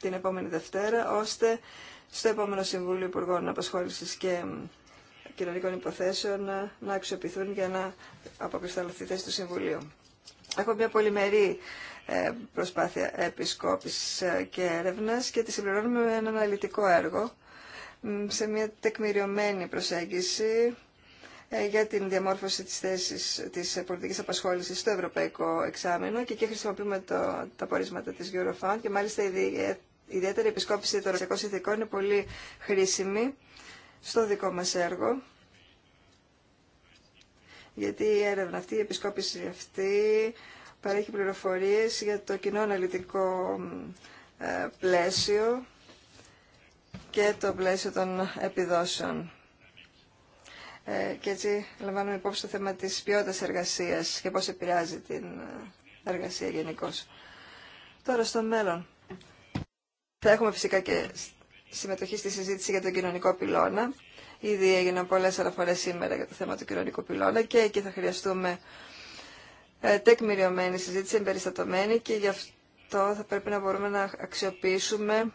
την επόμενη Δευτέρα, ώστε στο επόμενο Συμβούλιο Υπουργών Απασχόλησης και Κοινωνικών Υποθέσεων να, να αξιοποιηθούν για να αποκρισταλωθεί θέση του Συμβουλίου. Έχω μια πολυμερή ε, προσπάθεια επισκόπησης ε, και έρευνας και τη συμπληρώνουμε με ένα αναλυτικό έργο σε μια τεκμηριωμένη προσέγγιση ε, για την διαμόρφωση της θέσης της πολιτικής απασχόλησης στο Ευρωπαϊκό Εξάμεινο και εκεί χρησιμοποιούμε το, τα πορίσματα της Eurofound και μάλιστα η ιδιαίτερη επισκόπηση των ρωσιακών συνθηκών είναι πολύ χρήσιμη στο δικό μας έργο γιατί η έρευνα αυτή, η επισκόπηση αυτή παρέχει πληροφορίες για το κοινό αναλυτικό ε, πλαίσιο και το πλαίσιο των επιδόσεων. Ε, και έτσι λαμβάνουμε υπόψη το θέμα της ποιότητας εργασίας και πώς επηρεάζει την ε, εργασία γενικώ. Τώρα στο μέλλον. Θα έχουμε φυσικά και συμμετοχή στη συζήτηση για τον κοινωνικό πυλώνα. Ήδη έγιναν πολλέ αναφορέ σήμερα για το θέμα του κοινωνικού πυλώνα και εκεί θα χρειαστούμε ε, τεκμηριωμένη συζήτηση, εμπεριστατωμένη και γι' αυτό θα πρέπει να μπορούμε να αξιοποιήσουμε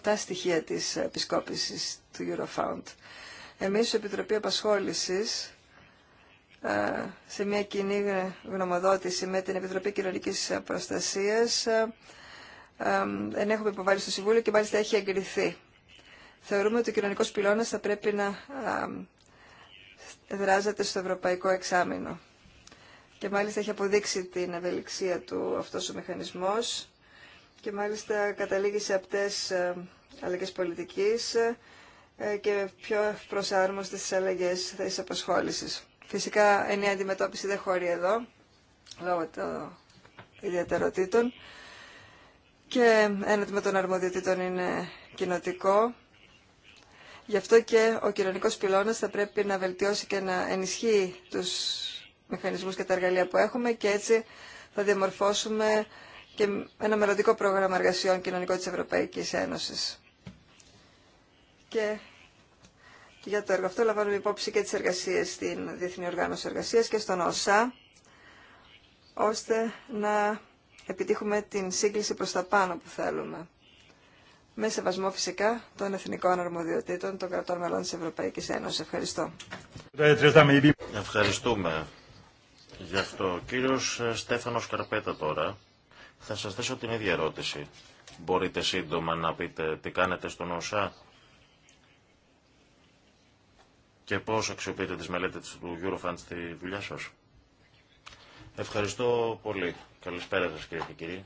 τα στοιχεία της επισκόπησης του Eurofound. Εμείς, η Επιτροπή Απασχόλησης, ε, σε μια κοινή γνωμοδότηση με την Επιτροπή Κοινωνικής Προστασίας, δεν ε, ε, έχουμε υποβάλει στο Συμβούλιο και μάλιστα έχει εγκριθεί. Θεωρούμε ότι ο κοινωνικός πυλώνας θα πρέπει να δράζεται στο ευρωπαϊκό εξάμεινο. Και μάλιστα έχει αποδείξει την ευελιξία του αυτός ο μηχανισμός και μάλιστα καταλήγει σε απτές αλλαγές πολιτικής ε, και πιο προσάρμοστε στις αλλαγές τη απασχόλησης. Φυσικά, νέα αντιμετώπιση δεν χωρεί εδώ, λόγω των ιδιαιτεροτήτων. Και ένα τμήμα των αρμοδιοτήτων είναι κοινοτικό. Γι' αυτό και ο κοινωνικός πυλώνας θα πρέπει να βελτιώσει και να ενισχύει τους μηχανισμούς και τα εργαλεία που έχουμε και έτσι θα διαμορφώσουμε και ένα μελλοντικό πρόγραμμα εργασιών κοινωνικό της Ευρωπαϊκής Ένωσης και για το έργο αυτό λαμβάνουμε υπόψη και τις εργασίες στην Διεθνή Οργάνωση Εργασίας και στον ΩΣΑ, ώστε να επιτύχουμε την σύγκληση προς τα πάνω που θέλουμε. Με σεβασμό φυσικά των εθνικών αρμοδιοτήτων των κρατών μελών της Ευρωπαϊκής Ένωσης. Ευχαριστώ. Ευχαριστούμε. Γι' αυτό, κύριος Στέφανος Καρπέτα τώρα, θα σας θέσω την ίδια ερώτηση. Μπορείτε σύντομα να πείτε τι κάνετε στον ΩΣΑ και πώ αξιοποιείτε τι μελέτε του Eurofund στη δουλειά σα. Ευχαριστώ πολύ. Καλησπέρα σα, κύριε και κύριοι.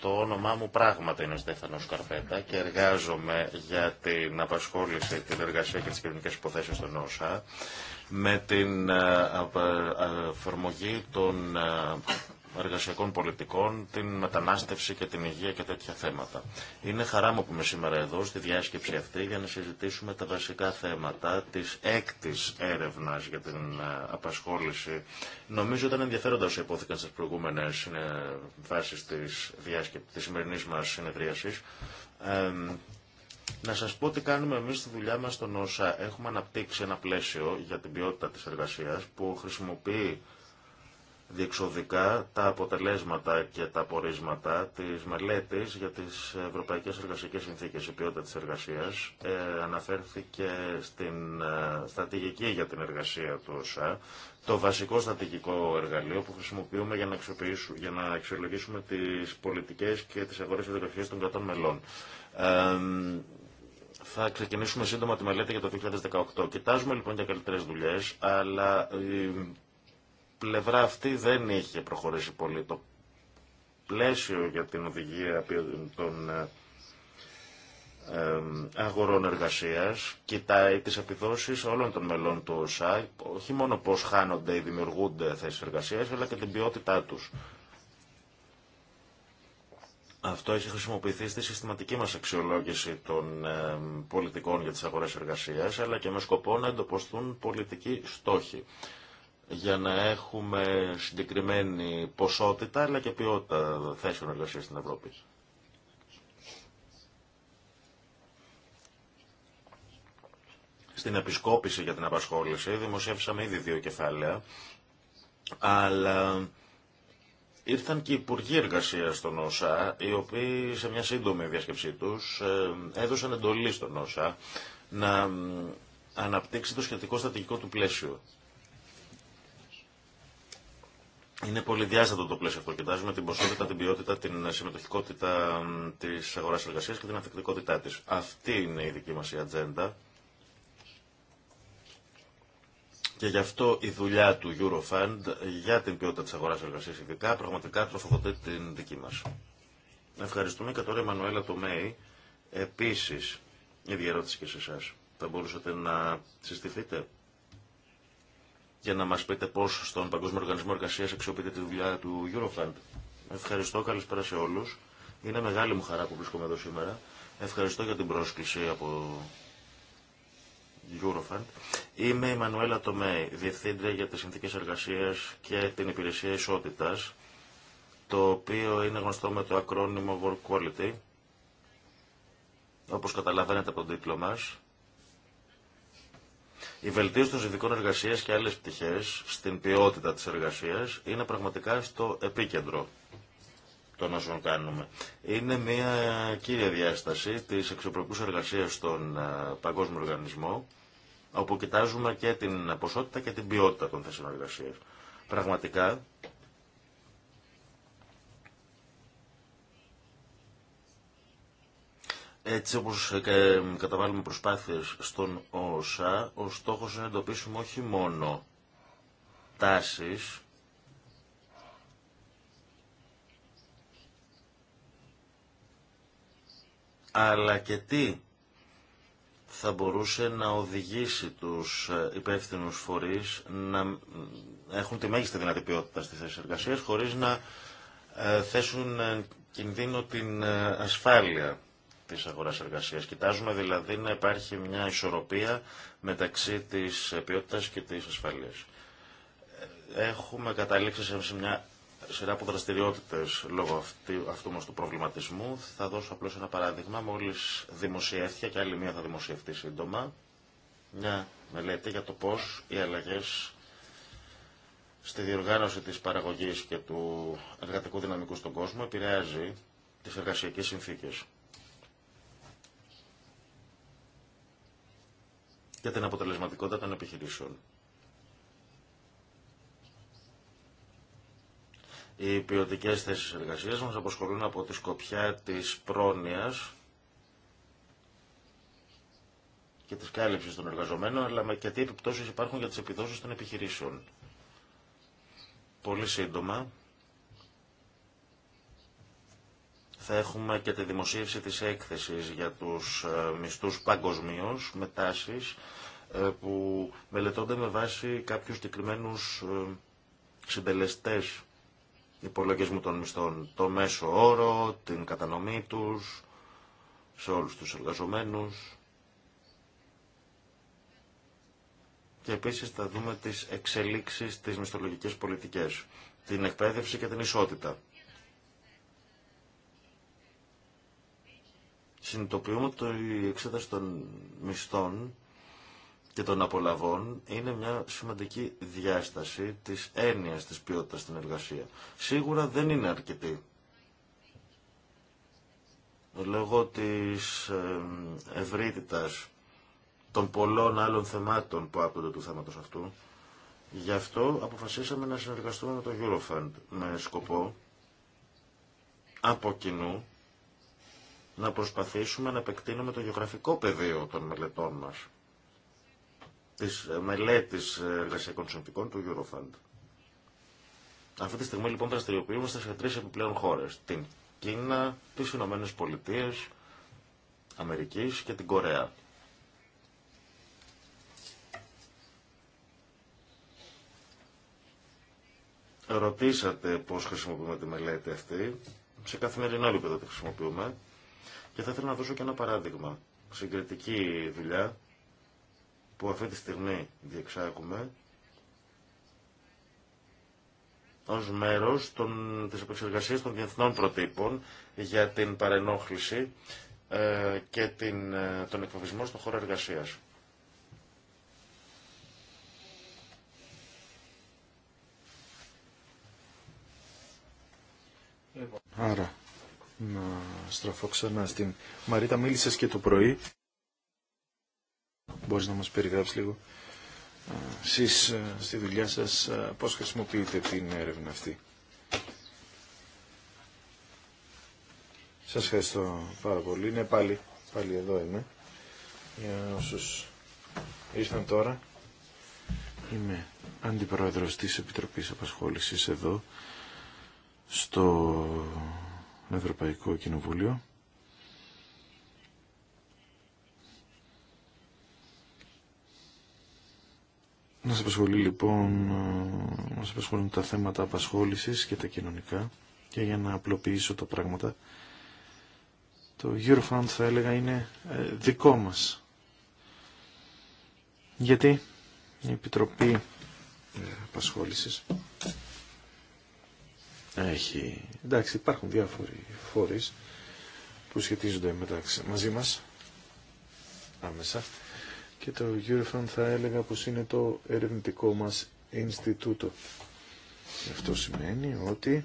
Το όνομά μου πράγματι είναι Στέφανο Καρπέτα και εργάζομαι για την απασχόληση, την εργασία και τι κοινωνικέ υποθέσει των ΩΣΑ με την ε, ε, εφαρμογή των ε, εργασιακών πολιτικών, την μετανάστευση και την υγεία και τέτοια θέματα. Είναι χαρά μου που είμαι σήμερα εδώ στη διάσκεψη αυτή για να συζητήσουμε τα βασικά θέματα της έκτης έρευνας για την ε, απασχόληση. Νομίζω ήταν ενδιαφέροντα όσο υπόθηκαν στις προηγούμενες φάσεις ε, της, διάσκεψης, της σημερινής μας συνεδρίασης. Να σας πω τι κάνουμε εμείς στη δουλειά μας στον ΩΣΑ. Έχουμε αναπτύξει ένα πλαίσιο για την ποιότητα της εργασίας που χρησιμοποιεί διεξοδικά τα αποτελέσματα και τα πορίσματα της μελέτης για τις ευρωπαϊκές εργασιακές συνθήκες. Η ποιότητα της εργασίας ε, αναφέρθηκε στην ε, στρατηγική για την εργασία του ΩΣΑ, το βασικό στρατηγικό εργαλείο που χρησιμοποιούμε για να, για να αξιολογήσουμε τις πολιτικές και τις αγορές εργασίας των κρατών μελών. Ε, θα ξεκινήσουμε σύντομα τη μελέτη για το 2018. Κοιτάζουμε λοιπόν για καλύτερε δουλειέ, αλλά πλευρά αυτή δεν είχε προχωρήσει πολύ. Το πλαίσιο για την οδηγία των ε, ε, αγορών εργασίας κοιτάει τις επιδόσεις όλων των μελών του ΩΣΑ, όχι μόνο πώς χάνονται ή δημιουργούνται θέσεις εργασίας, αλλά και την ποιότητά τους. Αυτό έχει χρησιμοποιηθεί στη συστηματική μας αξιολόγηση των ε, πολιτικών για τις αγορές εργασίας, αλλά και με σκοπό να εντοπιστούν πολιτικοί στόχοι για να έχουμε συγκεκριμένη ποσότητα αλλά και ποιότητα θέσεων εργασία στην Ευρώπη. Στην επισκόπηση για την απασχόληση δημοσιεύσαμε ήδη δύο κεφάλαια, αλλά ήρθαν και οι Υπουργοί Εργασία στον ΩΣΑ, οι οποίοι σε μια σύντομη διασκεψή του ε, έδωσαν εντολή στον ΩΣΑ να αναπτύξει το σχετικό στρατηγικό του πλαίσιο. Είναι πολύ διάστατο το πλαίσιο αυτό. Κοιτάζουμε την ποσότητα, την ποιότητα, την συμμετοχικότητα τη αγορά εργασία και την ανθεκτικότητά τη. Αυτή είναι η δική μα η ατζέντα. Και γι' αυτό η δουλειά του Eurofund για την ποιότητα τη αγορά εργασία ειδικά πραγματικά τροφοδοτεί την δική μα. Ευχαριστούμε και τώρα η Μανουέλα Τομέη. Επίση, η διερώτηση και σε εσά. Θα μπορούσατε να συστηθείτε για να μας πείτε πώς στον Παγκόσμιο Οργανισμό Εργασίας αξιοποιείται τη δουλειά του Eurofund. Ευχαριστώ, καλησπέρα σε όλους. Είναι μεγάλη μου χαρά που βρίσκομαι εδώ σήμερα. Ευχαριστώ για την πρόσκληση από Eurofund. Είμαι η Μανουέλα Τομέη, Διευθύντρια για τις Συνθήκες Εργασίας και την Υπηρεσία Ισότητας, το οποίο είναι γνωστό με το ακρόνιμο Work Quality, όπως καταλαβαίνετε από τον τίτλο μας, η βελτίωση των συνδικών εργασία και άλλε πτυχέ στην ποιότητα τη εργασία είναι πραγματικά στο επίκεντρο των όσων κάνουμε. Είναι μια κύρια διάσταση τη εξωπρεπού εργασία στον ε, Παγκόσμιο Οργανισμό, όπου κοιτάζουμε και την ποσότητα και την ποιότητα των θέσεων εργασία. Πραγματικά Έτσι όπως ε, ε, καταβάλουμε προσπάθειες στον ΩΣΑ, ο στόχος είναι να εντοπίσουμε όχι μόνο τάσεις, αλλά και τι θα μπορούσε να οδηγήσει τους ε, υπεύθυνους φορείς να έχουν τη μέγιστη δυνατή ποιότητα στις εργασίες, χωρίς να θέσουν κινδύνο την ασφάλεια Τη αγορά εργασία. Κοιτάζουμε δηλαδή να υπάρχει μια ισορροπία μεταξύ τη ποιοτητα και τη ασφαλεία. Έχουμε καταλήξει σε μια σειρά από δραστηριότητε λόγω αυτού, του προβληματισμού. Θα δώσω απλώ ένα παράδειγμα. μόλι δημοσιεύτηκε και άλλη μία θα δημοσιευτεί σύντομα μια μελέτη για το πώ οι αλλαγέ στη διοργάνωση της παραγωγής και του εργατικού δυναμικού στον κόσμο επηρεάζει τις εργασιακές συνθήκες. για την αποτελεσματικότητα των επιχειρήσεων. Οι ποιοτικέ θέσει εργασία μα απασχολούν από τη σκοπιά τη πρόνοια και τη κάλυψη των εργαζομένων, αλλά και τι επιπτώσει υπάρχουν για τι επιδόσει των επιχειρήσεων. Πολύ σύντομα, Θα έχουμε και τη δημοσίευση της έκθεσης για τους ε, μισθούς παγκοσμίω με τάσεις ε, που μελετώνται με βάση κάποιους συγκεκριμένου ε, συντελεστές υπολογισμού των μισθών. Το μέσο όρο, την κατανομή τους, σε όλους τους εργαζομένους. Και επίσης θα δούμε τις εξελίξεις της μισθολογικής πολιτικής, την εκπαίδευση και την ισότητα. συνειδητοποιούμε ότι η εξέταση των μισθών και των απολαβών είναι μια σημαντική διάσταση της έννοιας της ποιότητας στην εργασία. Σίγουρα δεν είναι αρκετή. Λόγω της ευρύτητας των πολλών άλλων θεμάτων που άπτονται του θέματος αυτού, γι' αυτό αποφασίσαμε να συνεργαστούμε με το Eurofund με σκοπό από κοινού να προσπαθήσουμε να επεκτείνουμε το γεωγραφικό πεδίο των μελετών μας, της ε, μελέτης εργασιακών συνθήκων του Eurofund. Αυτή τη στιγμή λοιπόν δραστηριοποιούμαστε σε τρεις επιπλέον χώρες, την Κίνα, τις Ηνωμένε Πολιτείες, Αμερικής και την Κορέα. Ρωτήσατε πώς χρησιμοποιούμε τη μελέτη αυτή. Σε καθημερινό επίπεδο τη χρησιμοποιούμε. Και θα ήθελα να δώσω και ένα παράδειγμα. Συγκριτική δουλειά που αυτή τη στιγμή διεξάγουμε ως μέρος των, της των διεθνών προτύπων για την παρενόχληση ε, και την, ε, τον εκφοβισμό στον χώρο εργασίας. Άρα, να στραφώ ξανά στην Μαρίτα. Μίλησες και το πρωί. Μπορεί να μας περιγράψει λίγο. Εσεί στη δουλειά σα πώ χρησιμοποιείτε την έρευνα αυτή. Σας ευχαριστώ πάρα πολύ. Ναι, πάλι, πάλι εδώ είμαι. Για όσους ήρθαν τώρα, είμαι αντιπρόεδρος της Επιτροπής Απασχόλησης εδώ, στο Ευρωπαϊκό Κοινοβούλιο. Μας απασχολεί λοιπόν, ε, απασχολούν τα θέματα απασχόλησης και τα κοινωνικά και για να απλοποιήσω τα πράγματα. Το Eurofund θα έλεγα είναι ε, δικό μας. Γιατί η Επιτροπή ε, Απασχόλησης έχει... Εντάξει, υπάρχουν διάφοροι φορείς που σχετίζονται μεταξύ μαζί μα. άμεσα και το Eurofund θα έλεγα πω είναι το ερευνητικό μας Ινστιτούτο. Αυτό σημαίνει ότι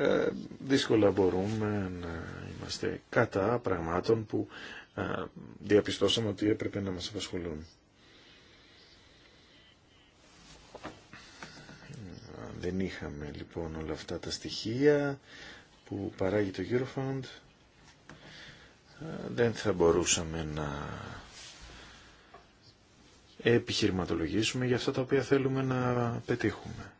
Ε, δύσκολα μπορούμε να είμαστε κατά πραγμάτων που ε, διαπιστώσαμε ότι έπρεπε να μας απασχολούν. Δεν είχαμε λοιπόν όλα αυτά τα στοιχεία που παράγει το Eurofund. Ε, δεν θα μπορούσαμε να επιχειρηματολογήσουμε για αυτά τα οποία θέλουμε να πετύχουμε.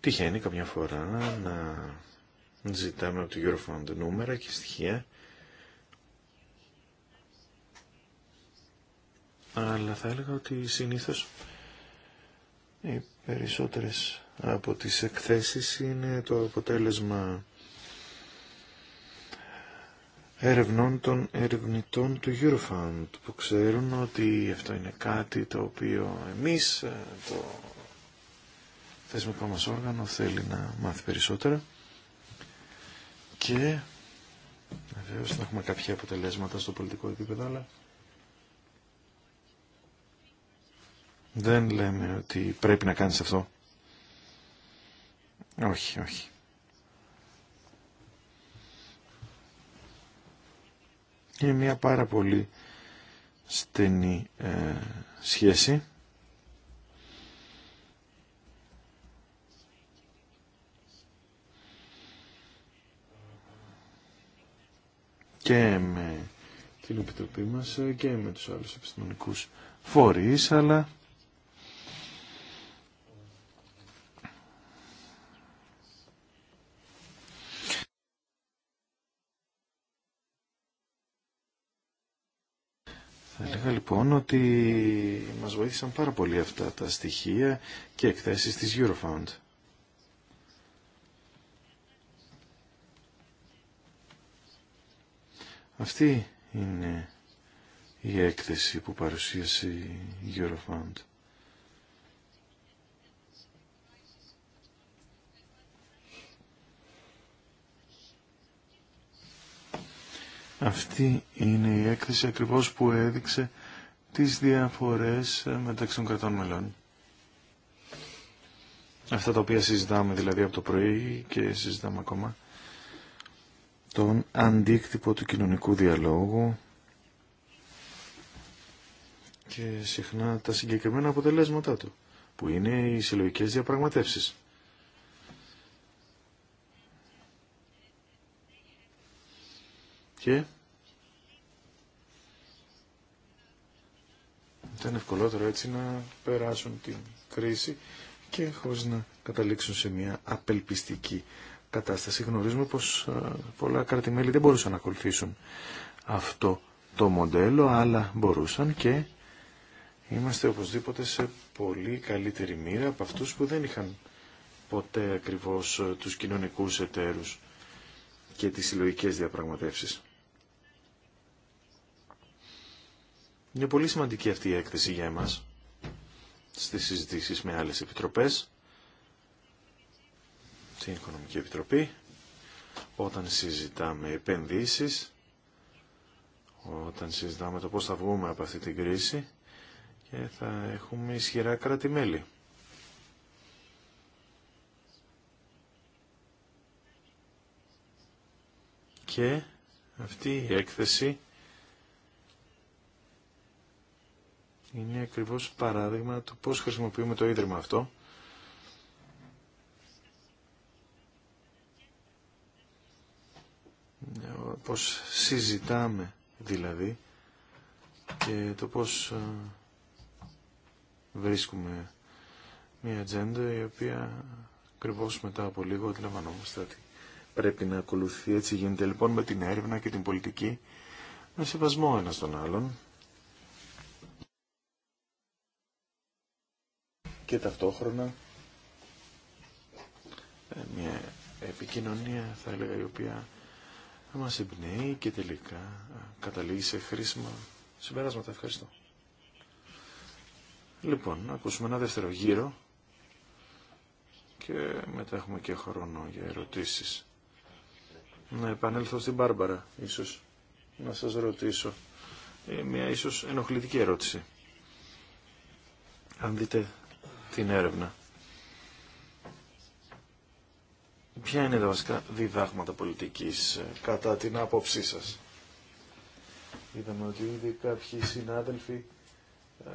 Τυχαίνει καμιά φορά να ζητάμε από το Eurofund νούμερα και στοιχεία αλλά θα έλεγα ότι συνήθως οι περισσότερες από τις εκθέσεις είναι το αποτέλεσμα ερευνών των ερευνητών του Eurofund που ξέρουν ότι αυτό είναι κάτι το οποίο εμείς ε, το θεσμικό μας όργανο θέλει να μάθει περισσότερα και βεβαίω θα έχουμε κάποια αποτελέσματα στο πολιτικό επίπεδο, αλλά δεν λέμε ότι πρέπει να κάνεις αυτό. Όχι, όχι. Είναι μια πάρα πολύ στενή ε, σχέση και με την Επιτροπή μας και με τους άλλους επιστημονικούς φορείς, αλλά Θα έλεγα λοιπόν ότι μας βοήθησαν πάρα πολύ αυτά τα στοιχεία και εκθέσεις της Eurofound. Αυτή είναι η έκθεση που παρουσίασε η Eurofound. Αυτή είναι η έκθεση ακριβώς που έδειξε τις διαφορές μεταξύ των κρατών μελών. Αυτά τα οποία συζητάμε δηλαδή από το πρωί και συζητάμε ακόμα τον αντίκτυπο του κοινωνικού διαλόγου και συχνά τα συγκεκριμένα αποτελέσματά του, που είναι οι συλλογικέ διαπραγματεύσεις. Και ήταν ευκολότερο έτσι να περάσουν την κρίση και χωρίς να καταλήξουν σε μια απελπιστική κατάσταση. Γνωρίζουμε πως ε, πολλά κράτη-μέλη δεν μπορούσαν να ακολουθήσουν αυτό το μοντέλο, αλλά μπορούσαν και είμαστε οπωσδήποτε σε πολύ καλύτερη μοίρα από αυτούς που δεν είχαν ποτέ ακριβώς ε, τους κοινωνικούς εταίρους και τις συλλογικέ διαπραγματεύσεις. Είναι πολύ σημαντική αυτή η έκθεση για εμάς στις συζητήσεις με άλλες επιτροπές στην Οικονομική Επιτροπή όταν συζητάμε επενδύσεις, όταν συζητάμε το πώς θα βγούμε από αυτή την κρίση και θα έχουμε ισχυρά κράτη-μέλη. Και αυτή η έκθεση είναι ακριβώς παράδειγμα του πώς χρησιμοποιούμε το Ίδρυμα αυτό πώς συζητάμε δηλαδή και το πώς ε, βρίσκουμε μια ατζέντα η οποία ακριβώ μετά από λίγο αντιλαμβανόμαστε ότι πρέπει να ακολουθεί. Έτσι γίνεται λοιπόν με την έρευνα και την πολιτική με σεβασμό ένας τον άλλον. Και ταυτόχρονα ε, μια επικοινωνία θα έλεγα η οποία να μας εμπνέει και τελικά καταλήγει σε χρήσιμα συμπεράσματα. Ευχαριστώ. Λοιπόν, να ακούσουμε ένα δεύτερο γύρο και μετά έχουμε και χρόνο για ερωτήσεις. Να επανέλθω στην Μπάρμπαρα, ίσως, να σας ρωτήσω. Ε, μια ίσως ενοχλητική ερώτηση. Αν δείτε την έρευνα Ποια είναι τα βασικά διδάγματα πολιτικής ε, κατά την άποψή σας. Είδαμε ότι ήδη κάποιοι συνάδελφοι ε,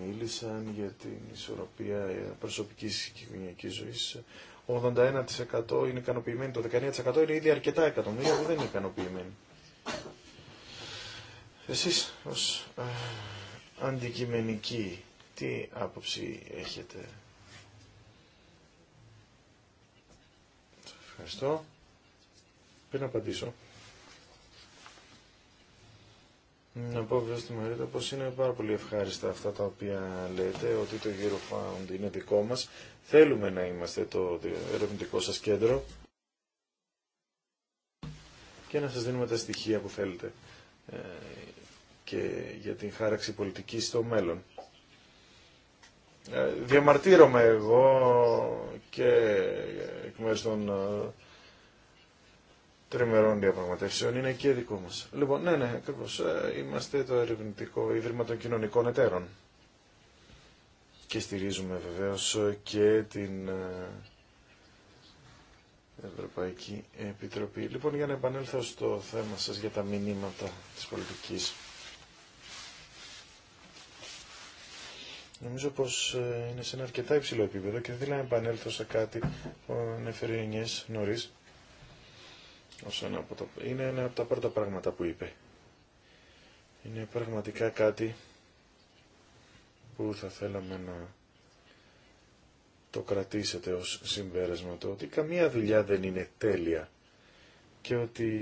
μίλησαν για την ισορροπία ε, προσωπικής και κοινωνικής ζωής. 81% είναι ικανοποιημένοι, το 19% είναι ήδη αρκετά εκατομμύρια που δεν είναι ικανοποιημένοι. Εσείς ως αντικειμενικοί τι άποψη έχετε Ευχαριστώ. Πριν απαντήσω. Να πω βέβαια στη Μαρίτα πως είναι πάρα πολύ ευχάριστα αυτά τα οποία λέτε, ότι το Eurofound είναι δικό μας. Θέλουμε να είμαστε το ερευνητικό σας κέντρο και να σας δίνουμε τα στοιχεία που θέλετε ε, και για την χάραξη πολιτικής στο μέλλον. Ε, διαμαρτύρομαι εγώ και εκ μέρους των ε, τριμερών διαπραγματεύσεων είναι και δικό μας. Λοιπόν, ναι, ναι, ακριβώς. Ε, είμαστε το ερευνητικό Ίδρυμα των Κοινωνικών Εταίρων. Και στηρίζουμε βεβαίως και την Ευρωπαϊκή Επιτροπή. Λοιπόν, για να επανέλθω στο θέμα σας για τα μηνύματα της πολιτικής Νομίζω πω ε, είναι σε ένα αρκετά υψηλό επίπεδο και δεν θέλω να επανέλθω σε κάτι που ανέφερε νωρίς. νωρί. Είναι ένα από τα πρώτα πράγματα που είπε. Είναι πραγματικά κάτι που θα θέλαμε να το κρατήσετε ως συμπέρασμα το ότι καμία δουλειά δεν είναι τέλεια και ότι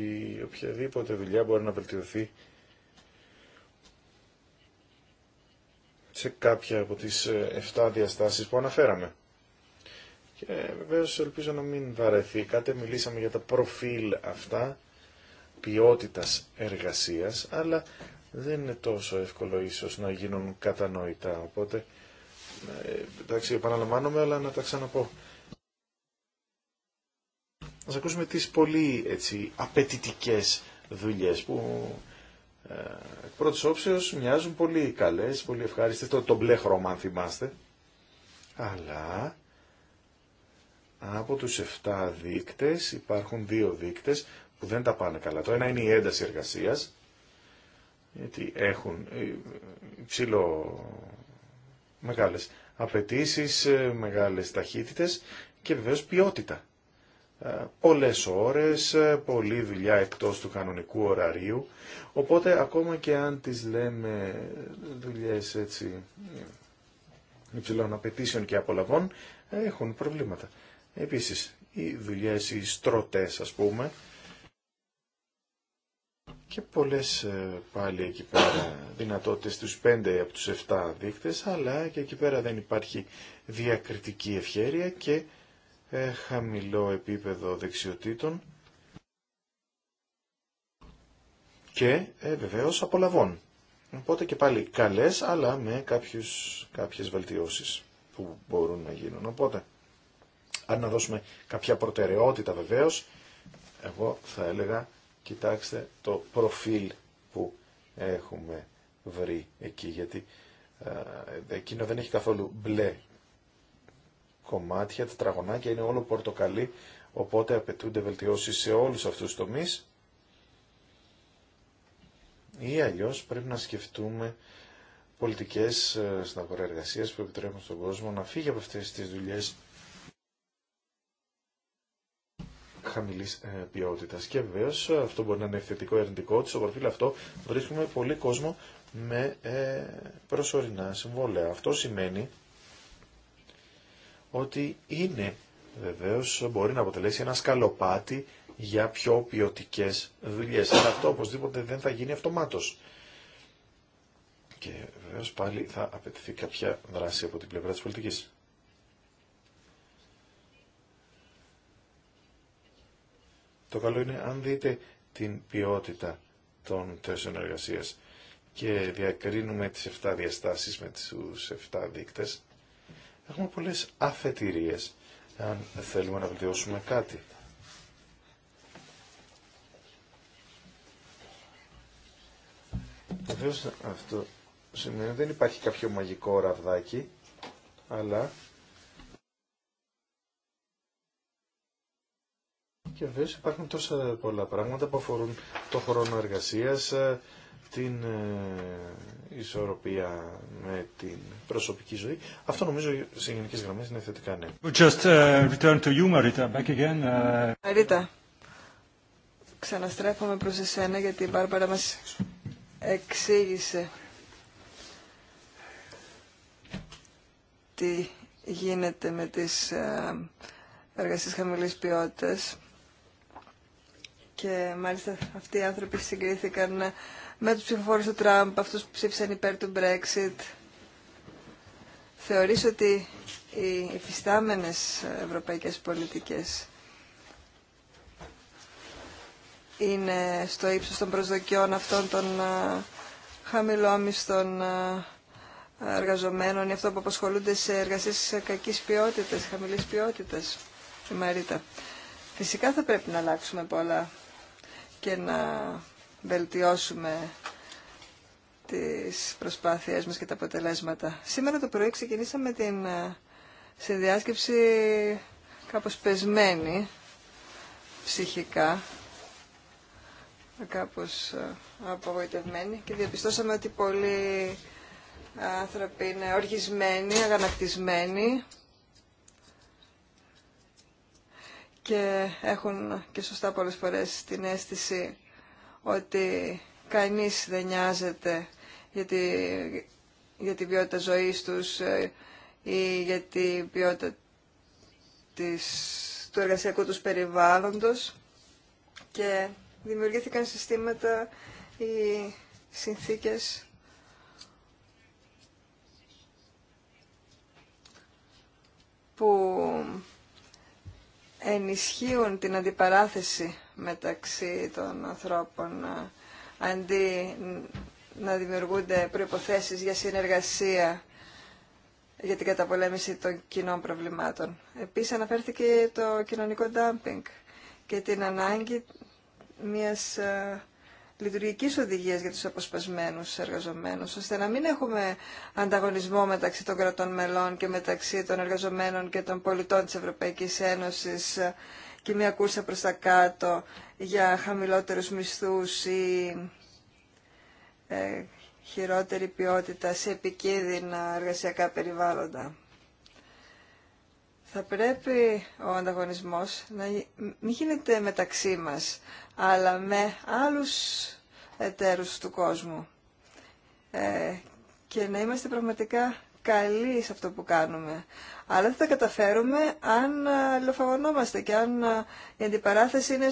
οποιαδήποτε δουλειά μπορεί να βελτιωθεί σε κάποια από τις 7 ε, διαστάσεις που αναφέραμε. Και βεβαίως ελπίζω να μην βαρεθήκατε, μιλήσαμε για τα προφίλ αυτά ποιότητας εργασίας, αλλά δεν είναι τόσο εύκολο ίσως να γίνουν κατανοητά, οπότε ε, εντάξει επαναλαμβάνομαι αλλά να τα ξαναπώ. Να ακούσουμε τις πολύ έτσι, απαιτητικές δουλειές που ε, εκ πρώτης μοιάζουν πολύ καλές, πολύ ευχάριστες, το, το μπλε χρώμα αν θυμάστε. Αλλά από τους 7 δείκτες υπάρχουν δύο δείκτες που δεν τα πάνε καλά. Το ένα είναι η ένταση εργασίας, γιατί έχουν υψηλό μεγάλες απαιτήσεις, ε, μεγάλες ταχύτητες και βεβαίως ποιότητα. Ε, πολλές ώρες, ε, πολλή δουλειά εκτός του κανονικού ωραρίου, οπότε ακόμα και αν τις λέμε δουλειές έτσι υψηλών απαιτήσεων και απολαβών, έχουν προβλήματα. Επίσης, οι δουλειές, οι στρωτές ας πούμε, και πολλές ε, πάλι εκεί πέρα δυνατότητες στους 5 από τους 7 δείκτες, αλλά και εκεί πέρα δεν υπάρχει διακριτική ευχέρεια και ε, χαμηλό επίπεδο δεξιοτήτων και ε, βεβαίως απολαβών. Οπότε και πάλι καλές, αλλά με κάποιους, κάποιες βελτιώσεις που μπορούν να γίνουν. Οπότε, αν να δώσουμε κάποια προτεραιότητα βεβαίως, εγώ θα έλεγα, κοιτάξτε το προφίλ που έχουμε βρει εκεί, γιατί ε, εκείνο δεν έχει καθόλου μπλε κομμάτια, τετραγωνάκια, είναι όλο πορτοκαλί, οπότε απαιτούνται βελτιώσει σε όλους αυτούς τους τομείς. Ή αλλιώς πρέπει να σκεφτούμε πολιτικές ε, στην που επιτρέπουν στον κόσμο να φύγει από αυτές τις δουλειές χαμηλής ε, ποιότητας. Και βεβαίω ε, αυτό μπορεί να είναι θετικό ή αρνητικό, στο προφίλ αυτό βρίσκουμε πολύ κόσμο με προσωρινά συμβόλαια. Αυτό σημαίνει ότι είναι βεβαίως μπορεί να αποτελέσει ένα σκαλοπάτι για πιο ποιοτικέ δουλειέ. Αλλά αυτό οπωσδήποτε δεν θα γίνει αυτομάτως. Και βεβαίω πάλι θα απαιτηθεί κάποια δράση από την πλευρά τη πολιτική. Το καλό είναι αν δείτε την ποιότητα των θέσεων εργασία και διακρίνουμε τις 7 διαστάσεις με τους 7 δείκτες, Έχουμε πολλές αφετηρίες αν θέλουμε να βελτιώσουμε κάτι. Βεβαίω αυτό σημαίνει ότι δεν υπάρχει κάποιο μαγικό ραβδάκι, αλλά και βέβαια υπάρχουν τόσα πολλά πράγματα που αφορούν το χρόνο εργασίας, την ε, ισορροπία με την προσωπική ζωή. Αυτό νομίζω σε γενικές γραμμές είναι θετικά ναι. Just ε, return to you, Marita, back again. Marita, ε. ξαναστρέφομαι προς εσένα γιατί η Μπάρμπαρα μας εξήγησε τι γίνεται με τις εργασίες χαμηλής ποιότητας και μάλιστα αυτοί οι άνθρωποι συγκρίθηκαν με τους ψηφοφόρους του Τραμπ, αυτούς που ψήφισαν υπέρ του Brexit. Θεωρείς ότι οι υφιστάμενες ευρωπαϊκές πολιτικές είναι στο ύψος των προσδοκιών αυτών των ε, χαμηλόμισθων ε, εργαζομένων ή αυτών που απασχολούνται σε εργασίες κακής ποιότητας, χαμηλής ποιότητας. Η Μαρίτα. Φυσικά θα πρέπει να αλλάξουμε πολλά και να βελτιώσουμε τις προσπάθειές μας και τα αποτελέσματα. Σήμερα το πρωί ξεκινήσαμε την ε, συνδιάσκεψη κάπως πεσμένη ψυχικά, κάπως ε, απογοητευμένη και διαπιστώσαμε ότι πολλοί άνθρωποι είναι οργισμένοι, αγανακτισμένοι και έχουν και σωστά πολλές φορές την αίσθηση ότι κανείς δεν νοιάζεται για τη, για ποιότητα ζωής τους ε, ή για την ποιότητα της, του εργασιακού τους περιβάλλοντος και δημιουργήθηκαν συστήματα ή συνθήκες που ενισχύουν την αντιπαράθεση μεταξύ των ανθρώπων ε, αντί να δημιουργούνται προϋποθέσεις για συνεργασία για την καταπολέμηση των κοινών προβλημάτων. Επίσης αναφέρθηκε το κοινωνικό ντάμπινγκ και την ανάγκη μιας ε, λειτουργικής οδηγίας για τους αποσπασμένους εργαζομένους, ώστε να μην έχουμε ανταγωνισμό μεταξύ των κρατών μελών και μεταξύ των εργαζομένων και των πολιτών της Ευρωπαϊκής Ένωσης και μια κούρσα προς τα κάτω για χαμηλότερους μισθούς ή ε, χειρότερη ποιότητα σε επικίνδυνα εργασιακά περιβάλλοντα. Θα πρέπει ο ανταγωνισμός να μην γίνεται μεταξύ μας, αλλά με άλλους εταίρους του κόσμου. Ε, και να είμαστε πραγματικά καλοί σε αυτό που κάνουμε. Αλλά θα τα καταφέρουμε αν ε, λοφαγωνόμαστε και αν ε, η αντιπαράθεση είναι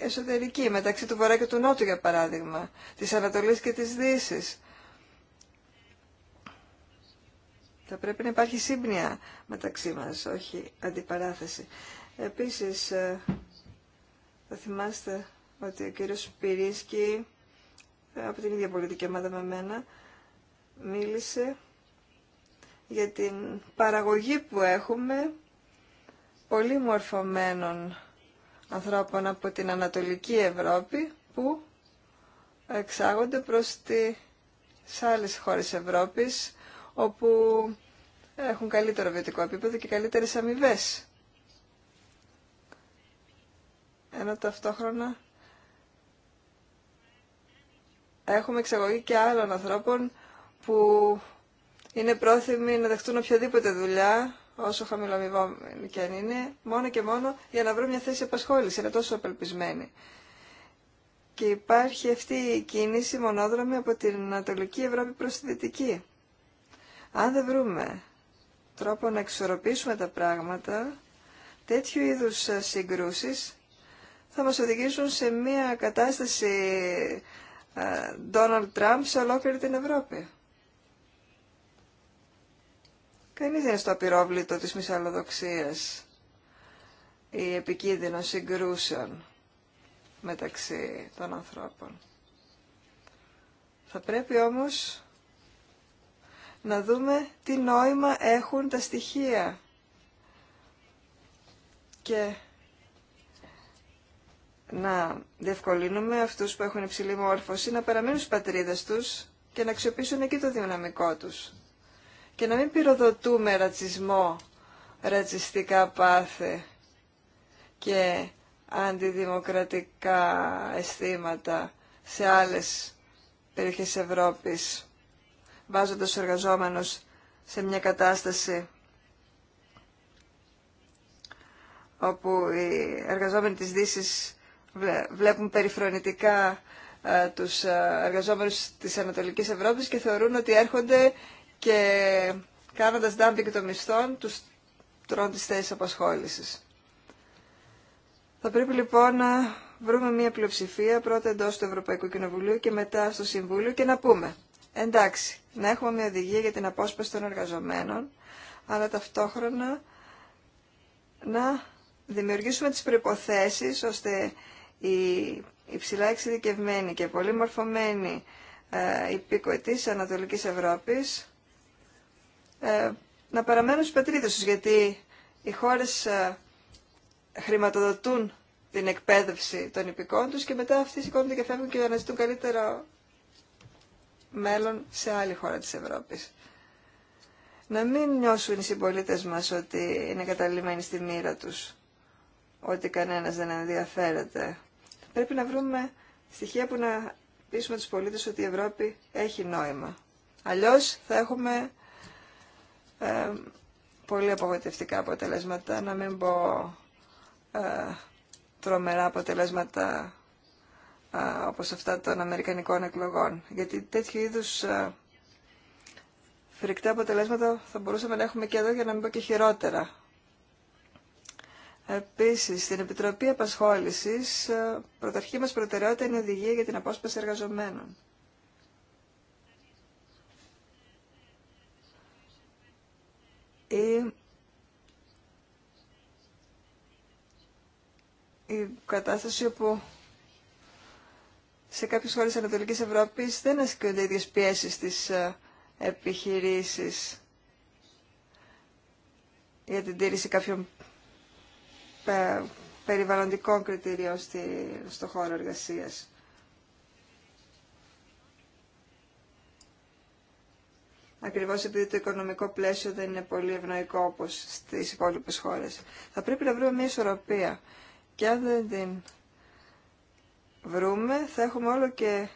εσωτερική, μεταξύ του Βορρά και του Νότου για παράδειγμα, της Ανατολής και της Δύσης. Θα πρέπει να υπάρχει σύμπνοια μεταξύ μας, όχι αντιπαράθεση. Επίσης, ε, θα θυμάστε ότι ο κύριος Πυρίσκη, από την ίδια πολιτική ομάδα με μένα, μίλησε για την παραγωγή που έχουμε πολύ μορφωμένων ανθρώπων από την Ανατολική Ευρώπη που εξάγονται προς τις άλλες χώρες Ευρώπης όπου έχουν καλύτερο βιωτικό επίπεδο και καλύτερες αμοιβέ. Ενώ ταυτόχρονα έχουμε εξαγωγή και άλλων ανθρώπων που είναι πρόθυμοι να δεχτούν οποιαδήποτε δουλειά, όσο χαμηλοαμοιβόμενοι και αν είναι, μόνο και μόνο για να βρουν μια θέση απασχόληση. Είναι τόσο απελπισμένοι. Και υπάρχει αυτή η κίνηση μονόδρομη από την Ανατολική Ευρώπη προς τη Δυτική. Αν δεν βρούμε τρόπο να εξορροπήσουμε τα πράγματα, τέτοιου είδους συγκρούσεις θα μας οδηγήσουν σε μια κατάσταση ε, Donald Trump σε ολόκληρη την Ευρώπη. Κανείς δεν είναι στο απειρόβλητο της μυσαλλοδοξίας ή επικίνδυνων συγκρούσεων μεταξύ των ανθρώπων. Θα πρέπει όμως να δούμε τι νόημα έχουν τα στοιχεία και να διευκολύνουμε αυτούς που έχουν υψηλή μόρφωση να παραμείνουν στις πατρίδες τους και να αξιοποιήσουν εκεί το δυναμικό τους και να μην πυροδοτούμε ρατσισμό, ρατσιστικά πάθη και αντιδημοκρατικά αισθήματα σε άλλες περιοχές Ευρώπης, βάζοντας τους εργαζόμενους σε μια κατάσταση όπου οι εργαζόμενοι της Δύσης βλέπουν περιφρονητικά ε, τους ε, εργαζόμενους της Ανατολικής Ευρώπης και θεωρούν ότι έρχονται και κάνοντας ντάμπιγκ των μισθών τους τρών τις θέσεις απασχόλησης. Θα πρέπει λοιπόν να βρούμε μια πλειοψηφία πρώτα εντό του Ευρωπαϊκού Κοινοβουλίου και μετά στο Συμβούλιο και να πούμε εντάξει, να έχουμε μια οδηγία για την απόσπαση των εργαζομένων, αλλά ταυτόχρονα να δημιουργήσουμε τις προϋποθέσεις ώστε η υψηλά εξειδικευμένοι και πολύ μορφωμένοι ε, υπήκοοι της Ανατολικής Ευρώπης ε, να παραμένουν στις πατρίδες τους, γιατί οι χώρες ε, χρηματοδοτούν την εκπαίδευση των υπηκών τους και μετά αυτοί σηκώνονται και φεύγουν και αναζητούν καλύτερο μέλλον σε άλλη χώρα της Ευρώπης. Να μην νιώσουν οι συμπολίτε μας ότι είναι καταλημμένοι στη μοίρα τους, ότι κανένας δεν ενδιαφέρεται. Πρέπει να βρούμε στοιχεία που να πείσουμε τους πολίτες ότι η Ευρώπη έχει νόημα. Αλλιώς θα έχουμε ε, πολύ απογοητευτικά αποτελέσματα, να μην πω ε, τρομερά αποτελέσματα ε, όπως αυτά των Αμερικανικών εκλογών. Γιατί τέτοιου είδους ε, φρικτά αποτελέσματα θα μπορούσαμε να έχουμε και εδώ για να μην πω και χειρότερα. Επίσης, στην Επιτροπή Απασχόλησης, πρωταρχή μας προτεραιότητα είναι η οδηγία για την απόσπαση εργαζομένων. ή η κατάσταση όπου σε κάποιες χώρες Ανατολικής Ευρώπης δεν ασκούνται οι ίδιες πιέσεις στις ε, επιχειρήσεις για την τήρηση κάποιων ε, περιβαλλοντικών κριτηρίων στον στο χώρο εργασίας. ακριβώς επειδή το οικονομικό πλαίσιο δεν είναι πολύ ευνοϊκό όπως στις υπόλοιπες χώρες. Θα πρέπει να βρούμε μια ισορροπία και αν δεν την βρούμε θα έχουμε όλο και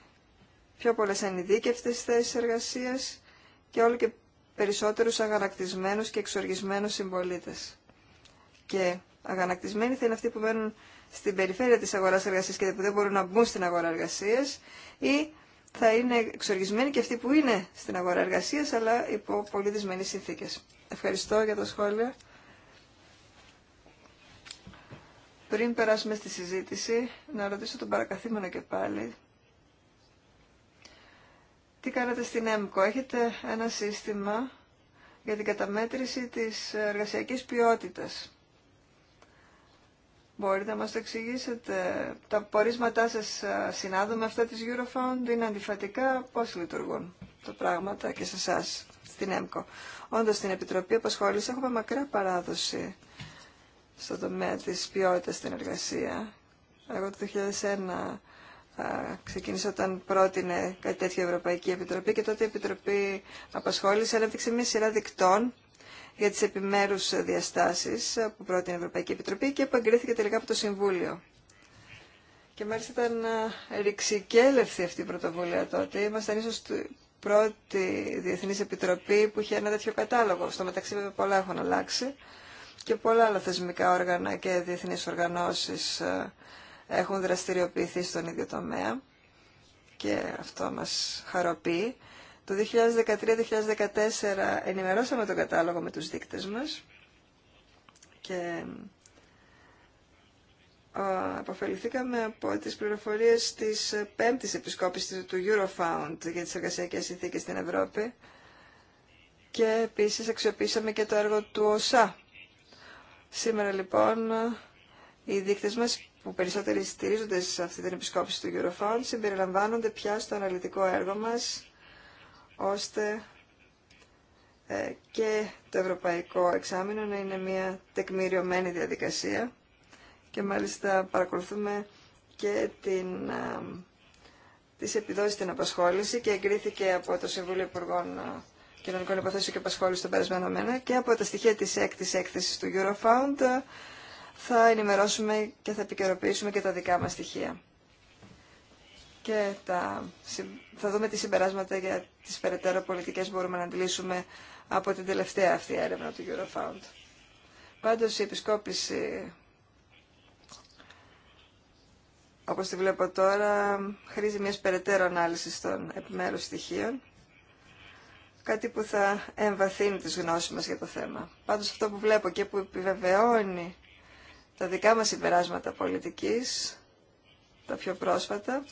πιο πολλές ανειδίκευτες θέσεις εργασίας και όλο και περισσότερους αγανακτισμένους και εξοργισμένους συμπολίτε. Και αγανακτισμένοι θα είναι αυτοί που μένουν στην περιφέρεια της αγοράς εργασίας και που δεν μπορούν να μπουν στην αγορά εργασίας ή θα είναι εξοργισμένοι και αυτοί που είναι στην αγορά εργασία, αλλά υπό πολύ δυσμενεί συνθήκε. Ευχαριστώ για τα σχόλια. Πριν περάσουμε στη συζήτηση, να ρωτήσω τον παρακαθήμενο και πάλι. Τι κάνετε στην ΕΜΚΟ. Έχετε ένα σύστημα για την καταμέτρηση της εργασιακής ποιότητας. Μπορείτε να μας το εξηγήσετε. Τα πορίσματά σας συνάδουν με αυτά της Eurofound, είναι αντιφατικά. Πώς λειτουργούν τα πράγματα και σε εσά στην ΕΜΚΟ. Όντως στην Επιτροπή Απασχόληση έχουμε μακρά παράδοση στο τομέα της ποιότητας στην εργασία. Εγώ το 2001 ξεκίνησα όταν πρότεινε κάτι τέτοιο Ευρωπαϊκή Επιτροπή και τότε η Επιτροπή Απασχόληση έδειξε μια σειρά δικτών για τις επιμέρους διαστάσεις που πρότεινε η Ευρωπαϊκή Επιτροπή και που εγκρίθηκε τελικά από το Συμβούλιο. Και μάλιστα ήταν ε, ρηξικέλευθη αυτή η πρωτοβουλία τότε. Ήμασταν ίσως πρώτη διεθνής επιτροπή που είχε ένα τέτοιο κατάλογο. Στο μεταξύ βέβαια πολλά έχουν αλλάξει και πολλά άλλα θεσμικά όργανα και διεθνείς οργανώσεις ε, έχουν δραστηριοποιηθεί στον ίδιο τομέα και αυτό μας χαροποιεί. Το 2013-2014 ενημερώσαμε τον κατάλογο με τους δείκτες μας και αποφεληθήκαμε από τις πληροφορίες της πέμπτης επισκόπησης του Eurofound για τις εργασιακές συνθήκες στην Ευρώπη και επίσης αξιοποιήσαμε και το έργο του ΟΣΑ. Σήμερα λοιπόν οι δείκτες μας που περισσότεροι στηρίζονται σε αυτή την επισκόπηση του Eurofound συμπεριλαμβάνονται πια στο αναλυτικό έργο μας ώστε ε, και το ευρωπαϊκό εξάμεινο να είναι μια τεκμηριωμένη διαδικασία και μάλιστα παρακολουθούμε και την, ε, τις επιδόσεις στην απασχόληση και εγκρίθηκε από το Συμβούλιο Υπουργών ε, Κοινωνικών Υποθέσεων και Απασχόληση τον περασμένο μένα και από τα στοιχεία της έκτης έκθεσης του Eurofound θα ενημερώσουμε και θα επικαιροποιήσουμε και τα δικά μας στοιχεία και τα, θα δούμε τι συμπεράσματα για τις περαιτέρω πολιτικές μπορούμε να αντιλήσουμε από την τελευταία αυτή έρευνα του Eurofound. Πάντως η επισκόπηση, όπως τη βλέπω τώρα, χρήζει μιας περαιτέρω ανάλυσης των επιμέρους στοιχείων, κάτι που θα εμβαθύνει τις γνώσεις μας για το θέμα. Πάντως αυτό που βλέπω και που επιβεβαιώνει τα δικά μας συμπεράσματα πολιτικής, τα πιο πρόσφατα,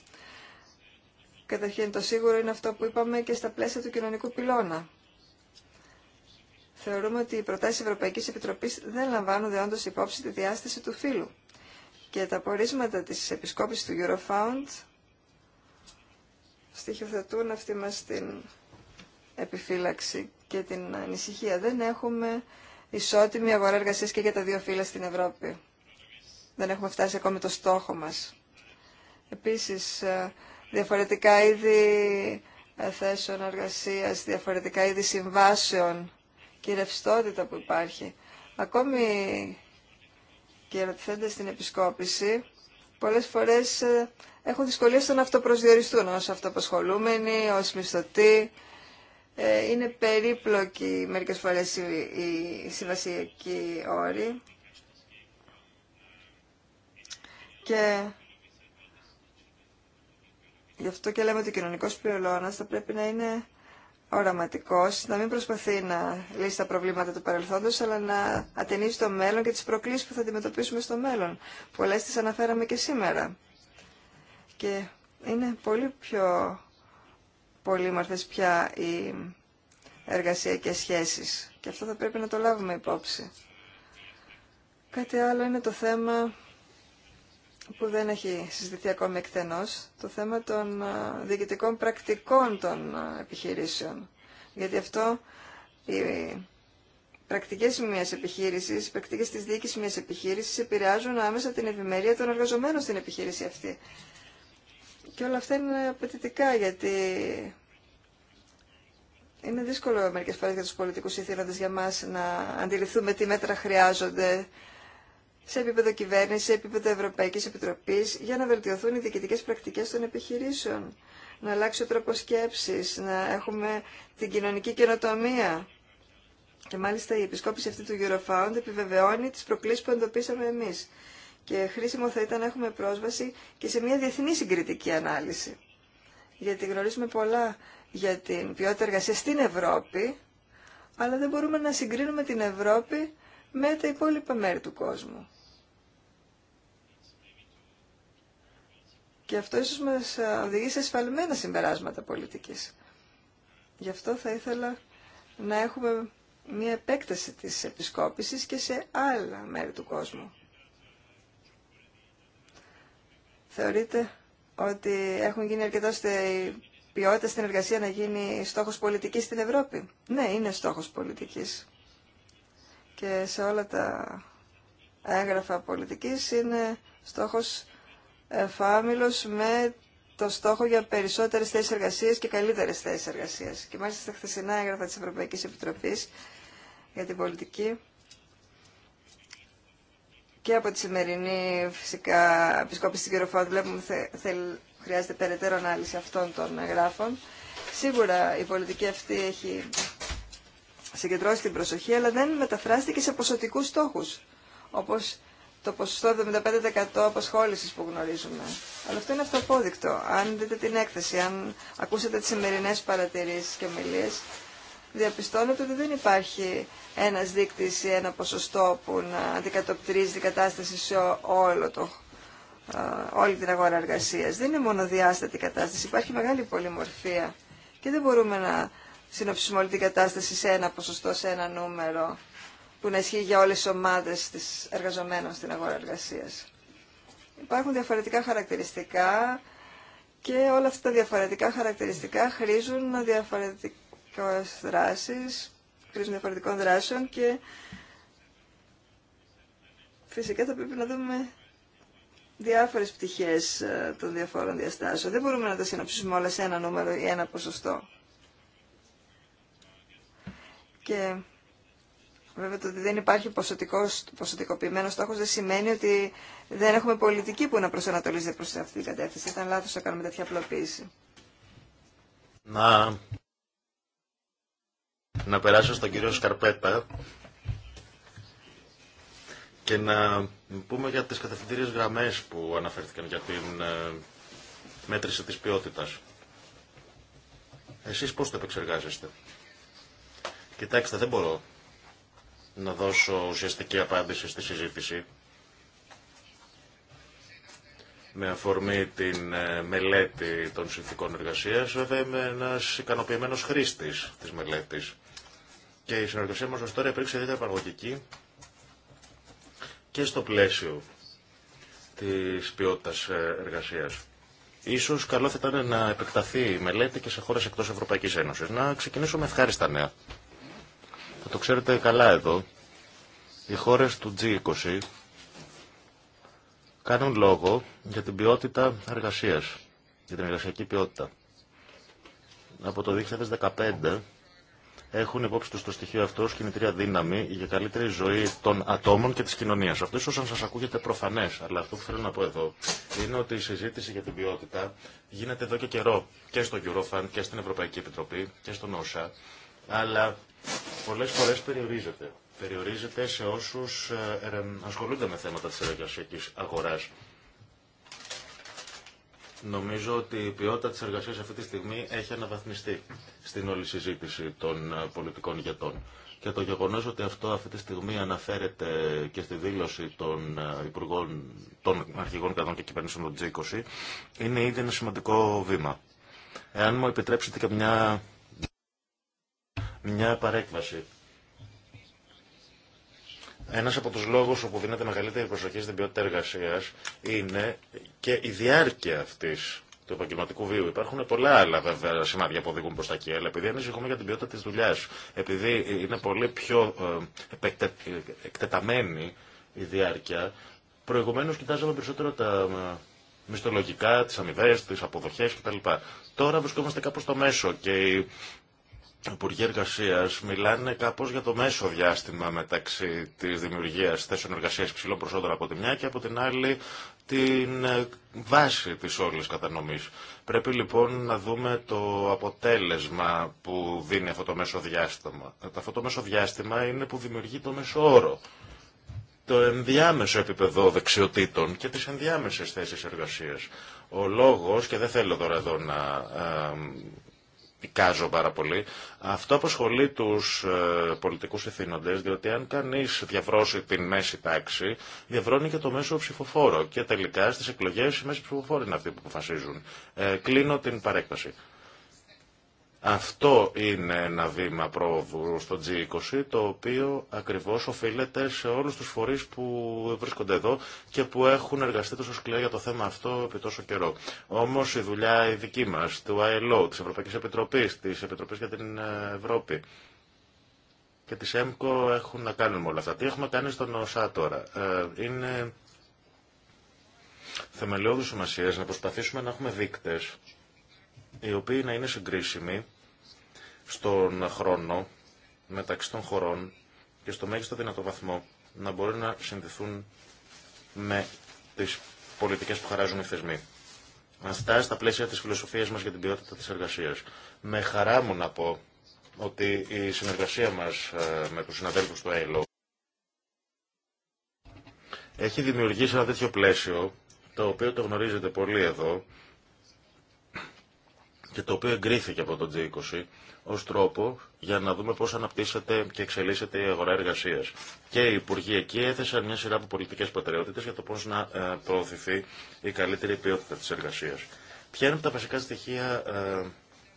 Καταρχήν το σίγουρο είναι αυτό που είπαμε και στα πλαίσια του κοινωνικού πυλώνα. Θεωρούμε ότι οι προτάσει ευρωπαϊκή Επιτροπής δεν λαμβάνονται όντως υπόψη τη διάσταση του φύλου. Και τα πορίσματα της επισκόπηση του Eurofound στοιχειοθετούν αυτή μας την επιφύλαξη και την ανησυχία. Δεν έχουμε ισότιμη αγορά εργασία και για τα δύο φύλλα στην Ευρώπη. Δεν έχουμε φτάσει ακόμη το στόχο μα. Επίσης, ε, διαφορετικά είδη ε, θέσεων εργασίας, διαφορετικά είδη συμβάσεων και ρευστότητα που υπάρχει. Ακόμη και ερωτηθέντες στην επισκόπηση, πολλές φορές ε, έχουν δυσκολίες στο να αυτοπροσδιοριστούν ως αυτοπασχολούμενοι, ως μισθωτοί. Ε, είναι περίπλοκοι μερικές φορές οι συμβασιακοί όροι. Και Γι' αυτό και λέμε ότι ο κοινωνικός πυρολόνας θα πρέπει να είναι οραματικός, να μην προσπαθεί να λύσει τα προβλήματα του παρελθόντος, αλλά να ατενίσει το μέλλον και τις προκλήσεις που θα αντιμετωπίσουμε στο μέλλον. Πολλές τις αναφέραμε και σήμερα. Και είναι πολύ πιο πολύμορφες πια οι εργασιακές σχέσεις. Και αυτό θα πρέπει να το λάβουμε υπόψη. Κάτι άλλο είναι το θέμα που δεν έχει συζητηθεί ακόμη εκτενώς, το θέμα των ε, διοικητικών πρακτικών των ε, επιχειρήσεων. Γιατί αυτό οι πρακτικές μιας επιχείρησης, οι πρακτικές της διοίκησης μιας επιχείρησης επηρεάζουν άμεσα την ευημερία των εργαζομένων στην επιχείρηση αυτή. Και όλα αυτά είναι απαιτητικά γιατί είναι δύσκολο μερικές φορέ για του πολιτικού ηθήνοντε για μας να αντιληφθούμε τι μέτρα χρειάζονται σε επίπεδο κυβέρνηση, σε επίπεδο Ευρωπαϊκή Επιτροπής, για να βελτιωθούν οι διοικητικέ πρακτικέ των επιχειρήσεων, να αλλάξει ο τρόπο σκέψη, να έχουμε την κοινωνική καινοτομία. Και μάλιστα η επισκόπηση αυτή του Eurofound επιβεβαιώνει τι προκλήσει που εντοπίσαμε εμεί. Και χρήσιμο θα ήταν να έχουμε πρόσβαση και σε μια διεθνή συγκριτική ανάλυση. Γιατί γνωρίζουμε πολλά για την ποιότητα εργασία στην Ευρώπη, αλλά δεν μπορούμε να συγκρίνουμε την Ευρώπη με τα υπόλοιπα μέρη του κόσμου. Και αυτό ίσως μας ε, οδηγεί σε ασφαλμένα συμπεράσματα πολιτικής. Γι' αυτό θα ήθελα να έχουμε μια επέκταση της επισκόπησης και σε άλλα μέρη του κόσμου. Θεωρείτε ότι έχουν γίνει αρκετά ώστε η ποιότητα στην εργασία να γίνει στόχος πολιτικής στην Ευρώπη. Ναι, είναι στόχος πολιτικής. Και σε όλα τα έγγραφα πολιτικής είναι στόχος φάμιλος με το στόχο για περισσότερες θέσεις εργασίας και καλύτερες θέσεις εργασίας. Και μάλιστα στα χθεσινά έγραφα της Ευρωπαϊκής Επιτροπής για την πολιτική και από τη σημερινή φυσικά επισκόπηση στην Κυροφάν βλέπουμε ότι χρειάζεται περαιτέρω ανάλυση αυτών των εγγράφων. Σίγουρα η πολιτική αυτή έχει συγκεντρώσει την προσοχή, αλλά δεν μεταφράστηκε σε ποσοτικούς στόχους, όπως το ποσοστό 75% απασχόλησης που γνωρίζουμε. Αλλά αυτό είναι αυτοαπόδεικτο. Αν δείτε την έκθεση, αν ακούσετε τις σημερινέ παρατηρήσεις και ομιλίες, διαπιστώνετε ότι δεν υπάρχει ένας δείκτης ή ένα ποσοστό που να αντικατοπτρίζει την κατάσταση σε όλο το, όλη την αγορά εργασίας. Δεν είναι μονοδιάστατη διάστατη κατάσταση, υπάρχει μεγάλη πολυμορφία και δεν μπορούμε να συνοψίσουμε όλη την κατάσταση σε ένα ποσοστό, σε ένα νούμερο που να ισχύει για όλες τις ομάδες της εργαζομένων στην αγορά εργασίας. Υπάρχουν διαφορετικά χαρακτηριστικά και όλα αυτά τα διαφορετικά χαρακτηριστικά χρήζουν διαφορετικές δράσεις, χρήζουν διαφορετικών δράσεων και φυσικά θα πρέπει να δούμε διάφορες πτυχές ε, των διαφόρων διαστάσεων. Δεν μπορούμε να τα συνοψίσουμε όλα σε ένα νούμερο ή ένα ποσοστό. Και Βέβαια το ότι δεν υπάρχει ποσοτικός, ποσοτικοποιημένος στόχος δεν σημαίνει ότι δεν έχουμε πολιτική που να προσανατολίζεται προς αυτή την κατεύθυνση. Ήταν λάθος να κάνουμε τέτοια απλοποίηση. Να, να περάσω στον κύριο Σκαρπέτα και να πούμε για τις κατευθυντήριες γραμμές που αναφέρθηκαν για την ε, μέτρηση της ποιότητας. Εσείς πώς το επεξεργάζεστε. Κοιτάξτε, δεν μπορώ να δώσω ουσιαστική απάντηση στη συζήτηση με αφορμή την ε, μελέτη των συνθήκων εργασίας. Βέβαια είμαι ένας ικανοποιημένος χρήστης της μελέτης και η συνεργασία μας ως τώρα υπήρξε ιδιαίτερα παραγωγική και στο πλαίσιο της ποιότητας ε, εργασίας. Ίσως καλό θα ήταν να επεκταθεί η μελέτη και σε χώρες εκτός Ευρωπαϊκής Ένωσης. Να ξεκινήσω με ευχάριστα νέα το ξέρετε καλά εδώ, οι χώρες του G20 κάνουν λόγο για την ποιότητα εργασίας, για την εργασιακή ποιότητα. Από το 2015 έχουν υπόψη τους το στοιχείο αυτό ως κινητήρια δύναμη για καλύτερη ζωή των ατόμων και της κοινωνίας. Αυτό ίσως αν σας ακούγεται προφανές, αλλά αυτό που θέλω να πω εδώ είναι ότι η συζήτηση για την ποιότητα γίνεται εδώ και καιρό και στο Eurofund και στην Ευρωπαϊκή Επιτροπή και στον ΩΣΑ, αλλά πολλές φορές περιορίζεται. Περιορίζεται σε όσους ε, ε, ασχολούνται με θέματα της εργασιακής αγοράς. Νομίζω ότι η ποιότητα της εργασίας αυτή τη στιγμή έχει αναβαθμιστεί στην όλη συζήτηση των ε, πολιτικών ηγετών. Και το γεγονός ότι αυτό αυτή τη στιγμή αναφέρεται και στη δήλωση των, υπουργών, των αρχηγών κρατών και κυβερνήσεων των G20 είναι ήδη ένα σημαντικό βήμα. Εάν μου επιτρέψετε και μια μια παρέκβαση. Ένα από του λόγου όπου δίνεται μεγαλύτερη προσοχή στην ποιότητα εργασία είναι και η διάρκεια αυτή του επαγγελματικού βίου. Υπάρχουν πολλά άλλα βέβαια σημάδια που οδηγούν προ τα εκεί, αλλά επειδή ανησυχούμε για την ποιότητα τη δουλειά, επειδή είναι πολύ πιο ε, εκτεταμένη η διάρκεια, προηγουμένω κοιτάζαμε περισσότερο τα ε, μισθολογικά, τι αμοιβέ, τι αποδοχέ κτλ. Τώρα βρισκόμαστε κάπου στο μέσο και η Υπουργοί Εργασία μιλάνε κάπω για το μέσο διάστημα μεταξύ τη δημιουργία θέσεων εργασία υψηλών προσόντων από τη μια και από την άλλη την ε, βάση τη όλη κατανομή. Πρέπει λοιπόν να δούμε το αποτέλεσμα που δίνει αυτό το μέσο διάστημα. Αυτό το μέσο διάστημα είναι που δημιουργεί το μέσο όρο. Το ενδιάμεσο επίπεδο δεξιοτήτων και τι ενδιάμεσε θέσει εργασία. Ο λόγο, και δεν θέλω τώρα εδώ να ε, εικάζω πάρα πολύ. Αυτό αποσχολεί του ε, πολιτικού ευθύνοντε, διότι αν κανεί διαβρώσει την μέση τάξη, διαβρώνει και το μέσο ψηφοφόρο. Και τελικά στι εκλογέ οι μέσοι ψηφοφόροι είναι αυτοί που αποφασίζουν. Ε, κλείνω την παρέκταση. Αυτό είναι ένα βήμα πρόοδου στο G20, το οποίο ακριβώς οφείλεται σε όλους τους φορείς που βρίσκονται εδώ και που έχουν εργαστεί τόσο σκληρά για το θέμα αυτό επί τόσο καιρό. Όμως η δουλειά η δική μας, του ILO, της Ευρωπαϊκής Επιτροπής, της Επιτροπής για την ε, Ευρώπη, και τη ΕΜΚΟ έχουν να κάνουν με όλα αυτά. Τι έχουμε κάνει στον ΩΣΑ τώρα. Ε, είναι θεμελιώδη σημασία να προσπαθήσουμε να έχουμε δείκτες οι οποίοι να είναι συγκρίσιμοι στον χρόνο μεταξύ των χωρών και στο μέγιστο δυνατό βαθμό να μπορούν να συνδεθούν με τις πολιτικές που χαράζουν οι θεσμοί. Αυτά στα πλαίσια της φιλοσοφίας μας για την ποιότητα της εργασίας. Με χαρά μου να πω ότι η συνεργασία μας ε, με τους συναδέλφους του ΑΕΛΟ έχει δημιουργήσει ένα τέτοιο πλαίσιο, το οποίο το γνωρίζετε πολύ εδώ και το οποίο εγκρίθηκε από τον G20 Ω τρόπο για να δούμε πώ αναπτύσσεται και εξελίσσεται η αγορά εργασία. Και οι υπουργοί εκεί έθεσαν μια σειρά από πολιτικέ προτεραιότητε για το πώ να ε, προωθηθεί η καλύτερη ποιότητα τη εργασία. Ποια είναι τα βασικά στοιχεία, ε,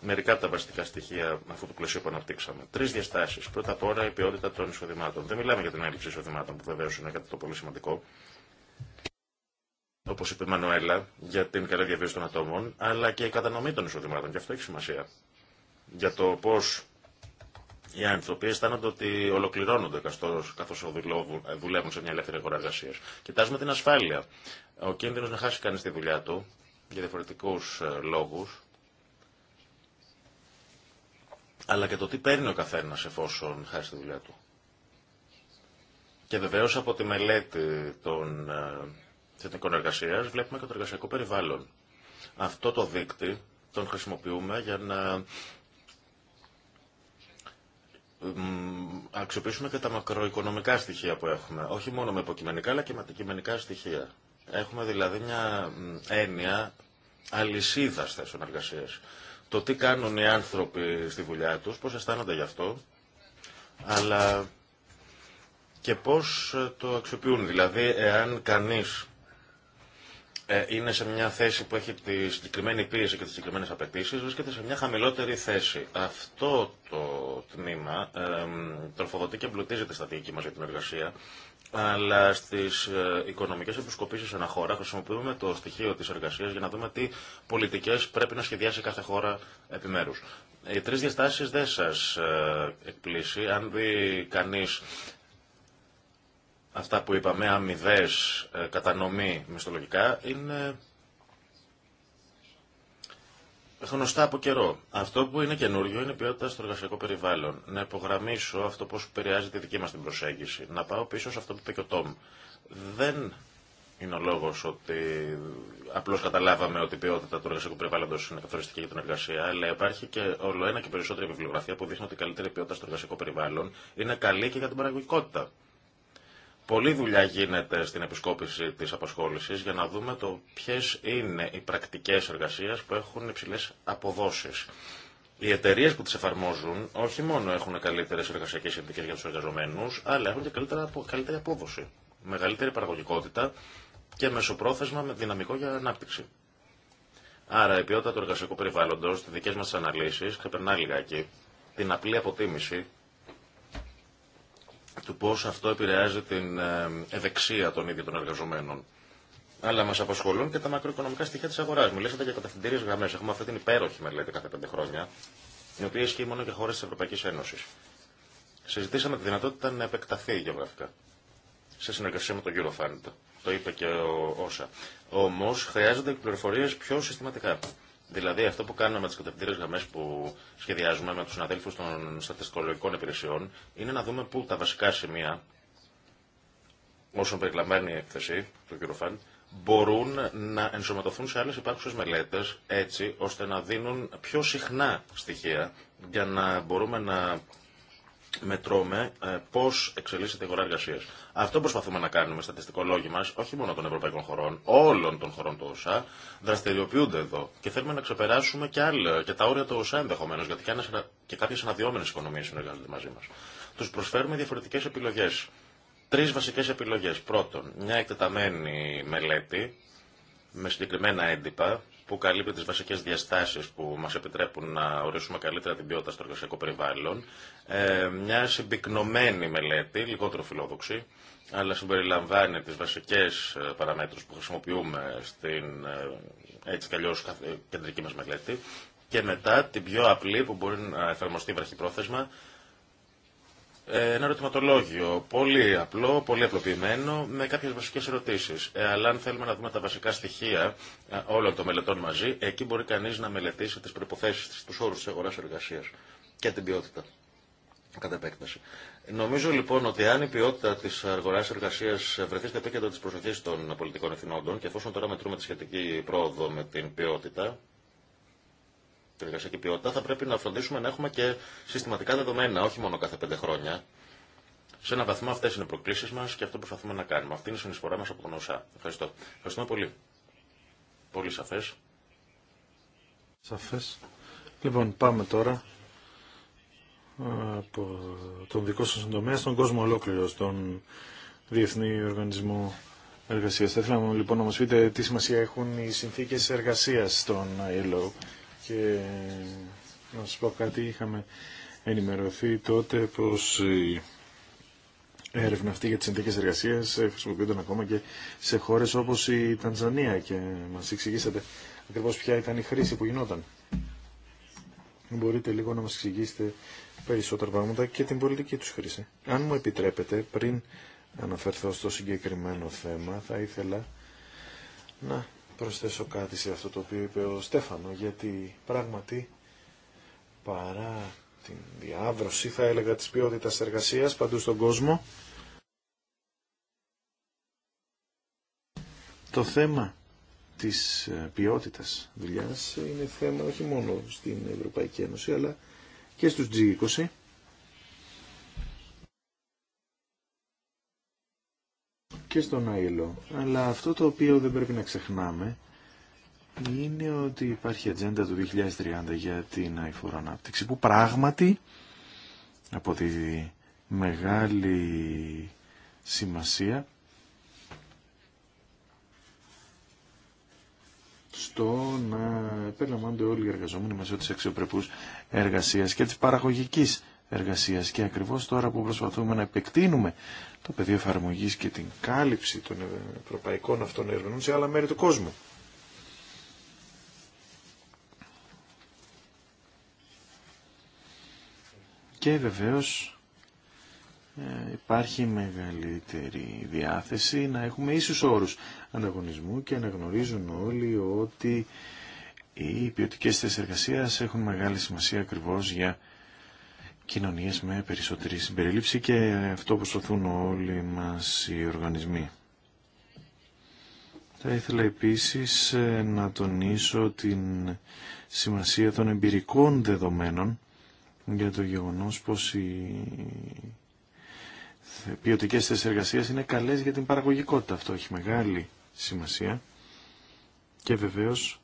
μερικά από τα βασικά στοιχεία αυτού του πλαισίου που αναπτύξαμε. Τρει διαστάσει. Πρώτα απ' όλα η ποιότητα των εισοδημάτων. Δεν μιλάμε για την έλλειψη εισοδημάτων, που βεβαίω είναι κάτι το πολύ σημαντικό όπω είπε η Μανουέλα, για την καλή διαβίωση των ατόμων, αλλά και η κατανομή των εισοδημάτων. Και αυτό έχει σημασία για το πώς οι άνθρωποι αισθάνονται ότι ολοκληρώνονται καθώ δουλεύουν σε μια ελεύθερη αγορά εργασία. Κοιτάζουμε την ασφάλεια. Ο κίνδυνο να χάσει κανεί τη δουλειά του για διαφορετικού ε, λόγου. Αλλά και το τι παίρνει ο καθένα εφόσον χάσει τη δουλειά του. Και βεβαίω από τη μελέτη των ε, θετικών εργασία βλέπουμε και το εργασιακό περιβάλλον. Αυτό το δείκτη τον χρησιμοποιούμε για να αξιοποιήσουμε και τα μακροοικονομικά στοιχεία που έχουμε, όχι μόνο με υποκειμενικά αλλά και με αντικειμενικά στοιχεία. Έχουμε δηλαδή μια έννοια αλυσίδα θέσεων εργασία. Το τι κάνουν οι άνθρωποι στη δουλειά τους, πώ αισθάνονται γι' αυτό, αλλά και πώς το αξιοποιούν. Δηλαδή, εάν κανείς ε, είναι σε μια θέση που έχει τη συγκεκριμένη πίεση και τις συγκεκριμένε απαιτήσει, βρίσκεται σε μια χαμηλότερη θέση. Αυτό το τμήμα ε, τροφοδοτεί και εμπλουτίζει τη στατική μας για την εργασία, αλλά στις ε, οικονομικές επισκοπήσεις ένα χώρα χρησιμοποιούμε το στοιχείο της εργασίας για να δούμε τι πολιτικές πρέπει να σχεδιάσει κάθε χώρα επιμέρους. Οι τρεις διαστάσεις δεν σας ε, εκπλήσει. Αν δει κανείς αυτά που είπαμε, αμοιβές, ε, κατανομή μισθολογικά, είναι γνωστά από καιρό. Αυτό που είναι καινούριο είναι η ποιότητα στο εργασιακό περιβάλλον. Να υπογραμμίσω αυτό πώς επηρεάζει τη δική μας την προσέγγιση. Να πάω πίσω σε αυτό που είπε και ο Τόμ. Δεν είναι ο λόγο ότι απλώ καταλάβαμε ότι η ποιότητα του εργασιακού περιβάλλοντο είναι καθοριστική για την εργασία, αλλά υπάρχει και όλο ένα και περισσότερη βιβλιογραφία που δείχνει ότι η καλύτερη ποιότητα στο εργασιακό περιβάλλον είναι καλή και για την παραγωγικότητα. Πολλή δουλειά γίνεται στην επισκόπηση τη απασχόληση για να δούμε το ποιε είναι οι πρακτικέ εργασίε που έχουν υψηλέ αποδόσεις. Οι εταιρείε που τι εφαρμόζουν όχι μόνο έχουν καλύτερε εργασιακέ συνθήκε για του εργαζομένου, αλλά έχουν και καλύτερα, καλύτερη απόδοση, μεγαλύτερη παραγωγικότητα και μεσοπρόθεσμα με δυναμικό για ανάπτυξη. Άρα η ποιότητα του εργασιακού περιβάλλοντο, τι δικέ μα αναλύσει, ξεπερνά λιγάκι την απλή αποτίμηση του πώ αυτό επηρεάζει την ε, ευεξία των ίδιων των εργαζομένων. Αλλά μα απασχολούν και τα μακροοικονομικά στοιχεία τη αγορά. Μιλήσατε για κατευθυντήριε γραμμέ. Έχουμε αυτή την υπέροχη μελέτη κάθε πέντε χρόνια, η οποία ισχύει μόνο για χώρε τη Ευρωπαϊκή Ένωση. Συζητήσαμε τη δυνατότητα να επεκταθεί γεωγραφικά. Σε συνεργασία με τον Eurofund. Το είπε και ο Όσα. Όμω χρειάζονται πληροφορίε πιο συστηματικά. Δηλαδή αυτό που κάνουμε με τι κατευθυντήρε γραμμέ που σχεδιάζουμε με του συναδέλφου των στατιστικολογικών υπηρεσιών είναι να δούμε πού τα βασικά σημεία, όσων περιλαμβάνει η έκθεση του Φαν, μπορούν να ενσωματωθούν σε άλλε υπάρχουσε μελέτε έτσι ώστε να δίνουν πιο συχνά στοιχεία για να μπορούμε να μετρώμε ε, πώ εξελίσσεται η αγορά εργασία. Αυτό προσπαθούμε να κάνουμε στατιστικολόγοι μα, όχι μόνο των ευρωπαϊκών χωρών, όλων των χωρών του ΩΣΑ, δραστηριοποιούνται εδώ και θέλουμε να ξεπεράσουμε και, άλλα, και τα όρια του ΩΣΑ ενδεχομένω, γιατί και κάποιε αναδυόμενε οικονομίε συνεργάζονται μαζί μα. Του προσφέρουμε διαφορετικέ επιλογέ. Τρει βασικέ επιλογέ. Πρώτον, μια εκτεταμένη μελέτη με συγκεκριμένα έντυπα που καλύπτει τι βασικέ διαστάσει που μα επιτρέπουν να ορίσουμε καλύτερα την ποιότητα στο εργασιακό περιβάλλον. Ε, μια συμπυκνωμένη μελέτη, λιγότερο φιλόδοξη, αλλά συμπεριλαμβάνει τι βασικέ ε, παραμέτρου που χρησιμοποιούμε στην ε, έτσι καλλιώ ε, κεντρική μα μελέτη. Και μετά την πιο απλή που μπορεί να εφαρμοστεί βραχυπρόθεσμα, ε, ένα ερωτηματολόγιο πολύ απλό, πολύ απλοποιημένο, με κάποιε βασικέ ερωτήσει. Ε, αλλά αν θέλουμε να δούμε τα βασικά στοιχεία ε, όλων των μελετών μαζί, εκεί μπορεί κανεί να μελετήσει τι προποθέσει, του όρου τη αγορά εργασία και την ποιότητα κατά επέκταση. Νομίζω λοιπόν ότι αν η ποιότητα τη αγορά εργασία βρεθεί στο επίκεντρο τη προσοχή των πολιτικών εθνών και εφόσον τώρα μετρούμε τη σχετική πρόοδο με την ποιότητα, την εργασιακή ποιότητα, θα πρέπει να φροντίσουμε να έχουμε και συστηματικά δεδομένα, όχι μόνο κάθε πέντε χρόνια. Σε ένα βαθμό αυτέ είναι οι προκλήσει μα και αυτό προσπαθούμε να κάνουμε. Αυτή είναι η συνεισφορά μα από τον ΩΣΑ. Ευχαριστώ. Ευχαριστούμε πολύ. Πολύ σαφέ. Σαφέ. Λοιπόν, πάμε τώρα ε, από τον δικό σα τομέα στον κόσμο ολόκληρο, στον Διεθνή Οργανισμό εργασία. Θα ήθελα λοιπόν να μα πείτε τι σημασία έχουν οι συνθήκε εργασία στον ILO και να σας πω κάτι, είχαμε ενημερωθεί τότε πως η έρευνα αυτή για τις συνθήκες εργασίας χρησιμοποιούνταν ακόμα και σε χώρες όπως η Τανζανία και μας εξηγήσατε ακριβώς ποια ήταν η χρήση που γινόταν. Μπορείτε λίγο να μας εξηγήσετε περισσότερα πράγματα και την πολιτική τους χρήση. Αν μου επιτρέπετε, πριν αναφερθώ στο συγκεκριμένο θέμα, θα ήθελα να προσθέσω κάτι σε αυτό το οποίο είπε ο Στέφανο, γιατί πράγματι παρά την διάβρωση, θα έλεγα, της ποιότητας εργασίας παντού στον κόσμο, το θέμα της ε, ποιότητας δουλειάς είναι θέμα όχι μόνο στην Ευρωπαϊκή Ένωση, αλλά και στους G20 και στον ΑΕΛΟ. Αλλά αυτό το οποίο δεν πρέπει να ξεχνάμε είναι ότι υπάρχει ατζέντα του 2030 για την αηφόρο ανάπτυξη που πράγματι αποδίδει μεγάλη σημασία στο να επερλαμβάνονται όλοι οι εργαζόμενοι μέσω της αξιοπρεπούς εργασίας και της παραγωγικής και ακριβώ τώρα που προσπαθούμε να επεκτείνουμε το πεδίο εφαρμογή και την κάλυψη των ευρωπαϊκών αυτών ερευνών σε άλλα μέρη του κόσμου. Και βεβαίως ε, υπάρχει μεγαλύτερη διάθεση να έχουμε ίσους όρους ανταγωνισμού και να γνωρίζουν όλοι ότι οι ποιοτικέ θέσει εργασία έχουν μεγάλη σημασία ακριβώς για κοινωνίες με περισσότερη συμπεριλήψη και αυτό που σωθούν όλοι μας οι οργανισμοί. Θα ήθελα επίσης ε, να τονίσω την σημασία των εμπειρικών δεδομένων για το γεγονός πως οι ποιοτικές θέσεις εργασίας είναι καλές για την παραγωγικότητα. Αυτό έχει μεγάλη σημασία και βεβαίως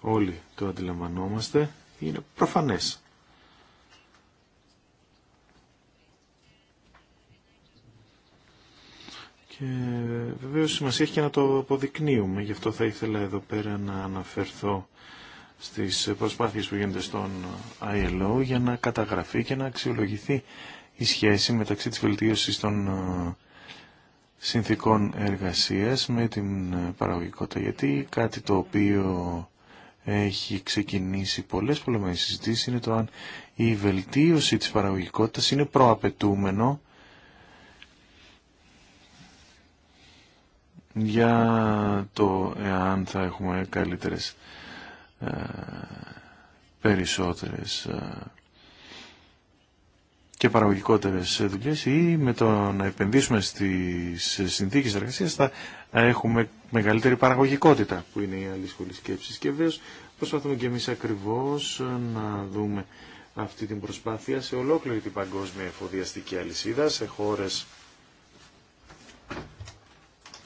όλοι το αντιλαμβανόμαστε, είναι προφανές. Και βεβαίω σημασία έχει και να το αποδεικνύουμε, γι' αυτό θα ήθελα εδώ πέρα να αναφερθώ στις προσπάθειες που γίνονται στον ILO για να καταγραφεί και να αξιολογηθεί η σχέση μεταξύ της βελτίωσης των ε, συνθήκων εργασίας με την παραγωγικότητα. Γιατί κάτι το οποίο έχει ξεκινήσει πολλές πολλές συζητήσεις είναι το αν η βελτίωση της παραγωγικότητας είναι προαπαιτούμενο για το εάν θα έχουμε καλύτερες ε, περισσότερες ε, και παραγωγικότερες δουλειές ή με το να επενδύσουμε στις συνθήκες εργασίας θα έχουμε μεγαλύτερη παραγωγικότητα που είναι η άλλη σχολή σκέψης και βέβαια προσπαθούμε και εμείς ακριβώς να δούμε αυτή την προσπάθεια σε ολόκληρη την παγκόσμια εφοδιαστική αλυσίδα σε χώρες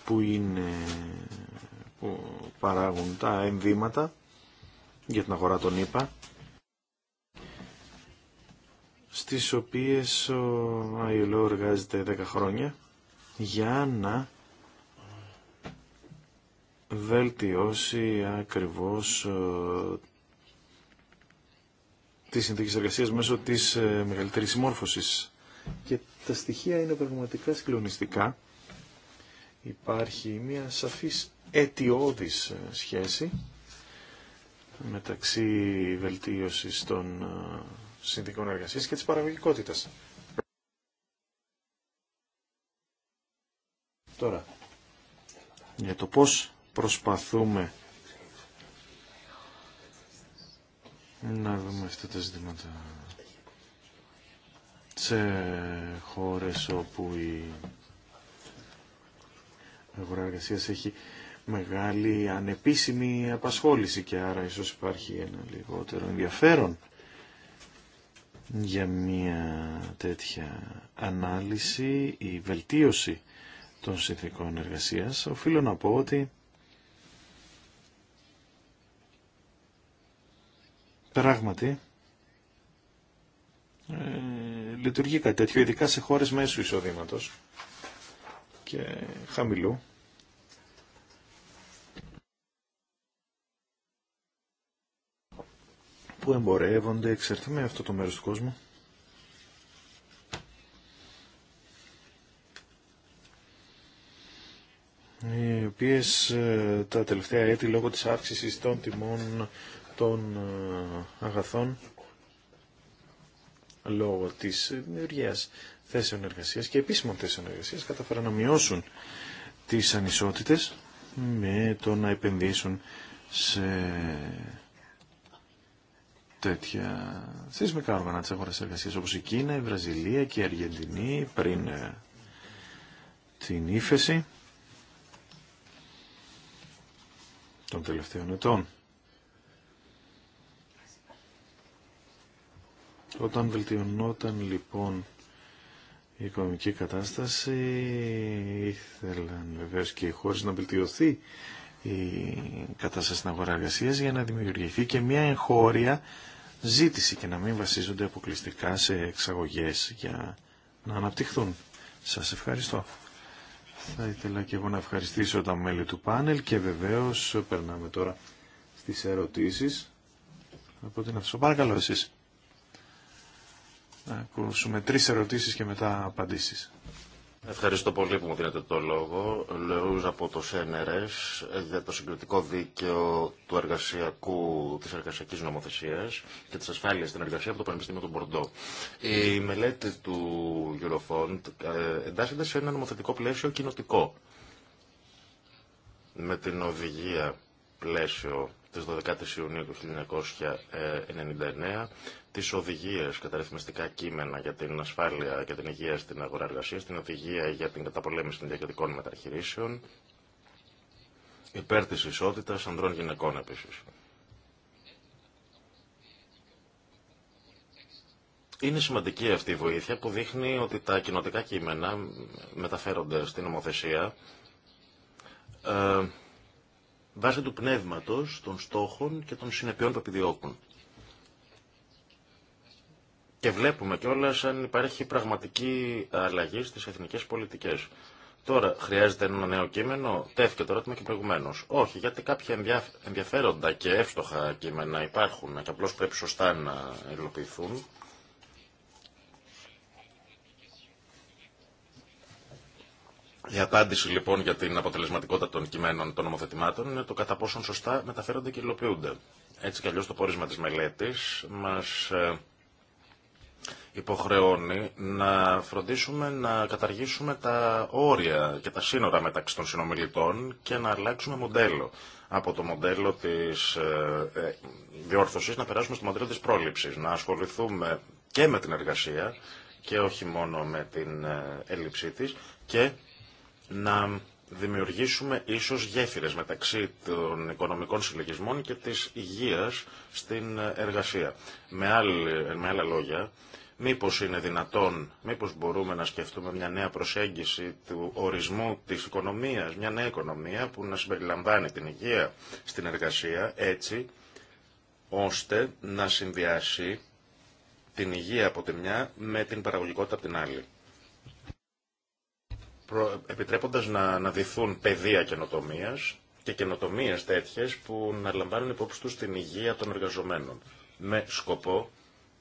που, είναι, που παράγουν τα εμβήματα για την αγορά των ΙΠΑ στις οποίες ο ΑΙΟΛΟ εργάζεται 10 χρόνια για να βελτιώσει ακριβώς ε, τις συνθήκες εργασίας μέσω της ε, μεγαλύτερης συμμόρφωσης. Και τα στοιχεία είναι πραγματικά συγκλονιστικά υπάρχει μια σαφής αιτιώδης ε, σχέση μεταξύ βελτίωσης των ε, συνδικών εργασίας και της παραγωγικότητας. Τώρα, για το πώς προσπαθούμε να δούμε αυτά τα ζητήματα σε χώρες όπου η αγορά εργασίας έχει μεγάλη ανεπίσημη απασχόληση και άρα ίσως υπάρχει ένα λιγότερο ενδιαφέρον για μια τέτοια ανάλυση ή βελτίωση των συνθήκων εργασίας. Οφείλω να πω ότι πράγματι ε, λειτουργεί κάτι τέτοιο, ειδικά σε χώρες μέσου εισοδήματος και χαμηλού. που εμπορεύονται εξαρτή με αυτό το μέρος του κόσμου. Οι οποίες ε, τα τελευταία έτη λόγω της αύξησης των τιμών των ε, αγαθών λόγω της δημιουργίας θέσεων εργασίας και επίσημων θέσεων εργασίας καταφέραν να μειώσουν τις ανισότητες με το να επενδύσουν σε τέτοια θεσμικά όργανα της αγοράς εργασίας όπως η Κίνα, η Βραζιλία και η Αργεντινή πριν ε, την ύφεση των τελευταίων ετών. Όταν βελτιωνόταν λοιπόν η οικονομική κατάσταση ήθελαν βεβαίως και οι χώρε να βελτιωθεί η κατάσταση στην αγορά εργασίας για να δημιουργηθεί και μια εγχώρια ζήτηση και να μην βασίζονται αποκλειστικά σε εξαγωγές για να αναπτυχθούν. Σας ευχαριστώ. Θα ήθελα και εγώ να ευχαριστήσω τα μέλη του πάνελ και βεβαίως περνάμε τώρα στις ερωτήσεις. Από την Παρακαλώ εσείς να ακούσουμε τρεις ερωτήσεις και μετά απαντήσεις. Ευχαριστώ πολύ που μου δίνετε το λόγο. Λέω από το ΣΕΝΕΡΕΣ για το συγκριτικό δίκαιο του εργασιακού, της εργασιακής νομοθεσίας και της ασφάλειας στην εργασία από το Πανεπιστήμιο του Μπορντό. Η μελέτη του Eurofond ε, εντάσσεται σε ένα νομοθετικό πλαίσιο κοινοτικό με την οδηγία πλαίσιο της 12 Ιουνίου του 1999, τις οδηγίες και κείμενα για την ασφάλεια και την υγεία στην αγορά εργασία, την οδηγία για την καταπολέμηση των διακριτικών μεταχειρήσεων, υπέρ της ισότητας ανδρών γυναικών επίσης. Είναι σημαντική αυτή η βοήθεια που δείχνει ότι τα κοινοτικά κείμενα μεταφέρονται στην νομοθεσία ε, βάσει του πνεύματος, των στόχων και των συνεπειών που επιδιώκουν. Και βλέπουμε κιόλα αν υπάρχει πραγματική αλλαγή στι εθνικέ πολιτικέ. Τώρα, χρειάζεται ένα νέο κείμενο. Τέθηκε το ερώτημα και προηγουμένω. Όχι, γιατί κάποια ενδιαφέροντα και εύστοχα κείμενα υπάρχουν και απλώ πρέπει σωστά να υλοποιηθούν. Η απάντηση λοιπόν για την αποτελεσματικότητα των κειμένων των νομοθετημάτων είναι το κατά πόσον σωστά μεταφέρονται και υλοποιούνται. Έτσι κι αλλιώς το πόρισμα της μελέτης μας ε, υποχρεώνει να φροντίσουμε να καταργήσουμε τα όρια και τα σύνορα μεταξύ των συνομιλητών και να αλλάξουμε μοντέλο. Από το μοντέλο της ε, ε, διόρθωσης να περάσουμε στο μοντέλο της πρόληψης, να ασχοληθούμε και με την εργασία και όχι μόνο με την έλλειψή της και να δημιουργήσουμε ίσως γέφυρες μεταξύ των οικονομικών συλλογισμών και της υγείας στην εργασία. Με, άλλη, με άλλα λόγια, μήπως είναι δυνατόν, μήπως μπορούμε να σκεφτούμε μια νέα προσέγγιση του ορισμού της οικονομίας, μια νέα οικονομία που να συμπεριλαμβάνει την υγεία στην εργασία έτσι ώστε να συνδυάσει την υγεία από τη μια με την παραγωγικότητα από την άλλη επιτρέποντας να, να δηθούν παιδεία καινοτομία και καινοτομίε τέτοιε που να λαμβάνουν υπόψη του την υγεία των εργαζομένων με σκοπό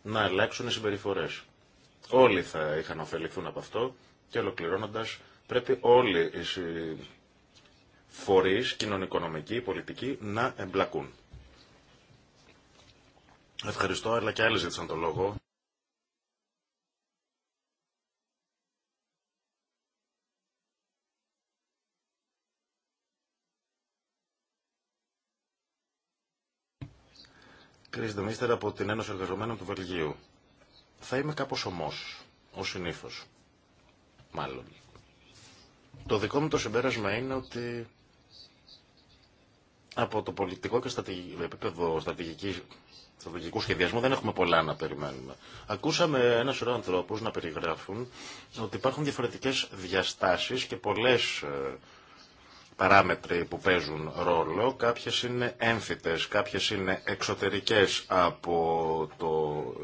να αλλάξουν οι συμπεριφορέ. Όλοι θα είχαν ωφεληθούν από αυτό και ολοκληρώνοντα πρέπει όλοι οι φορεί, κοινωνικονομικοί, πολιτικοί να εμπλακούν. Ευχαριστώ, αλλά και άλλοι ζήτησαν το λόγο. Κρίς μίστερ από την Ένωση Εργαζομένων του Βελγίου. Θα είμαι κάπως ομός, ο συνήθως, μάλλον. Το δικό μου το συμπέρασμα είναι ότι από το πολιτικό και επίπεδο στρατηγική, στρατηγικού σχεδιασμού δεν έχουμε πολλά να περιμένουμε. Ακούσαμε ένα σωρό ανθρώπου να περιγράφουν ότι υπάρχουν διαφορετικέ διαστάσει και πολλέ ε, παράμετροι που παίζουν ρόλο. Κάποιες είναι έμφυτες, κάποιες είναι εξωτερικές από το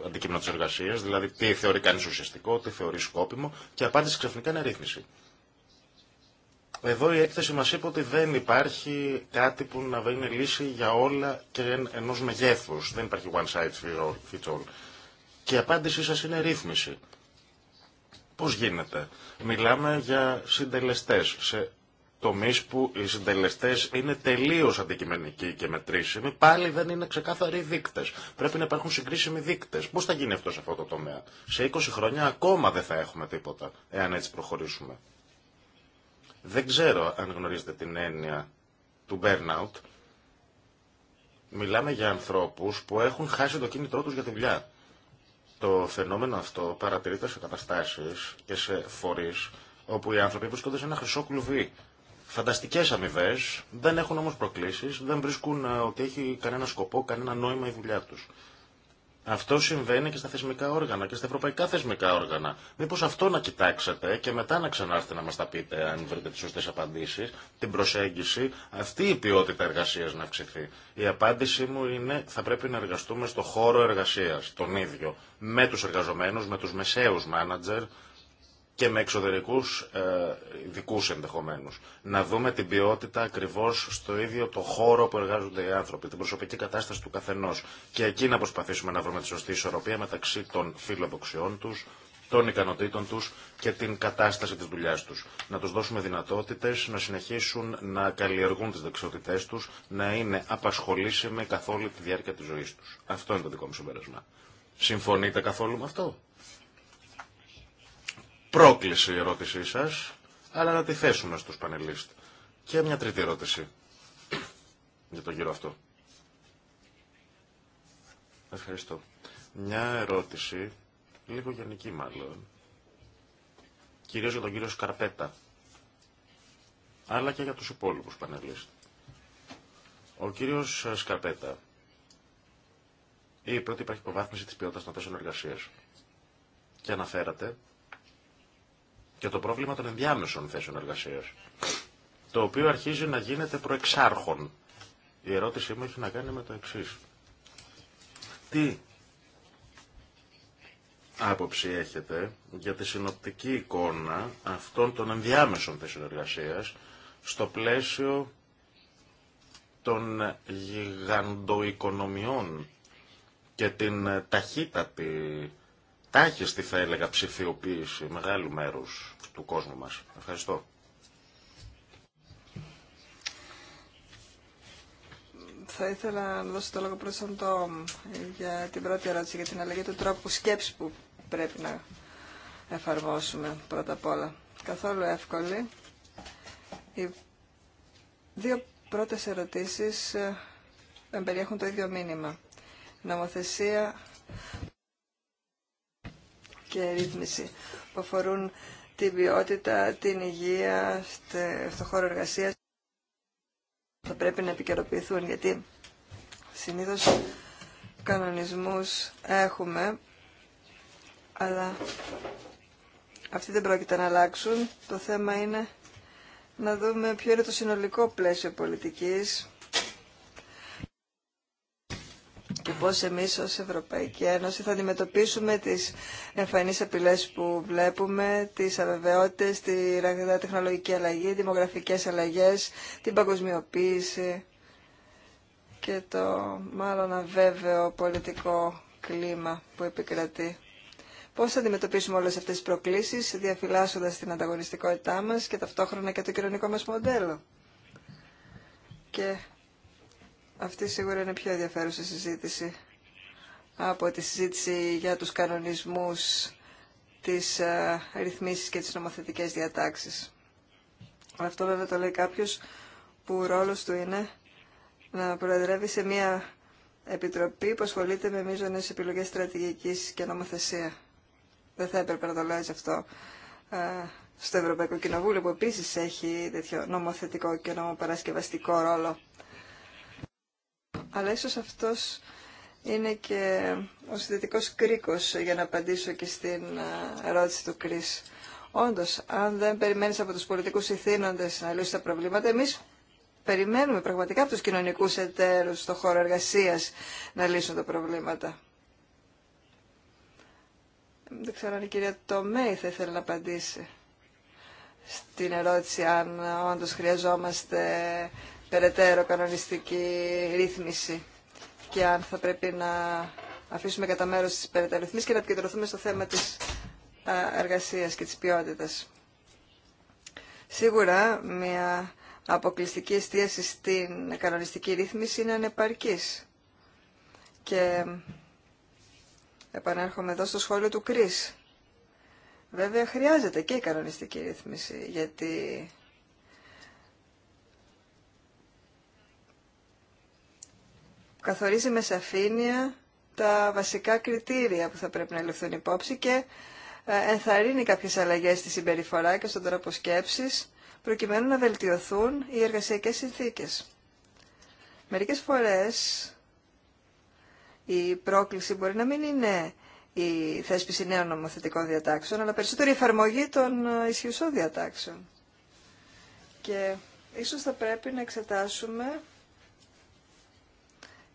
αντικείμενο της εργασίας, δηλαδή τι θεωρεί κανείς ουσιαστικό, τι θεωρεί σκόπιμο και απάντηση ξαφνικά είναι ρύθμιση. Εδώ η έκθεση μας είπε ότι δεν υπάρχει κάτι που να είναι λύση για όλα και ενός μεγέθους. Δεν υπάρχει one size fits all. Και η απάντησή σας είναι ρύθμιση. Πώς γίνεται. Μιλάμε για συντελεστές σε Τομεί που οι συντελεστέ είναι τελείω αντικειμενικοί και μετρήσιμοι, πάλι δεν είναι ξεκάθαροι δείκτε. Πρέπει να υπάρχουν συγκρίσιμοι δείκτε. Πώ θα γίνει αυτό σε αυτό το τομέα. Σε 20 χρόνια ακόμα δεν θα έχουμε τίποτα, εάν έτσι προχωρήσουμε. Δεν ξέρω αν γνωρίζετε την έννοια του burnout. Μιλάμε για ανθρώπου που έχουν χάσει το κίνητρό του για τη δουλειά. Το φαινόμενο αυτό παρατηρείται σε καταστάσει και σε φορεί όπου οι άνθρωποι βρίσκονται σε ένα χρυσό κλουβί Φανταστικέ αμοιβέ, δεν έχουν όμω προκλήσει. δεν βρίσκουν ε, ότι έχει κανένα σκοπό, κανένα νόημα η δουλειά του. Αυτό συμβαίνει και στα θεσμικά όργανα και στα ευρωπαϊκά θεσμικά όργανα. Μήπω αυτό να κοιτάξετε και μετά να ξανάρθετε να μα τα πείτε, αν βρείτε τι σωστέ απαντήσει, την προσέγγιση, αυτή η ποιότητα εργασία να αυξηθεί. Η απάντησή μου είναι θα πρέπει να εργαστούμε στο χώρο εργασία, τον ίδιο, με του εργαζομένου, με του μεσαίου μάνατζερ, και με εξωτερικούς ε, ειδικού ενδεχομένους. Να δούμε την ποιότητα ακριβώ στο ίδιο το χώρο που εργάζονται οι άνθρωποι, την προσωπική κατάσταση του καθενό. και εκεί να προσπαθήσουμε να βρούμε τη σωστή ισορροπία μεταξύ των φιλοδοξιών του, των ικανοτήτων του και την κατάσταση τη δουλειά του. Να του δώσουμε δυνατότητε, να συνεχίσουν να καλλιεργούν τι δεξιότητέ του, να είναι απασχολήσιμοι καθ' όλη τη διάρκεια τη ζωή του. Αυτό είναι το δικό μου συμπέρασμα. Συμφωνείτε καθόλου με αυτό? πρόκληση η ερώτησή σας, αλλά να τη θέσουμε στου πανελίστ. Και μια τρίτη ερώτηση για τον γύρο αυτό. Ευχαριστώ. Μια ερώτηση, λίγο γενική μάλλον, κυρίως για τον κύριο Σκαρπέτα, αλλά και για τους υπόλοιπους πανελίστ. Ο κύριος ε, Σκαρπέτα είπε ότι υπάρχει υποβάθμιση της ποιότητας των θέσεων εργασίας και αναφέρατε και το πρόβλημα των ενδιάμεσων θέσεων εργασία, το οποίο αρχίζει να γίνεται προεξάρχων. Η ερώτησή μου έχει να κάνει με το εξή. Τι άποψη έχετε για τη συνοπτική εικόνα αυτών των ενδιάμεσων θέσεων εργασία στο πλαίσιο των γιγαντοοικονομιών και την ταχύτατη ατάκιστη θα έλεγα ψηφιοποίηση μεγάλου μέρους του κόσμου μας. Ευχαριστώ. Θα ήθελα να δώσω το λόγο προς τον Τόμ για την πρώτη ερώτηση, για την αλλαγή του τρόπου σκέψη που πρέπει να εφαρμόσουμε πρώτα απ' όλα. Καθόλου εύκολη. Οι δύο πρώτες ερωτήσεις ε, περιέχουν το ίδιο μήνυμα. Νομοθεσία και ρύθμιση που αφορούν την ποιότητα, την υγεία, στο χώρο εργασίας θα πρέπει να επικαιροποιηθούν γιατί συνήθως κανονισμούς έχουμε αλλά αυτοί δεν πρόκειται να αλλάξουν. Το θέμα είναι να δούμε ποιο είναι το συνολικό πλαίσιο πολιτικής και πώς εμείς ως Ευρωπαϊκή Ένωση θα αντιμετωπίσουμε τις εμφανείς απειλές που βλέπουμε, τις αβεβαιότητες, τη ραγδαία τεχνολογική αλλαγή, δημογραφικές αλλαγές, την παγκοσμιοποίηση και το μάλλον αβέβαιο πολιτικό κλίμα που επικρατεί. Πώς θα αντιμετωπίσουμε όλες αυτές τις προκλήσεις, διαφυλάσσοντας την ανταγωνιστικότητά μας και ταυτόχρονα και το κοινωνικό μας μοντέλο. Και αυτή σίγουρα είναι πιο ενδιαφέρουσα συζήτηση από τη συζήτηση για τους κανονισμούς, τις ε, ρυθμίσεις και τις νομοθετικές διατάξεις. Αυτό βέβαια το λέει κάποιος που ο ρόλος του είναι να προεδρεύει σε μια επιτροπή που ασχολείται με μείζονες επιλογές στρατηγικής και νομοθεσία. Δεν θα έπρεπε να το λέει αυτό ε, στο Ευρωπαϊκό Κοινοβούλιο που επίσης έχει τέτοιο νομοθετικό και νομοπαρασκευαστικό ρόλο. Αλλά ίσως αυτός είναι και ο συνδετικός κρίκος για να απαντήσω και στην ε, ερώτηση του Κρίς. Όντως, αν δεν περιμένεις από τους πολιτικούς ηθήνοντες να λύσουν τα προβλήματα, εμείς περιμένουμε πραγματικά από τους κοινωνικούς εταίρους στον χώρο εργασίας να λύσουν τα προβλήματα. Δεν ξέρω αν η κυρία Τομέη θα ήθελε να απαντήσει στην ερώτηση αν όντως χρειαζόμαστε περαιτέρω κανονιστική ρύθμιση και αν θα πρέπει να αφήσουμε κατά μέρος τις περαιτέρω ρυθμίσεις και να επικεντρωθούμε στο θέμα της εργασίας και της ποιότητας. Σίγουρα μια αποκλειστική εστίαση στην κανονιστική ρύθμιση είναι ανεπαρκής. Και επανέρχομαι εδώ στο σχόλιο του Κρίς. Βέβαια χρειάζεται και η κανονιστική ρύθμιση, γιατί καθορίζει με σαφήνεια τα βασικά κριτήρια που θα πρέπει να ληφθούν υπόψη και ε, ενθαρρύνει κάποιες αλλαγές στη συμπεριφορά και στον τρόπο σκέψης, προκειμένου να βελτιωθούν οι εργασιακές συνθήκες. Μερικές φορές η πρόκληση μπορεί να μην είναι η θέσπιση νέων νομοθετικών διατάξεων, αλλά περισσότερη εφαρμογή των ε, ισχυουσών διατάξεων. Και ίσως θα πρέπει να εξετάσουμε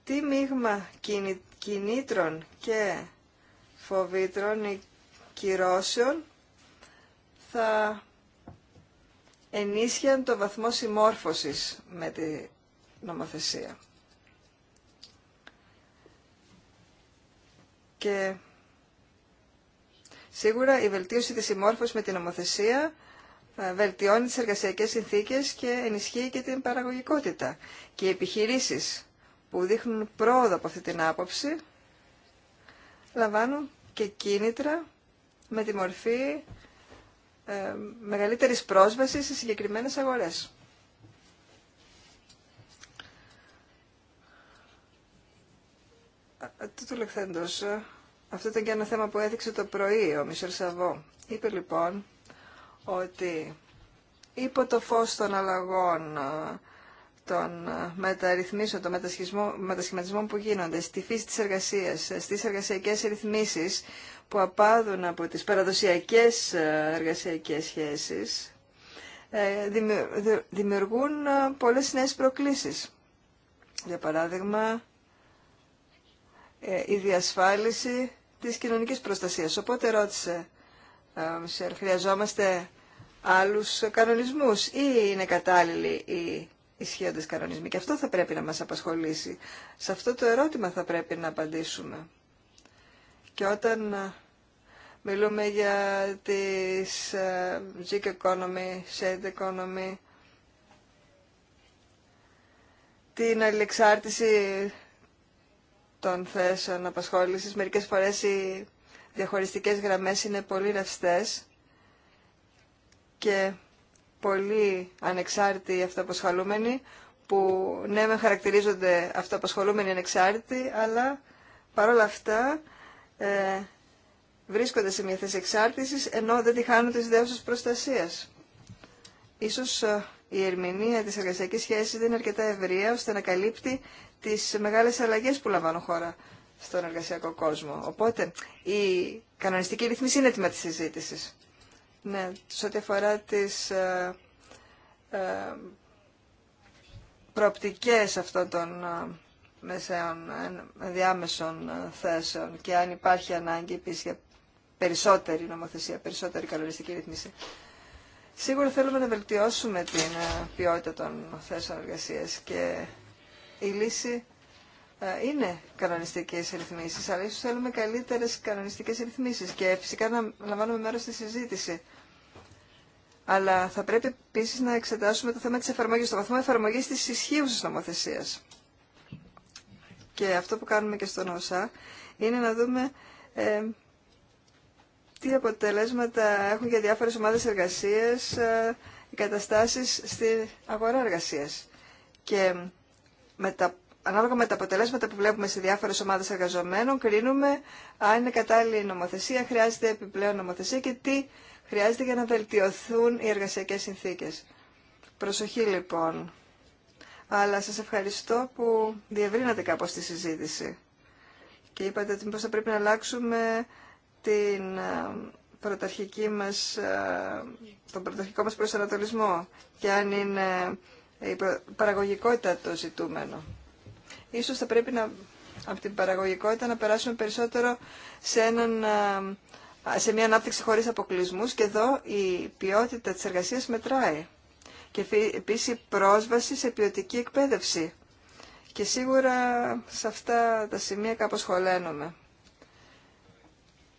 τι μείγμα κινήτρων και φοβήτρων ή κυρώσεων θα ενίσχυαν το βαθμό συμμόρφωσης με τη νομοθεσία. Και σίγουρα η βελτίωση της συμμόρφωσης με την νομοθεσία ε, βελτιώνει τις εργασιακές συνθήκες και ενισχύει και την παραγωγικότητα. Και οι επιχειρήσεις που δείχνουν πρόοδο από αυτή την άποψη λαμβάνουν και κίνητρα με τη μορφή ε, μεγαλύτερης πρόσβασης σε συγκεκριμένες αγορές. Του τουλεχθέντος, ε, αυτό ήταν και ένα θέμα που έδειξε το πρωί ο Μισελ Σαββό. Είπε λοιπόν ότι υπό το φως των αλλαγών ε, των ε, μεταρρυθμίσεων, των μετασχηματισμών που γίνονται, στη φύση της εργασίας, ε, στις εργασιακές ρυθμίσεις που απάδουν από τις παραδοσιακές ε, εργασιακές σχέσεις, δημιουργούν πολλές νέες προκλήσεις. Για παράδειγμα, η διασφάλιση της κοινωνικής προστασίας. Οπότε ρώτησε, χρειαζόμαστε άλλους κανονισμούς ή είναι κατάλληλη η ισχύοντες κανονισμοί. Και αυτό θα πρέπει να μας απασχολήσει. Σε αυτό το ερώτημα θα πρέπει να απαντήσουμε. Και όταν ε, μιλούμε για τις ε, gig economy, shade economy, την αλληλεξάρτηση των θέσεων απασχόλησης, μερικές φορές οι διαχωριστικές γραμμές είναι πολύ ρευστές και πολύ ανεξάρτητοι αυτοαπασχολούμενοι που ναι με χαρακτηρίζονται αυτοαπασχολούμενοι ανεξάρτητοι αλλά παρόλα αυτά ε, βρίσκονται σε μια θέση εξάρτησης ενώ δεν τη χάνουν της προστασίας. Ίσως ε, η ερμηνεία της εργασιακής σχέσης δεν είναι αρκετά ευρεία ώστε να καλύπτει τις μεγάλες αλλαγές που λαμβάνουν χώρα στον εργασιακό κόσμο. Οπότε η κανονιστική ρυθμίση είναι έτοιμα της συζήτηση. Ναι, σε ό,τι αφορά τις ε, ε προοπτικές αυτών των ε, μεσαίων ε, διάμεσων θέσεων και αν υπάρχει ανάγκη επίσης για περισσότερη νομοθεσία, περισσότερη κανονιστική ρύθμιση. Σίγουρα θέλουμε να βελτιώσουμε την ποιότητα των θέσεων εργασία και η λύση είναι κανονιστικές ρυθμίσεις, αλλά ίσως θέλουμε καλύτερες κανονιστικές ρυθμίσεις και φυσικά να λαμβάνουμε μέρος στη συζήτηση αλλά θα πρέπει επίση να εξετάσουμε το θέμα τη εφαρμογή, το βαθμό εφαρμογή τη ισχύουσα νομοθεσία. Και αυτό που κάνουμε και στον ΩΣΑ είναι να δούμε ε, τι αποτελέσματα έχουν για διάφορες ομάδες εργασίας ε, οι καταστάσεις στην αγορά εργασίας. Και ανάλογα με τα αποτελέσματα που βλέπουμε σε διάφορες ομάδες εργαζομένων, κρίνουμε αν είναι κατάλληλη η νομοθεσία, χρειάζεται επιπλέον νομοθεσία και τι χρειάζεται για να βελτιωθούν οι εργασιακές συνθήκες. Προσοχή λοιπόν. Αλλά σας ευχαριστώ που διευρύνατε κάπως τη συζήτηση και είπατε ότι θα πρέπει να αλλάξουμε την ε, πρωταρχική μας, ε, τον πρωταρχικό μας προσανατολισμό και αν είναι ε, η παραγωγικότητα το ζητούμενο. Ίσως θα πρέπει να, από την παραγωγικότητα να περάσουμε περισσότερο σε έναν σε μια ανάπτυξη χωρίς αποκλεισμούς και εδώ η ποιότητα της εργασίας μετράει. Και επίσης η πρόσβαση σε ποιοτική εκπαίδευση. Και σίγουρα σε αυτά τα σημεία κάπως χωλαίνομαι.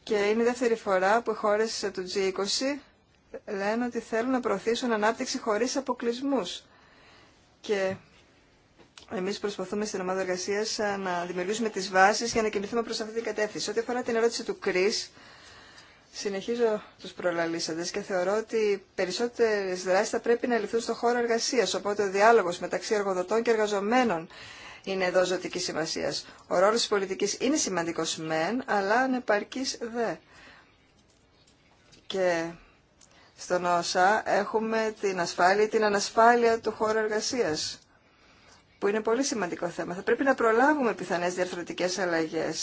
Και είναι η δεύτερη φορά που οι χώρες του G20 λένε ότι θέλουν να προωθήσουν ανάπτυξη χωρίς αποκλεισμούς. Και εμείς προσπαθούμε στην ομάδα εργασία να δημιουργήσουμε τις βάσεις για να κινηθούμε προς αυτή την κατεύθυνση. Ό,τι αφορά την ερώτηση του Κρίς, Συνεχίζω του προλαλήσαντε και θεωρώ ότι περισσότερε δράσει θα πρέπει να ληφθούν στον χώρο εργασία. Οπότε ο διάλογο μεταξύ εργοδοτών και εργαζομένων είναι εδώ ζωτική σημασία. Ο ρόλο τη πολιτική είναι σημαντικό μεν, αλλά ανεπαρκή δε. Και στον ΩΣΑ έχουμε την ασφάλεια την ανασφάλεια του χώρου εργασία, που είναι πολύ σημαντικό θέμα. Θα πρέπει να προλάβουμε πιθανέ διαρθρωτικέ αλλαγέ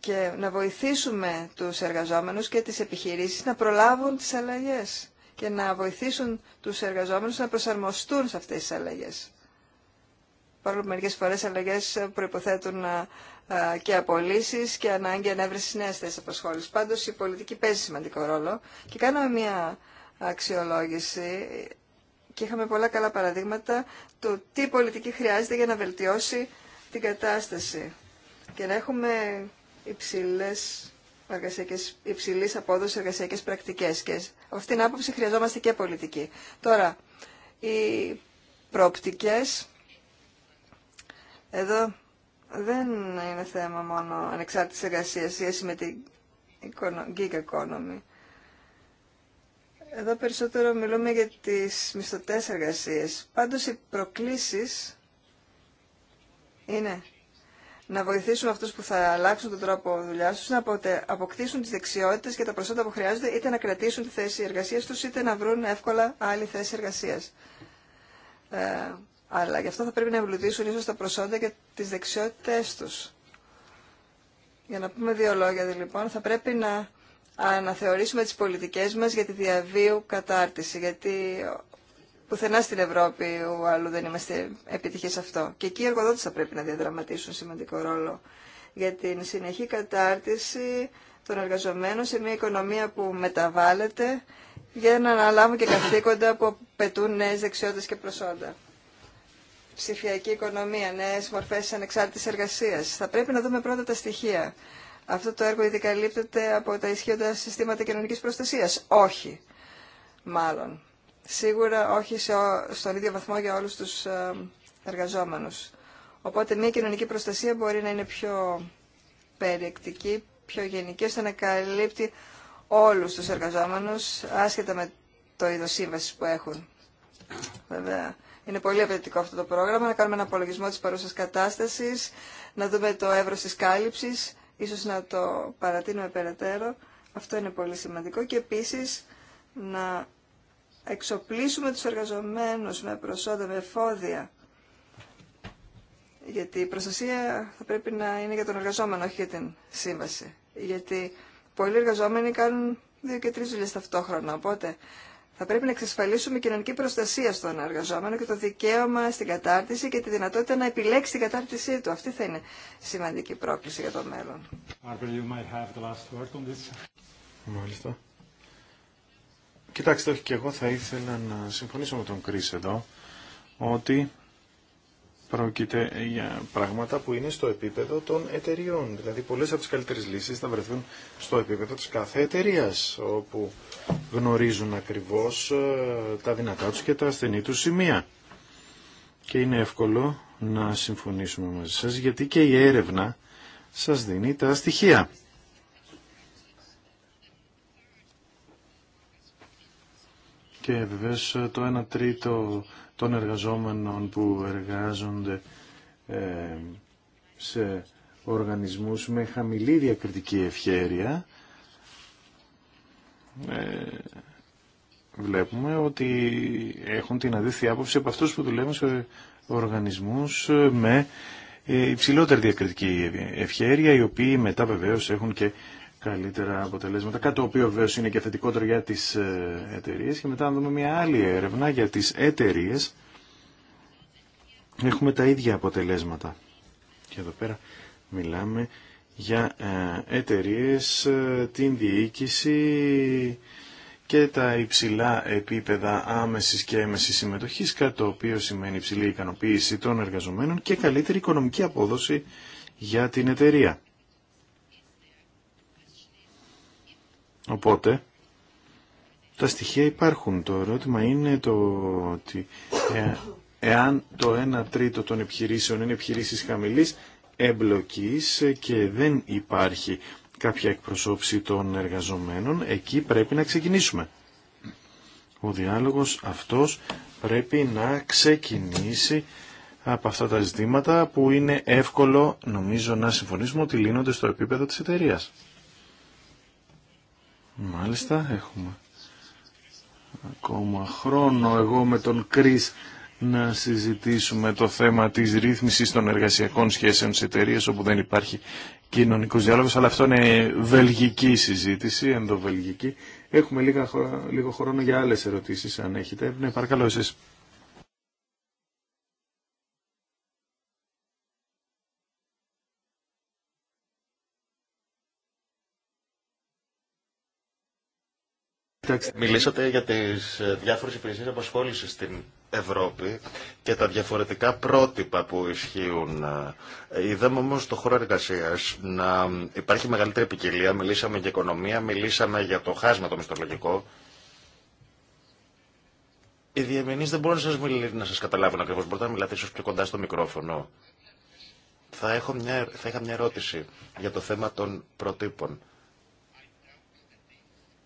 και να βοηθήσουμε τους εργαζόμενους και τις επιχειρήσεις να προλάβουν τις αλλαγές και να βοηθήσουν τους εργαζόμενους να προσαρμοστούν σε αυτές τις αλλαγές. Παρόλο που μερικές φορές αλλαγές προϋποθέτουν και απολύσεις και ανάγκη ανέβρεση νέες θέσεις απασχόλησης. Πάντως η πολιτική παίζει σημαντικό ρόλο και κάναμε μια αξιολόγηση και είχαμε πολλά καλά παραδείγματα του τι πολιτική χρειάζεται για να βελτιώσει την κατάσταση και να έχουμε υψηλές εργασιακές, υψηλής απόδοσης εργασιακές πρακτικές και από αυτήν την άποψη χρειαζόμαστε και πολιτική. Τώρα, οι προοπτικές, εδώ δεν είναι θέμα μόνο ανεξάρτητης εργασίας σχέση με την gig economy. Εδώ περισσότερο μιλούμε για τις μισθωτές εργασίες. Πάντως οι προκλήσεις είναι να βοηθήσουν αυτού που θα αλλάξουν τον τρόπο δουλειά του, να αποκτήσουν τις δεξιότητες και τα προσόντα που χρειάζονται, είτε να κρατήσουν τη θέση εργασίας τους, είτε να βρουν εύκολα άλλη θέση εργασίας. Ε, αλλά γι' αυτό θα πρέπει να εμπλουτίσουν ίσως τα προσόντα και τις δεξιότητες τους. Για να πούμε δύο λόγια, δηλαδή, λοιπόν, θα πρέπει να αναθεωρήσουμε τι πολιτικέ μα για τη διαβίου κατάρτιση, γιατί Πουθενά στην Ευρώπη ο άλλου δεν είμαστε επιτυχείς αυτό. Και εκεί οι εργοδότες θα πρέπει να διαδραματίσουν σημαντικό ρόλο για την συνεχή κατάρτιση των εργαζομένων σε μια οικονομία που μεταβάλλεται για να αναλάβουν και καθήκοντα που απαιτούν νέε δεξιότητες και προσόντα. Ψηφιακή οικονομία, νέε μορφέ ανεξάρτητη εργασία. Θα πρέπει να δούμε πρώτα τα στοιχεία. Αυτό το έργο ήδη καλύπτεται από τα ισχύοντα συστήματα κοινωνική προστασία. Όχι, μάλλον σίγουρα όχι σε, στον ίδιο βαθμό για όλους τους ε, εργαζόμενους. Οπότε μια κοινωνική προστασία μπορεί να είναι πιο περιεκτική, πιο γενική, ώστε να καλύπτει όλους τους εργαζόμενους, άσχετα με το είδο σύμβαση που έχουν. Βέβαια, είναι πολύ απαιτητικό αυτό το πρόγραμμα, να κάνουμε ένα απολογισμό της παρούσας κατάστασης, να δούμε το έβρος της κάλυψης, ίσως να το παρατείνουμε περαιτέρω. Αυτό είναι πολύ σημαντικό και επίσης να εξοπλίσουμε τους εργαζομένους με προσόντα, με εφόδια, γιατί η προστασία θα πρέπει να είναι για τον εργαζόμενο, όχι για την σύμβαση. Γιατί πολλοί εργαζόμενοι κάνουν δύο και τρεις δουλειέ ταυτόχρονα. Οπότε θα πρέπει να εξασφαλίσουμε κοινωνική προστασία στον εργαζόμενο και το δικαίωμα στην κατάρτιση και τη δυνατότητα να επιλέξει την κατάρτισή του. Αυτή θα είναι σημαντική πρόκληση για το μέλλον. Μάλιστα. Κοιτάξτε, όχι και εγώ θα ήθελα να συμφωνήσω με τον Κρίς εδώ, ότι πρόκειται για πράγματα που είναι στο επίπεδο των εταιριών. Δηλαδή πολλές από τις καλύτερες λύσεις θα βρεθούν στο επίπεδο της κάθε εταιρεία, όπου γνωρίζουν ακριβώς ε, τα δυνατά τους και τα ασθενή τους σημεία. Και είναι εύκολο να συμφωνήσουμε μαζί σας, γιατί και η έρευνα σας δίνει τα στοιχεία. και βεβαίως ε, το 1 τρίτο των εργαζόμενων που εργάζονται ε, σε οργανισμούς με χαμηλή διακριτική ευχέρεια ε, βλέπουμε ότι έχουν την αντίθετη άποψη από αυτούς που δουλεύουν σε οργανισμούς με υψηλότερη διακριτική ευχέρεια οι οποίοι μετά βεβαίως έχουν και καλύτερα αποτελέσματα, κάτι το οποίο βέβαια είναι και θετικότερο για τις ε, εταιρείε. Και μετά να δούμε μια άλλη έρευνα για τις εταιρείε. Έχουμε τα ίδια αποτελέσματα. Και εδώ πέρα μιλάμε για ε, εταιρείε, ε, την διοίκηση και τα υψηλά επίπεδα άμεσης και έμεσης συμμετοχής, κάτι το οποίο σημαίνει υψηλή ικανοποίηση των εργαζομένων και καλύτερη οικονομική απόδοση για την εταιρεία. Οπότε, τα στοιχεία υπάρχουν. Το ερώτημα είναι το ότι ε, εάν το 1 τρίτο των επιχειρήσεων είναι επιχειρήσεις χαμηλής εμπλοκής και δεν υπάρχει κάποια εκπροσώψη των εργαζομένων, εκεί πρέπει να ξεκινήσουμε. Ο διάλογος αυτός πρέπει να ξεκινήσει από αυτά τα ζητήματα που είναι εύκολο νομίζω να συμφωνήσουμε ότι λύνονται στο επίπεδο της εταιρείας. Μάλιστα, έχουμε ακόμα χρόνο εγώ με τον Κρίς να συζητήσουμε το θέμα της ρύθμισης των εργασιακών σχέσεων σε εταιρείε όπου δεν υπάρχει κοινωνικός διάλογος, αλλά αυτό είναι βελγική συζήτηση, ενδοβελγική. Έχουμε λίγο χρόνο για άλλες ερωτήσεις αν έχετε. Ναι, παρακαλώ εσείς. Κοιτάξτε. Μιλήσατε για τι ε, διάφορε υπηρεσίε απασχόληση στην Ευρώπη και τα διαφορετικά πρότυπα που ισχύουν. Ε, είδαμε όμω το χώρο εργασία να υπάρχει μεγαλύτερη ποικιλία. Μιλήσαμε για οικονομία, μιλήσαμε για το χάσμα το μισθολογικό. Οι διεμηνεί δεν μπορούν να σα να σας καταλάβουν ακριβώ. Μπορείτε να μιλάτε ίσω πιο κοντά στο μικρόφωνο. Θα, έχω μια, θα είχα μια ερώτηση για το θέμα των προτύπων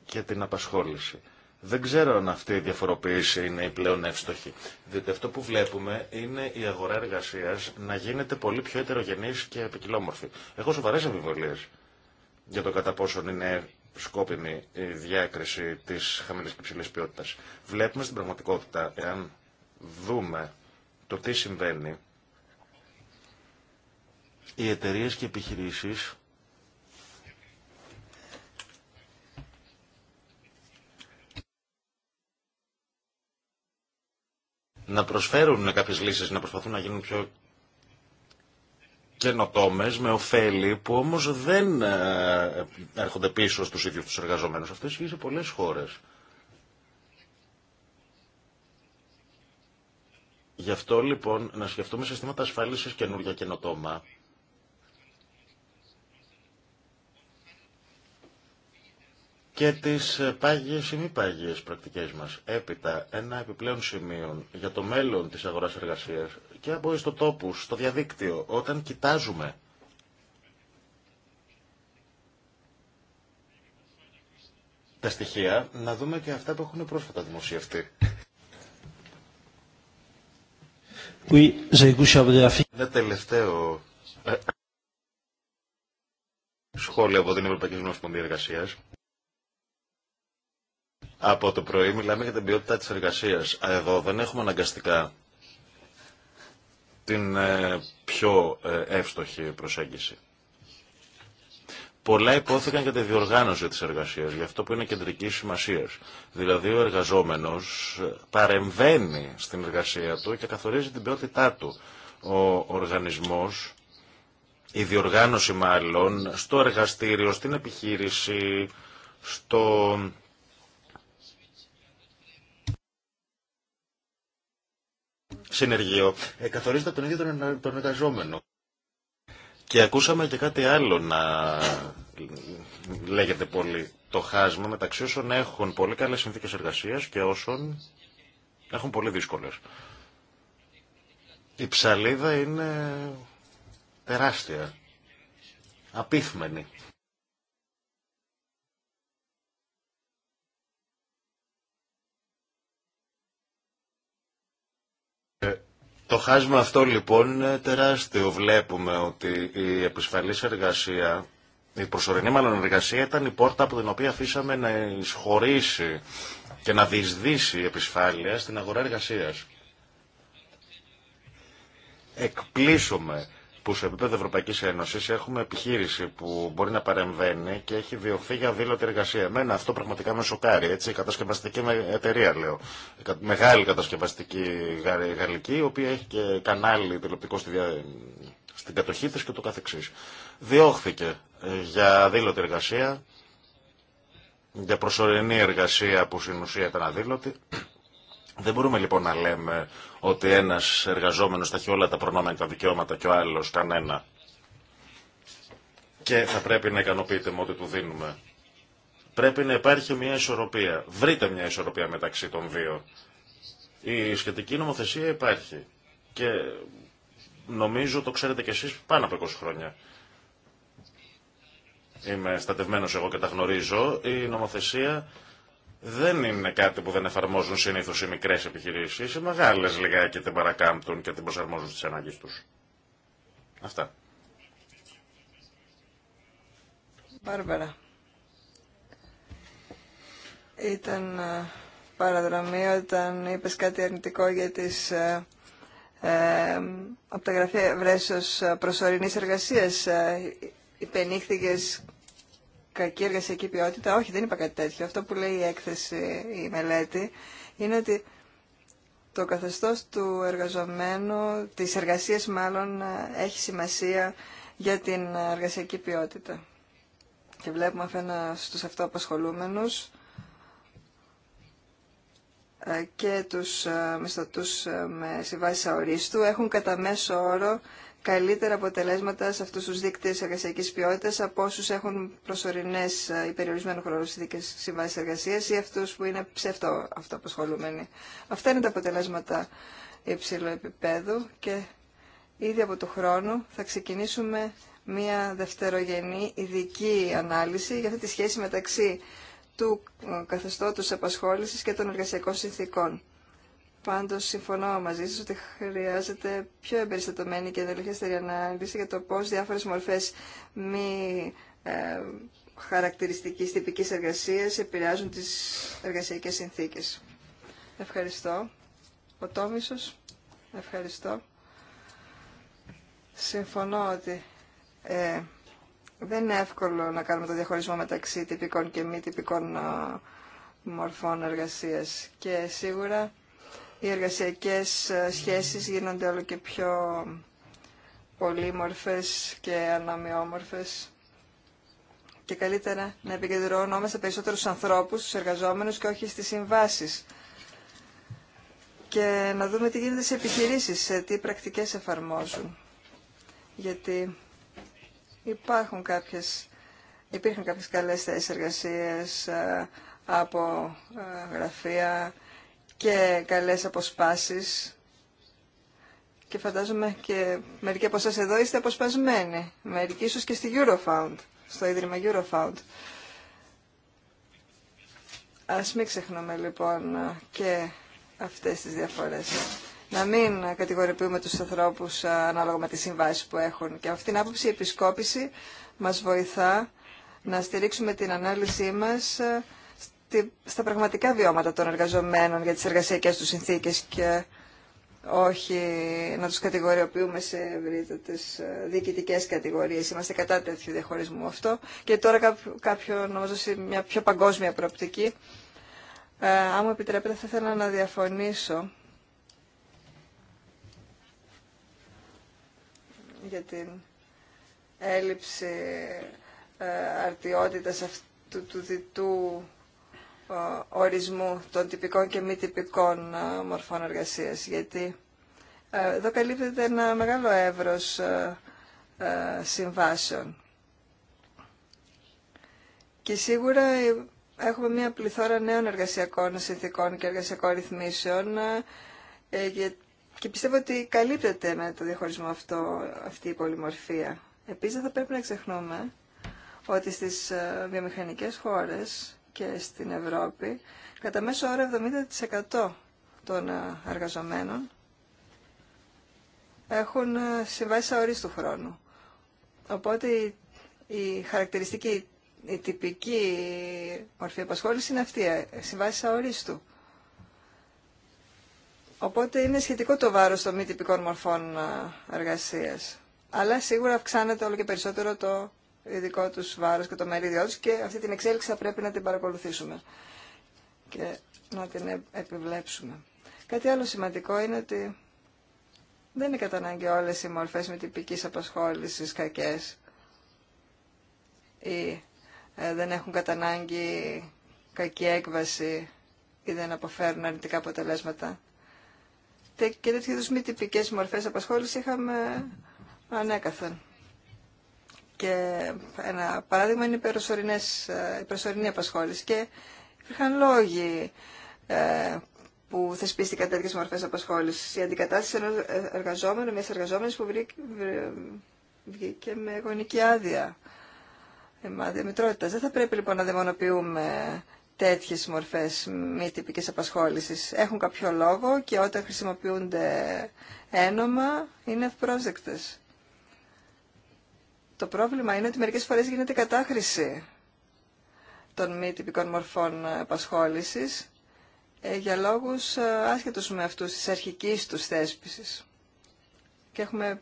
και την απασχόληση. Δεν ξέρω αν αυτή η διαφοροποίηση είναι η πλέον εύστοχη. Διότι αυτό που βλέπουμε είναι η αγορά εργασία να γίνεται πολύ πιο ετερογενή και επικοινόμορφη. Έχω σοβαρέ αμφιβολίε για το κατά πόσον είναι σκόπιμη η διάκριση τη χαμηλή και ψηλή ποιότητα. Βλέπουμε στην πραγματικότητα, εάν δούμε το τι συμβαίνει, οι εταιρείε και επιχειρήσει να προσφέρουν κάποιες λύσεις, να προσπαθούν να γίνουν πιο καινοτόμε με ωφέλη που όμως δεν ε, έρχονται πίσω στους ίδιους τους εργαζομένους. Αυτό ισχύει σε πολλές χώρες. Γι' αυτό λοιπόν να σκεφτούμε συστήματα ασφάλισης καινούργια καινοτόμα και τις πάγιες ή μη πάγιες πρακτικές μας. Έπειτα, ένα επιπλέον σημείο για το μέλλον της αγοράς εργασίας και από τόπου στο διαδίκτυο, όταν κοιτάζουμε τα στοιχεία, να δούμε και αυτά που έχουν πρόσφατα δημοσιευτεί. Oui, Ένα τελευταίο ε, σχόλιο από την Ευρωπαϊκή Συνομοσπονδία εργασία. Από το πρωί μιλάμε για την ποιότητα της εργασίας. Εδώ δεν έχουμε αναγκαστικά την ε, πιο ε, εύστοχη προσέγγιση. Πολλά υπόθηκαν για τη διοργάνωση της εργασίας, για αυτό που είναι κεντρική σημασία. Δηλαδή ο εργαζόμενος ε, παρεμβαίνει στην εργασία του και καθορίζει την ποιότητά του. Ο οργανισμός, η διοργάνωση μάλλον, στο εργαστήριο, στην επιχείρηση, στο συνεργείο ε, καθορίζεται από τον ίδιο τον, τον εργαζόμενο. Και ακούσαμε και κάτι άλλο να λέγεται πολύ το χάσμα μεταξύ όσων έχουν πολύ καλές συνθήκες εργασίας και όσων έχουν πολύ δύσκολες. Η ψαλίδα είναι τεράστια, απίθμενη. Το χάσμα αυτό λοιπόν είναι τεράστιο. Βλέπουμε ότι η επισφαλής εργασία, η προσωρινή μάλλον εργασία ήταν η πόρτα από την οποία αφήσαμε να εισχωρήσει και να διεισδύσει η επισφάλεια στην αγορά εργασίας. Εκπλήσουμε που σε επίπεδο Ευρωπαϊκή Ένωση έχουμε επιχείρηση που μπορεί να παρεμβαίνει και έχει διωχθεί για δήλωτη εργασία. Εμένα αυτό πραγματικά με σοκάρει. Έτσι, η κατασκευαστική εταιρεία, λέω. Μεγάλη κατασκευαστική γαλλική, η οποία έχει και κανάλι τηλεοπτικό στη στην κατοχή τη και το καθεξής. Διώχθηκε ε, για δήλωτη εργασία, για προσωρινή εργασία που στην ουσία ήταν αδήλωτη δεν μπορούμε λοιπόν να λέμε ότι ένας εργαζόμενος θα έχει όλα τα προνόμια και τα δικαιώματα και ο άλλος κανένα. Και θα πρέπει να ικανοποιείται με ό,τι του δίνουμε. Πρέπει να υπάρχει μια ισορροπία. Βρείτε μια ισορροπία μεταξύ των δύο. Η σχετική νομοθεσία υπάρχει. Και νομίζω το ξέρετε κι εσείς πάνω από 20 χρόνια. Είμαι στατευμένο εγώ και τα γνωρίζω. Η νομοθεσία δεν είναι κάτι που δεν εφαρμόζουν συνήθω οι μικρέ επιχειρήσεις. Οι μεγάλε λιγάκι την παρακάμπτουν και την προσαρμόζουν στι ανάγκες του. Αυτά. Μπάρμπαρα. Ήταν ε, παραδρομή όταν είπε κάτι αρνητικό για τις ε, ε, από τα γραφεία βρέσεως προσωρινής εργασίας. Ε, υπενήχθηκες κακή εργασιακή ποιότητα. Όχι, δεν είπα κάτι τέτοιο. Αυτό που λέει η έκθεση, η μελέτη, είναι ότι το καθεστώς του εργαζομένου, της εργασίας μάλλον, έχει σημασία για την εργασιακή ποιότητα. Και βλέπουμε αφένα στους αυτοαπασχολούμενους ε, και τους ε, μισθωτούς ε, με συμβάσεις αορίστου έχουν κατά μέσο όρο καλύτερα αποτελέσματα σε αυτούς τους δείκτες εργασιακής ποιότητας από όσους έχουν προσωρινές ή ε, περιορισμένου χρόνου συμβάσεις εργασίας ή αυτούς που είναι ψευτό αυτοαπασχολούμενοι. Αυτά είναι τα αποτελέσματα υψηλού επίπεδου και ήδη από το χρόνο θα ξεκινήσουμε μια δευτερογενή ειδική ανάλυση για αυτή τη σχέση μεταξύ του ε, καθεστώτος απασχόλησης και των εργασιακών συνθήκων. Πάντω συμφωνώ μαζί σα ότι χρειάζεται πιο εμπεριστατωμένη και εντελεχέστερη ανάλυση για το πώ διάφορες μορφές μη ε, χαρακτηριστικής τυπικής εργασίας επηρεάζουν τις εργασιακέ συνθήκες. Ευχαριστώ. Ο Τόμισο, ευχαριστώ. Συμφωνώ ότι ε, δεν είναι εύκολο να κάνουμε το διαχωρισμό μεταξύ τυπικών και μη τυπικών ε, μορφών εργασίας και σίγουρα οι εργασιακές ε, σχέσεις γίνονται όλο και πιο πολύμορφες και αναμοιόμορφες και καλύτερα να επικεντρωνόμαστε περισσότερους στους ανθρώπους, στους εργαζόμενους και όχι στις συμβάσεις και να δούμε τι γίνεται σε επιχειρήσεις, σε τι πρακτικές εφαρμόζουν. Γιατί υπάρχουν κάποιες, υπήρχαν κάποιες καλές θέσεις εργασίες ε, από ε, γραφεία, και καλές αποσπάσεις και φαντάζομαι και μερικοί από εσάς εδώ είστε αποσπασμένοι, μερικοί ίσως και στη Eurofound, στο Ίδρυμα Eurofound. Ας μην ξεχνούμε λοιπόν και αυτές τις διαφορές. Να μην κατηγορηποιούμε τους ανθρώπους ανάλογα με τις συμβάσεις που έχουν. Και αυτήν την άποψη η επισκόπηση μας βοηθά να στηρίξουμε την ανάλυση μας στα πραγματικά βιώματα των εργαζομένων για τις εργασιακές τους συνθήκες και όχι να τους κατηγοριοποιούμε σε ευρύτατες ε, διοικητικές κατηγορίες. Είμαστε κατά τέτοιου διαχωρισμού αυτό. Και τώρα κάποιο, κάποιο νομίζω, σε μια πιο παγκόσμια προοπτική. Ε, αν μου επιτρέπετε θα ήθελα να διαφωνήσω για την έλλειψη ε, αρτιότητας αυτού του διτού ορισμού των τυπικών και μη τυπικών μορφών εργασίας, γιατί ε, εδώ καλύπτεται ένα μεγάλο εύρος ε, ε, συμβάσεων. Και σίγουρα έχουμε μια πληθώρα νέων εργασιακών συνθήκων και εργασιακών ρυθμίσεων και πιστεύω ότι καλύπτεται με το διαχωρισμό αυτό, αυτή η πολυμορφία. Επίσης θα πρέπει να ξεχνούμε ότι στις βιομηχανικές χώρες και στην Ευρώπη, κατά μέσο όρο 70% των ε, εργαζομένων έχουν ε, συμβάσει αορίστου χρόνου. Οπότε η χαρακτηριστική, η τυπική μορφή απασχόληση είναι αυτή, ε, συμβάσει αορίστου. Οπότε είναι σχετικό το βάρος των μη τυπικών μορφών εργασίας. Αλλά σίγουρα αυξάνεται όλο και περισσότερο το δικό του βάρος και το μερίδιό τους και αυτή την εξέλιξη θα πρέπει να την παρακολουθήσουμε και να την επιβλέψουμε. Κάτι άλλο σημαντικό είναι ότι δεν είναι κατά ανάγκη όλες οι μορφές με τυπικής απασχόλησης κακές ή ε, δεν έχουν κατά ανάγκη κακή έκβαση ή δεν αποφέρουν αρνητικά αποτελέσματα. Και τέτοιου μη τυπικές μορφές απασχόλησης είχαμε ανέκαθεν. Και ένα παράδειγμα είναι ε, η προσωρινή απασχόληση. Και υπήρχαν λόγοι ε, που θεσπίστηκαν τέτοιε μορφέ απασχόληση. Η αντικατάσταση ενό εργαζόμενου, μια εργαζόμενη που βγήκε με γονική άδεια. Με άδεια μητρότητα. Δεν θα πρέπει λοιπόν να δαιμονοποιούμε τέτοιε μορφέ μη τυπική απασχόληση. Έχουν κάποιο λόγο και όταν χρησιμοποιούνται ένομα είναι ευπρόσδεκτες το πρόβλημα είναι ότι μερικές φορές γίνεται κατάχρηση των μη τυπικών μορφών απασχόλησης ε, για λόγους ε, άσχετους με αυτούς της αρχικής τους θέσπισης. Και έχουμε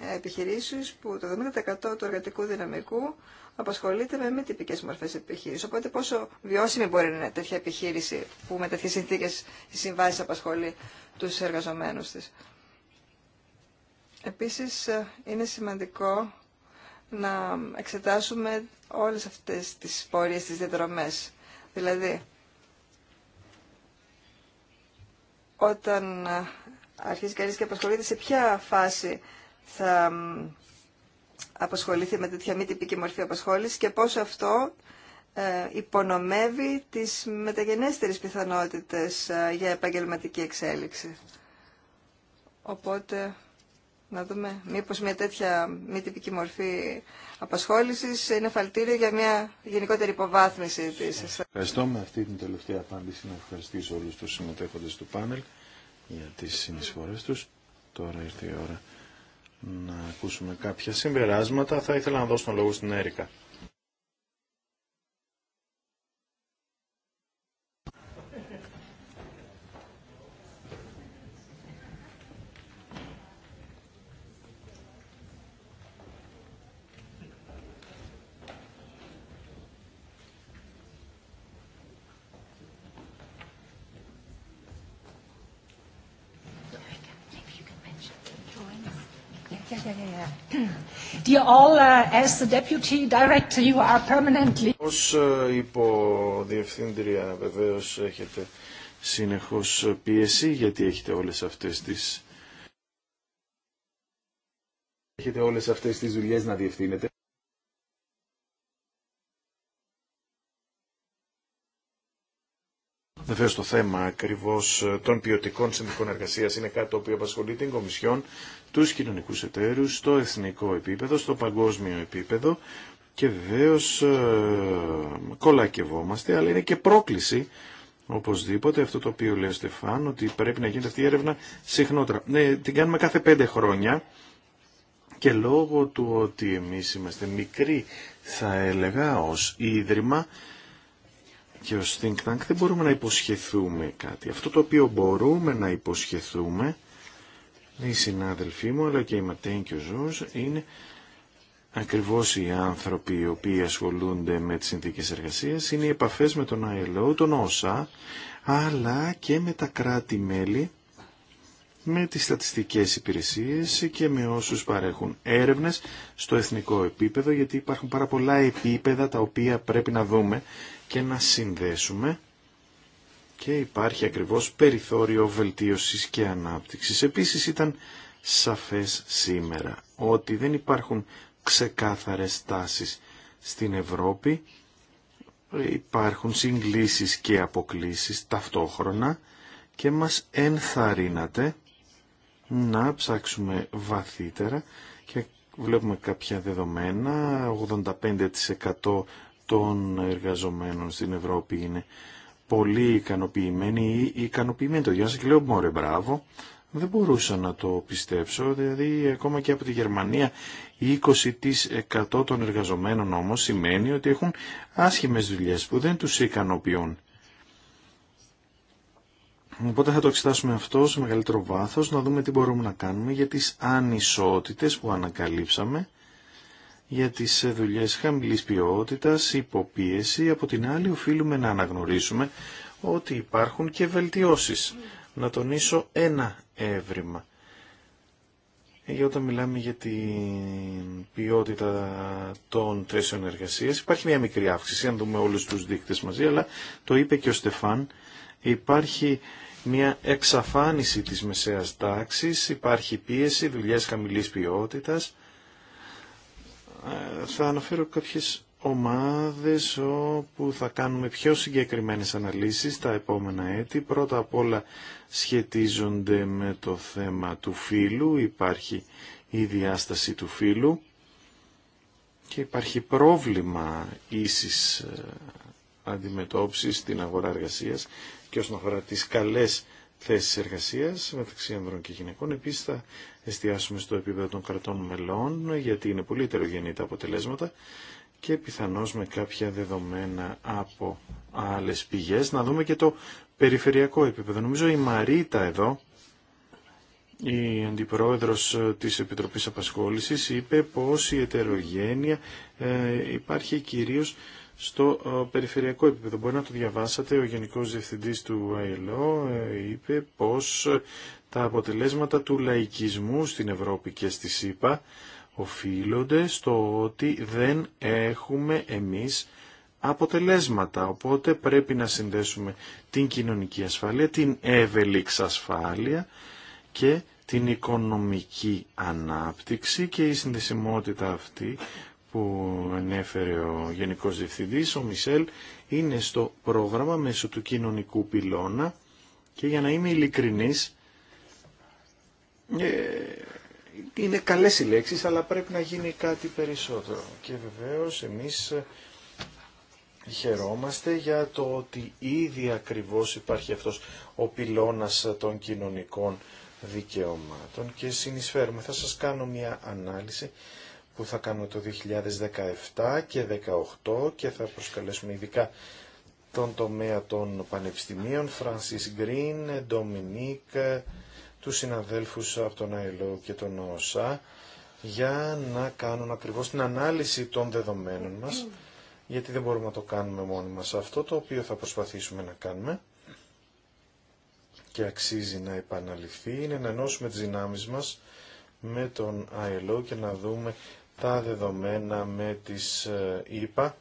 ε, επιχειρήσεις που το 70% του εργατικού δυναμικού απασχολείται με μη τυπικές μορφέ επιχείρηση. Οπότε, πόσο βιώσιμη μπορεί να είναι τέτοια επιχείρηση που με τέτοιε συνθήκε οι συμβάσει απασχολεί του εργαζομένου τη. Επίση, είναι σημαντικό να εξετάσουμε όλες αυτές τις πόρειες, τις διαδρομές. Δηλαδή, όταν ε, αρχίζει κανείς και απασχολείται, σε ποια φάση θα απασχοληθεί με τέτοια μη τυπική μορφή απασχόληση και πώς αυτό ε, υπονομεύει τις μεταγενέστερες πιθανότητες ε, για επαγγελματική εξέλιξη. Οπότε να δούμε μήπως μια τέτοια μη τυπική μορφή απασχόλησης είναι φαλτήριο για μια γενικότερη υποβάθμιση της. Ευχαριστώ με αυτή την τελευταία απάντηση να ευχαριστήσω όλους τους συμμετέχοντες του πάνελ για τις συνεισφορές τους. Τώρα ήρθε η ώρα να ακούσουμε κάποια συμπεράσματα. Θα ήθελα να δώσω τον λόγο στην Έρικα. all, uh, as deputy director, you are permanently. Ως ε, υποδιευθύντρια βεβαίως έχετε συνεχώς ε, πίεση γιατί έχετε όλες αυτές τις έχετε όλες αυτές τις δουλειές να διευθύνετε. Βεβαίω το θέμα ακριβώ ε, των ποιοτικών συνδικών εργασία είναι κάτι το οποίο απασχολεί την Κομισιόν, του κοινωνικού εταίρου, στο εθνικό επίπεδο, στο παγκόσμιο επίπεδο και βεβαίω ε, κολακευόμαστε, αλλά είναι και πρόκληση οπωσδήποτε αυτό το οποίο λέει ο Στεφάν, ότι πρέπει να γίνεται αυτή η έρευνα συχνότερα. Ναι, την κάνουμε κάθε πέντε χρόνια και λόγω του ότι εμείς είμαστε μικροί θα έλεγα ως ίδρυμα και ως Think Tank δεν μπορούμε να υποσχεθούμε κάτι. Αυτό το οποίο μπορούμε να υποσχεθούμε, οι συνάδελφοί μου αλλά και η Ματέν και ο Ζώος, είναι ακριβώς οι άνθρωποι οι οποίοι ασχολούνται με τις συνθήκες εργασίας, είναι οι επαφές με τον ILO, τον ΩΣΑ, αλλά και με τα κράτη-μέλη με τις στατιστικές υπηρεσίες και με όσους παρέχουν έρευνες στο εθνικό επίπεδο, γιατί υπάρχουν πάρα πολλά επίπεδα τα οποία πρέπει να δούμε και να συνδέσουμε και υπάρχει ακριβώς περιθώριο βελτίωσης και ανάπτυξης. Επίσης ήταν σαφές σήμερα ότι δεν υπάρχουν ξεκάθαρες τάσεις στην Ευρώπη, υπάρχουν συγκλήσεις και αποκλήσεις ταυτόχρονα και μας ενθαρρύνατε να ψάξουμε βαθύτερα και βλέπουμε κάποια δεδομένα. 85% των εργαζομένων στην Ευρώπη είναι πολύ ικανοποιημένοι ή ικανοποιημένοι. Το διάστημα και λέω μωρέ μπράβο. Δεν μπορούσα να το πιστέψω, δηλαδή ακόμα και από τη Γερμανία 20% των εργαζομένων όμως σημαίνει ότι έχουν άσχημες δουλειές που δεν τους ικανοποιούν. Οπότε θα το εξετάσουμε αυτό σε μεγαλύτερο βάθος, να δούμε τι μπορούμε να κάνουμε για τις ανισότητες που ανακαλύψαμε, για τις δουλειές χαμηλής ποιότητας, υποπίεση. Από την άλλη οφείλουμε να αναγνωρίσουμε ότι υπάρχουν και βελτιώσεις. Να τονίσω ένα έβριμα. Για όταν μιλάμε για την ποιότητα των θέσεων εργασίας, υπάρχει μια μικρή αύξηση, αν δούμε όλους τους δείκτες μαζί, αλλά το είπε και ο Στεφάν, υπάρχει μια εξαφάνιση της μεσαίας τάξης, υπάρχει πίεση, δουλειές χαμηλής ποιότητας. Ε, θα αναφέρω κάποιες ομάδες όπου θα κάνουμε πιο συγκεκριμένες αναλύσεις τα επόμενα έτη. Πρώτα απ' όλα σχετίζονται με το θέμα του φύλου, υπάρχει η διάσταση του φύλου και υπάρχει πρόβλημα ίσης ε, αντιμετώπισης στην αγορά εργασίας και όσον αφορά τις καλές θέσεις εργασίας μεταξύ ανδρών και γυναικών. Επίσης θα εστιάσουμε στο επίπεδο των κρατών μελών γιατί είναι πολύ ετερογενή τα αποτελέσματα και πιθανώς με κάποια δεδομένα από άλλες πηγές. Να δούμε και το περιφερειακό επίπεδο. Νομίζω η Μαρίτα εδώ, η αντιπρόεδρος της Επιτροπής Απασχόλησης, είπε πως η ετερογένεια ε, υπάρχει κυρίως στο ε, περιφερειακό επίπεδο. Μπορεί να το διαβάσατε, ο Γενικός Διευθυντής του ΑΕΛΟ ε, είπε πως ε, τα αποτελέσματα του λαϊκισμού στην Ευρώπη και στη ΣΥΠΑ οφείλονται στο ότι δεν έχουμε εμείς αποτελέσματα. Οπότε πρέπει να συνδέσουμε την κοινωνική ασφάλεια, την ευελίξ ασφάλεια και την οικονομική ανάπτυξη και η συνδεσιμότητα αυτή που ανέφερε ο Γενικός Διευθυντής, ο Μισελ, είναι στο πρόγραμμα μέσω του κοινωνικού πυλώνα και για να είμαι ειλικρινής, ε, είναι καλές οι λέξεις, αλλά πρέπει να γίνει κάτι περισσότερο. Και βεβαίως εμείς ε, χαιρόμαστε για το ότι ήδη ακριβώς υπάρχει αυτός ο πυλώνας των κοινωνικών δικαιωμάτων και συνεισφέρουμε. Θα σας κάνω μια ανάλυση που θα κάνουμε το 2017 και 2018 και θα προσκαλέσουμε ειδικά τον τομέα των πανεπιστημίων, Francis Green, Dominique, τους συναδέλφους από τον ΑΕΛΟ και τον ΟΣΑ, για να κάνουν ακριβώς την ανάλυση των δεδομένων μας, γιατί δεν μπορούμε να το κάνουμε μόνοι μας. Αυτό το οποίο θα προσπαθήσουμε να κάνουμε και αξίζει να επαναληφθεί είναι να ενώσουμε τις δυνάμεις μας με τον ΑΕΛΟ και να δούμε τα δεδομένα με τις ε, ΗΠΑ,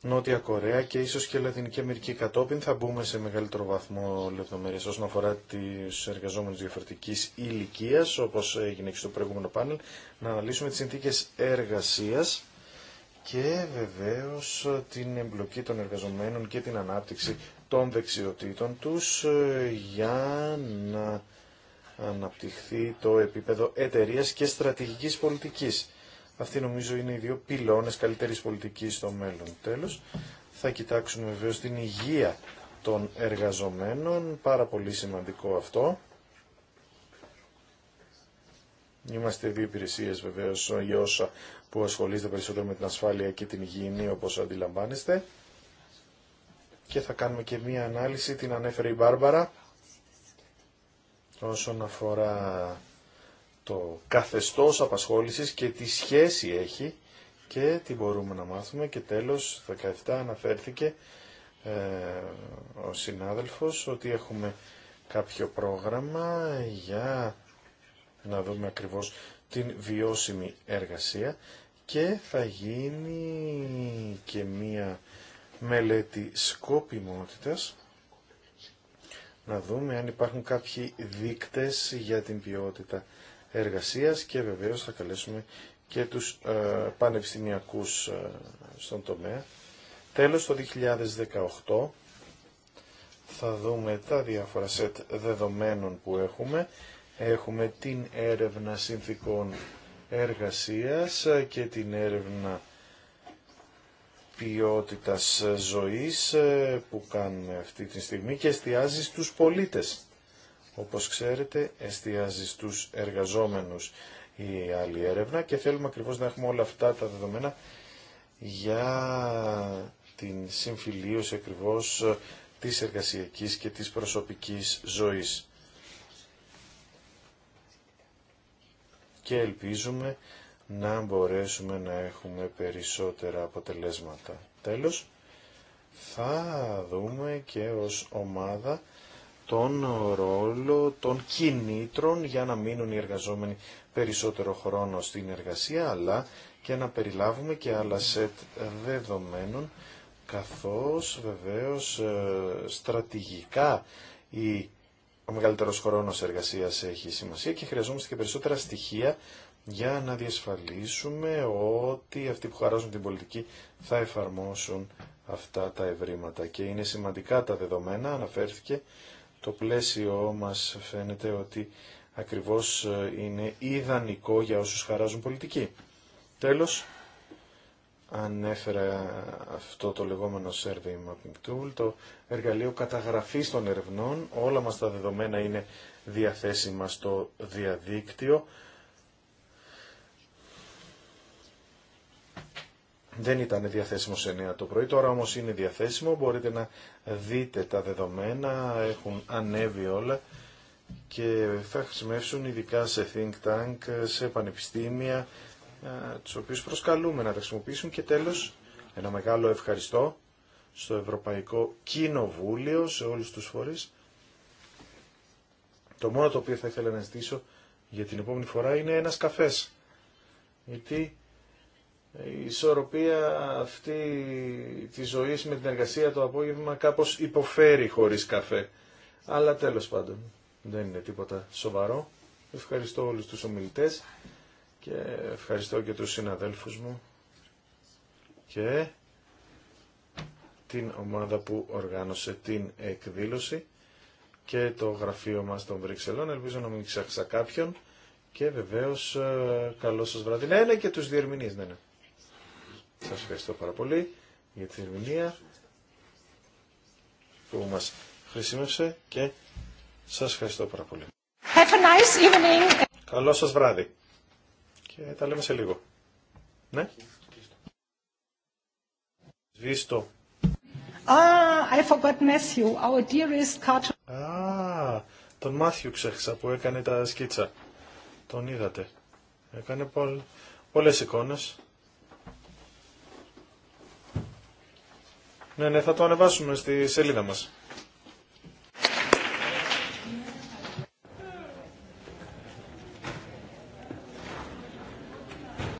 Νότια Κορέα και ίσως και Λατινική Αμερική κατόπιν θα μπούμε σε μεγαλύτερο βαθμό λεπτομέρειες όσον αφορά τις εργαζόμενες διαφορετικής ηλικία, όπως έγινε και στο προηγούμενο πάνελ, να αναλύσουμε τις συνθήκες εργασίας και βεβαίως την εμπλοκή των εργαζομένων και την ανάπτυξη των δεξιοτήτων τους ε, για να αναπτυχθεί το επίπεδο εταιρεία και στρατηγική πολιτική. Αυτοί νομίζω είναι οι δύο πυλώνε καλύτερη πολιτική στο μέλλον. τέλο. θα κοιτάξουμε βεβαίω την υγεία των εργαζομένων, πάρα πολύ σημαντικό αυτό. Είμαστε δύο υπηρεσίε βεβαίω για όσα που ασχολείστε περισσότερο με την ασφάλεια και την υγιεινή όπως αντιλαμβάνεστε. Και θα κάνουμε και μία ανάλυση, την ανέφερε η Μπάρμπαρα όσον αφορά το καθεστώς απασχόλησης και τι σχέση έχει και τι μπορούμε να μάθουμε και τέλος 17 αναφέρθηκε ε, ο συνάδελφος ότι έχουμε κάποιο πρόγραμμα για να δούμε ακριβώς την βιώσιμη εργασία και θα γίνει και μία μελέτη σκόπιμότητας να δούμε αν υπάρχουν κάποιοι δείκτες για την ποιότητα εργασίας και βεβαίως θα καλέσουμε και τους ε, πανεπιστημιακούς ε, στον τομέα. Τέλος το 2018 θα δούμε τα διάφορα σετ δεδομένων που έχουμε. Έχουμε την έρευνα συνθήκων εργασίας και την έρευνα ποιότητας ζωής ε, που κάνουμε αυτή τη στιγμή και εστιάζει στους πολίτες. Όπως ξέρετε, εστιάζει στους εργαζόμενους η άλλη έρευνα και θέλουμε ακριβώς να έχουμε όλα αυτά τα δεδομένα για την συμφιλίωση ακριβώς ε, της εργασιακής και της προσωπικής ζωής. Και ελπίζουμε να μπορέσουμε να έχουμε περισσότερα αποτελέσματα. Τέλος, θα δούμε και ως ομάδα τον ρόλο των κινήτρων για να μείνουν οι εργαζόμενοι περισσότερο χρόνο στην εργασία, αλλά και να περιλάβουμε και άλλα σετ δεδομένων, καθώς βεβαίως ε, στρατηγικά ο μεγαλύτερος χρόνος εργασίας έχει σημασία και χρειαζόμαστε και περισσότερα στοιχεία για να διασφαλίσουμε ότι αυτοί που χαράζουν την πολιτική θα εφαρμόσουν αυτά τα ευρήματα. Και είναι σημαντικά τα δεδομένα, αναφέρθηκε, το πλαίσιο μας φαίνεται ότι ακριβώς ε, είναι ιδανικό για όσους χαράζουν πολιτική. Τέλος, ανέφερα αυτό το λεγόμενο Survey Mapping Tool, το εργαλείο καταγραφής των ερευνών. Όλα μας τα δεδομένα είναι διαθέσιμα στο διαδίκτυο. δεν ήταν διαθέσιμο σε 9 το πρωί, τώρα όμως είναι διαθέσιμο, μπορείτε να δείτε τα δεδομένα, έχουν ανέβει όλα και θα χρησιμεύσουν ειδικά σε think tank, σε πανεπιστήμια, τους οποίους προσκαλούμε να τα χρησιμοποιήσουν και τέλος ένα μεγάλο ευχαριστώ στο Ευρωπαϊκό Κοινοβούλιο, σε όλους τους φορείς. Το μόνο το οποίο θα ήθελα να ζητήσω για την επόμενη φορά είναι ένας καφές. Γιατί η ισορροπία αυτή τη ζωή, με την εργασία το απόγευμα κάπως υποφέρει χωρίς καφέ. Αλλά τέλος πάντων δεν είναι τίποτα σοβαρό. Ευχαριστώ όλους τους ομιλητέ και ευχαριστώ και του συναδέλφους μου και την ομάδα που οργάνωσε την εκδήλωση και το γραφείο μας των Βρυξελών. Ελπίζω να μην ξέχασα κάποιον και βεβαίως ε, καλό σας βράδυ. Ναι, ναι και τους διερμηνείς, ναι, ναι. Σας ευχαριστώ πάρα πολύ για την ερμηνεία που μας χρησιμεύσε και σας ευχαριστώ πάρα πολύ. Have a nice evening. Καλό σας βράδυ. Και τα λέμε σε λίγο. Ναι. Βιστό. Ah, I forgot Matthew, our dearest cartoon. Α, ah, τον Μάθιου ξέχασα που έκανε τα σκίτσα. Τον είδατε. Έκανε πολλέ πολλές εικόνες. Ναι, ναι, θα το ανεβάσουμε στη σελίδα μας.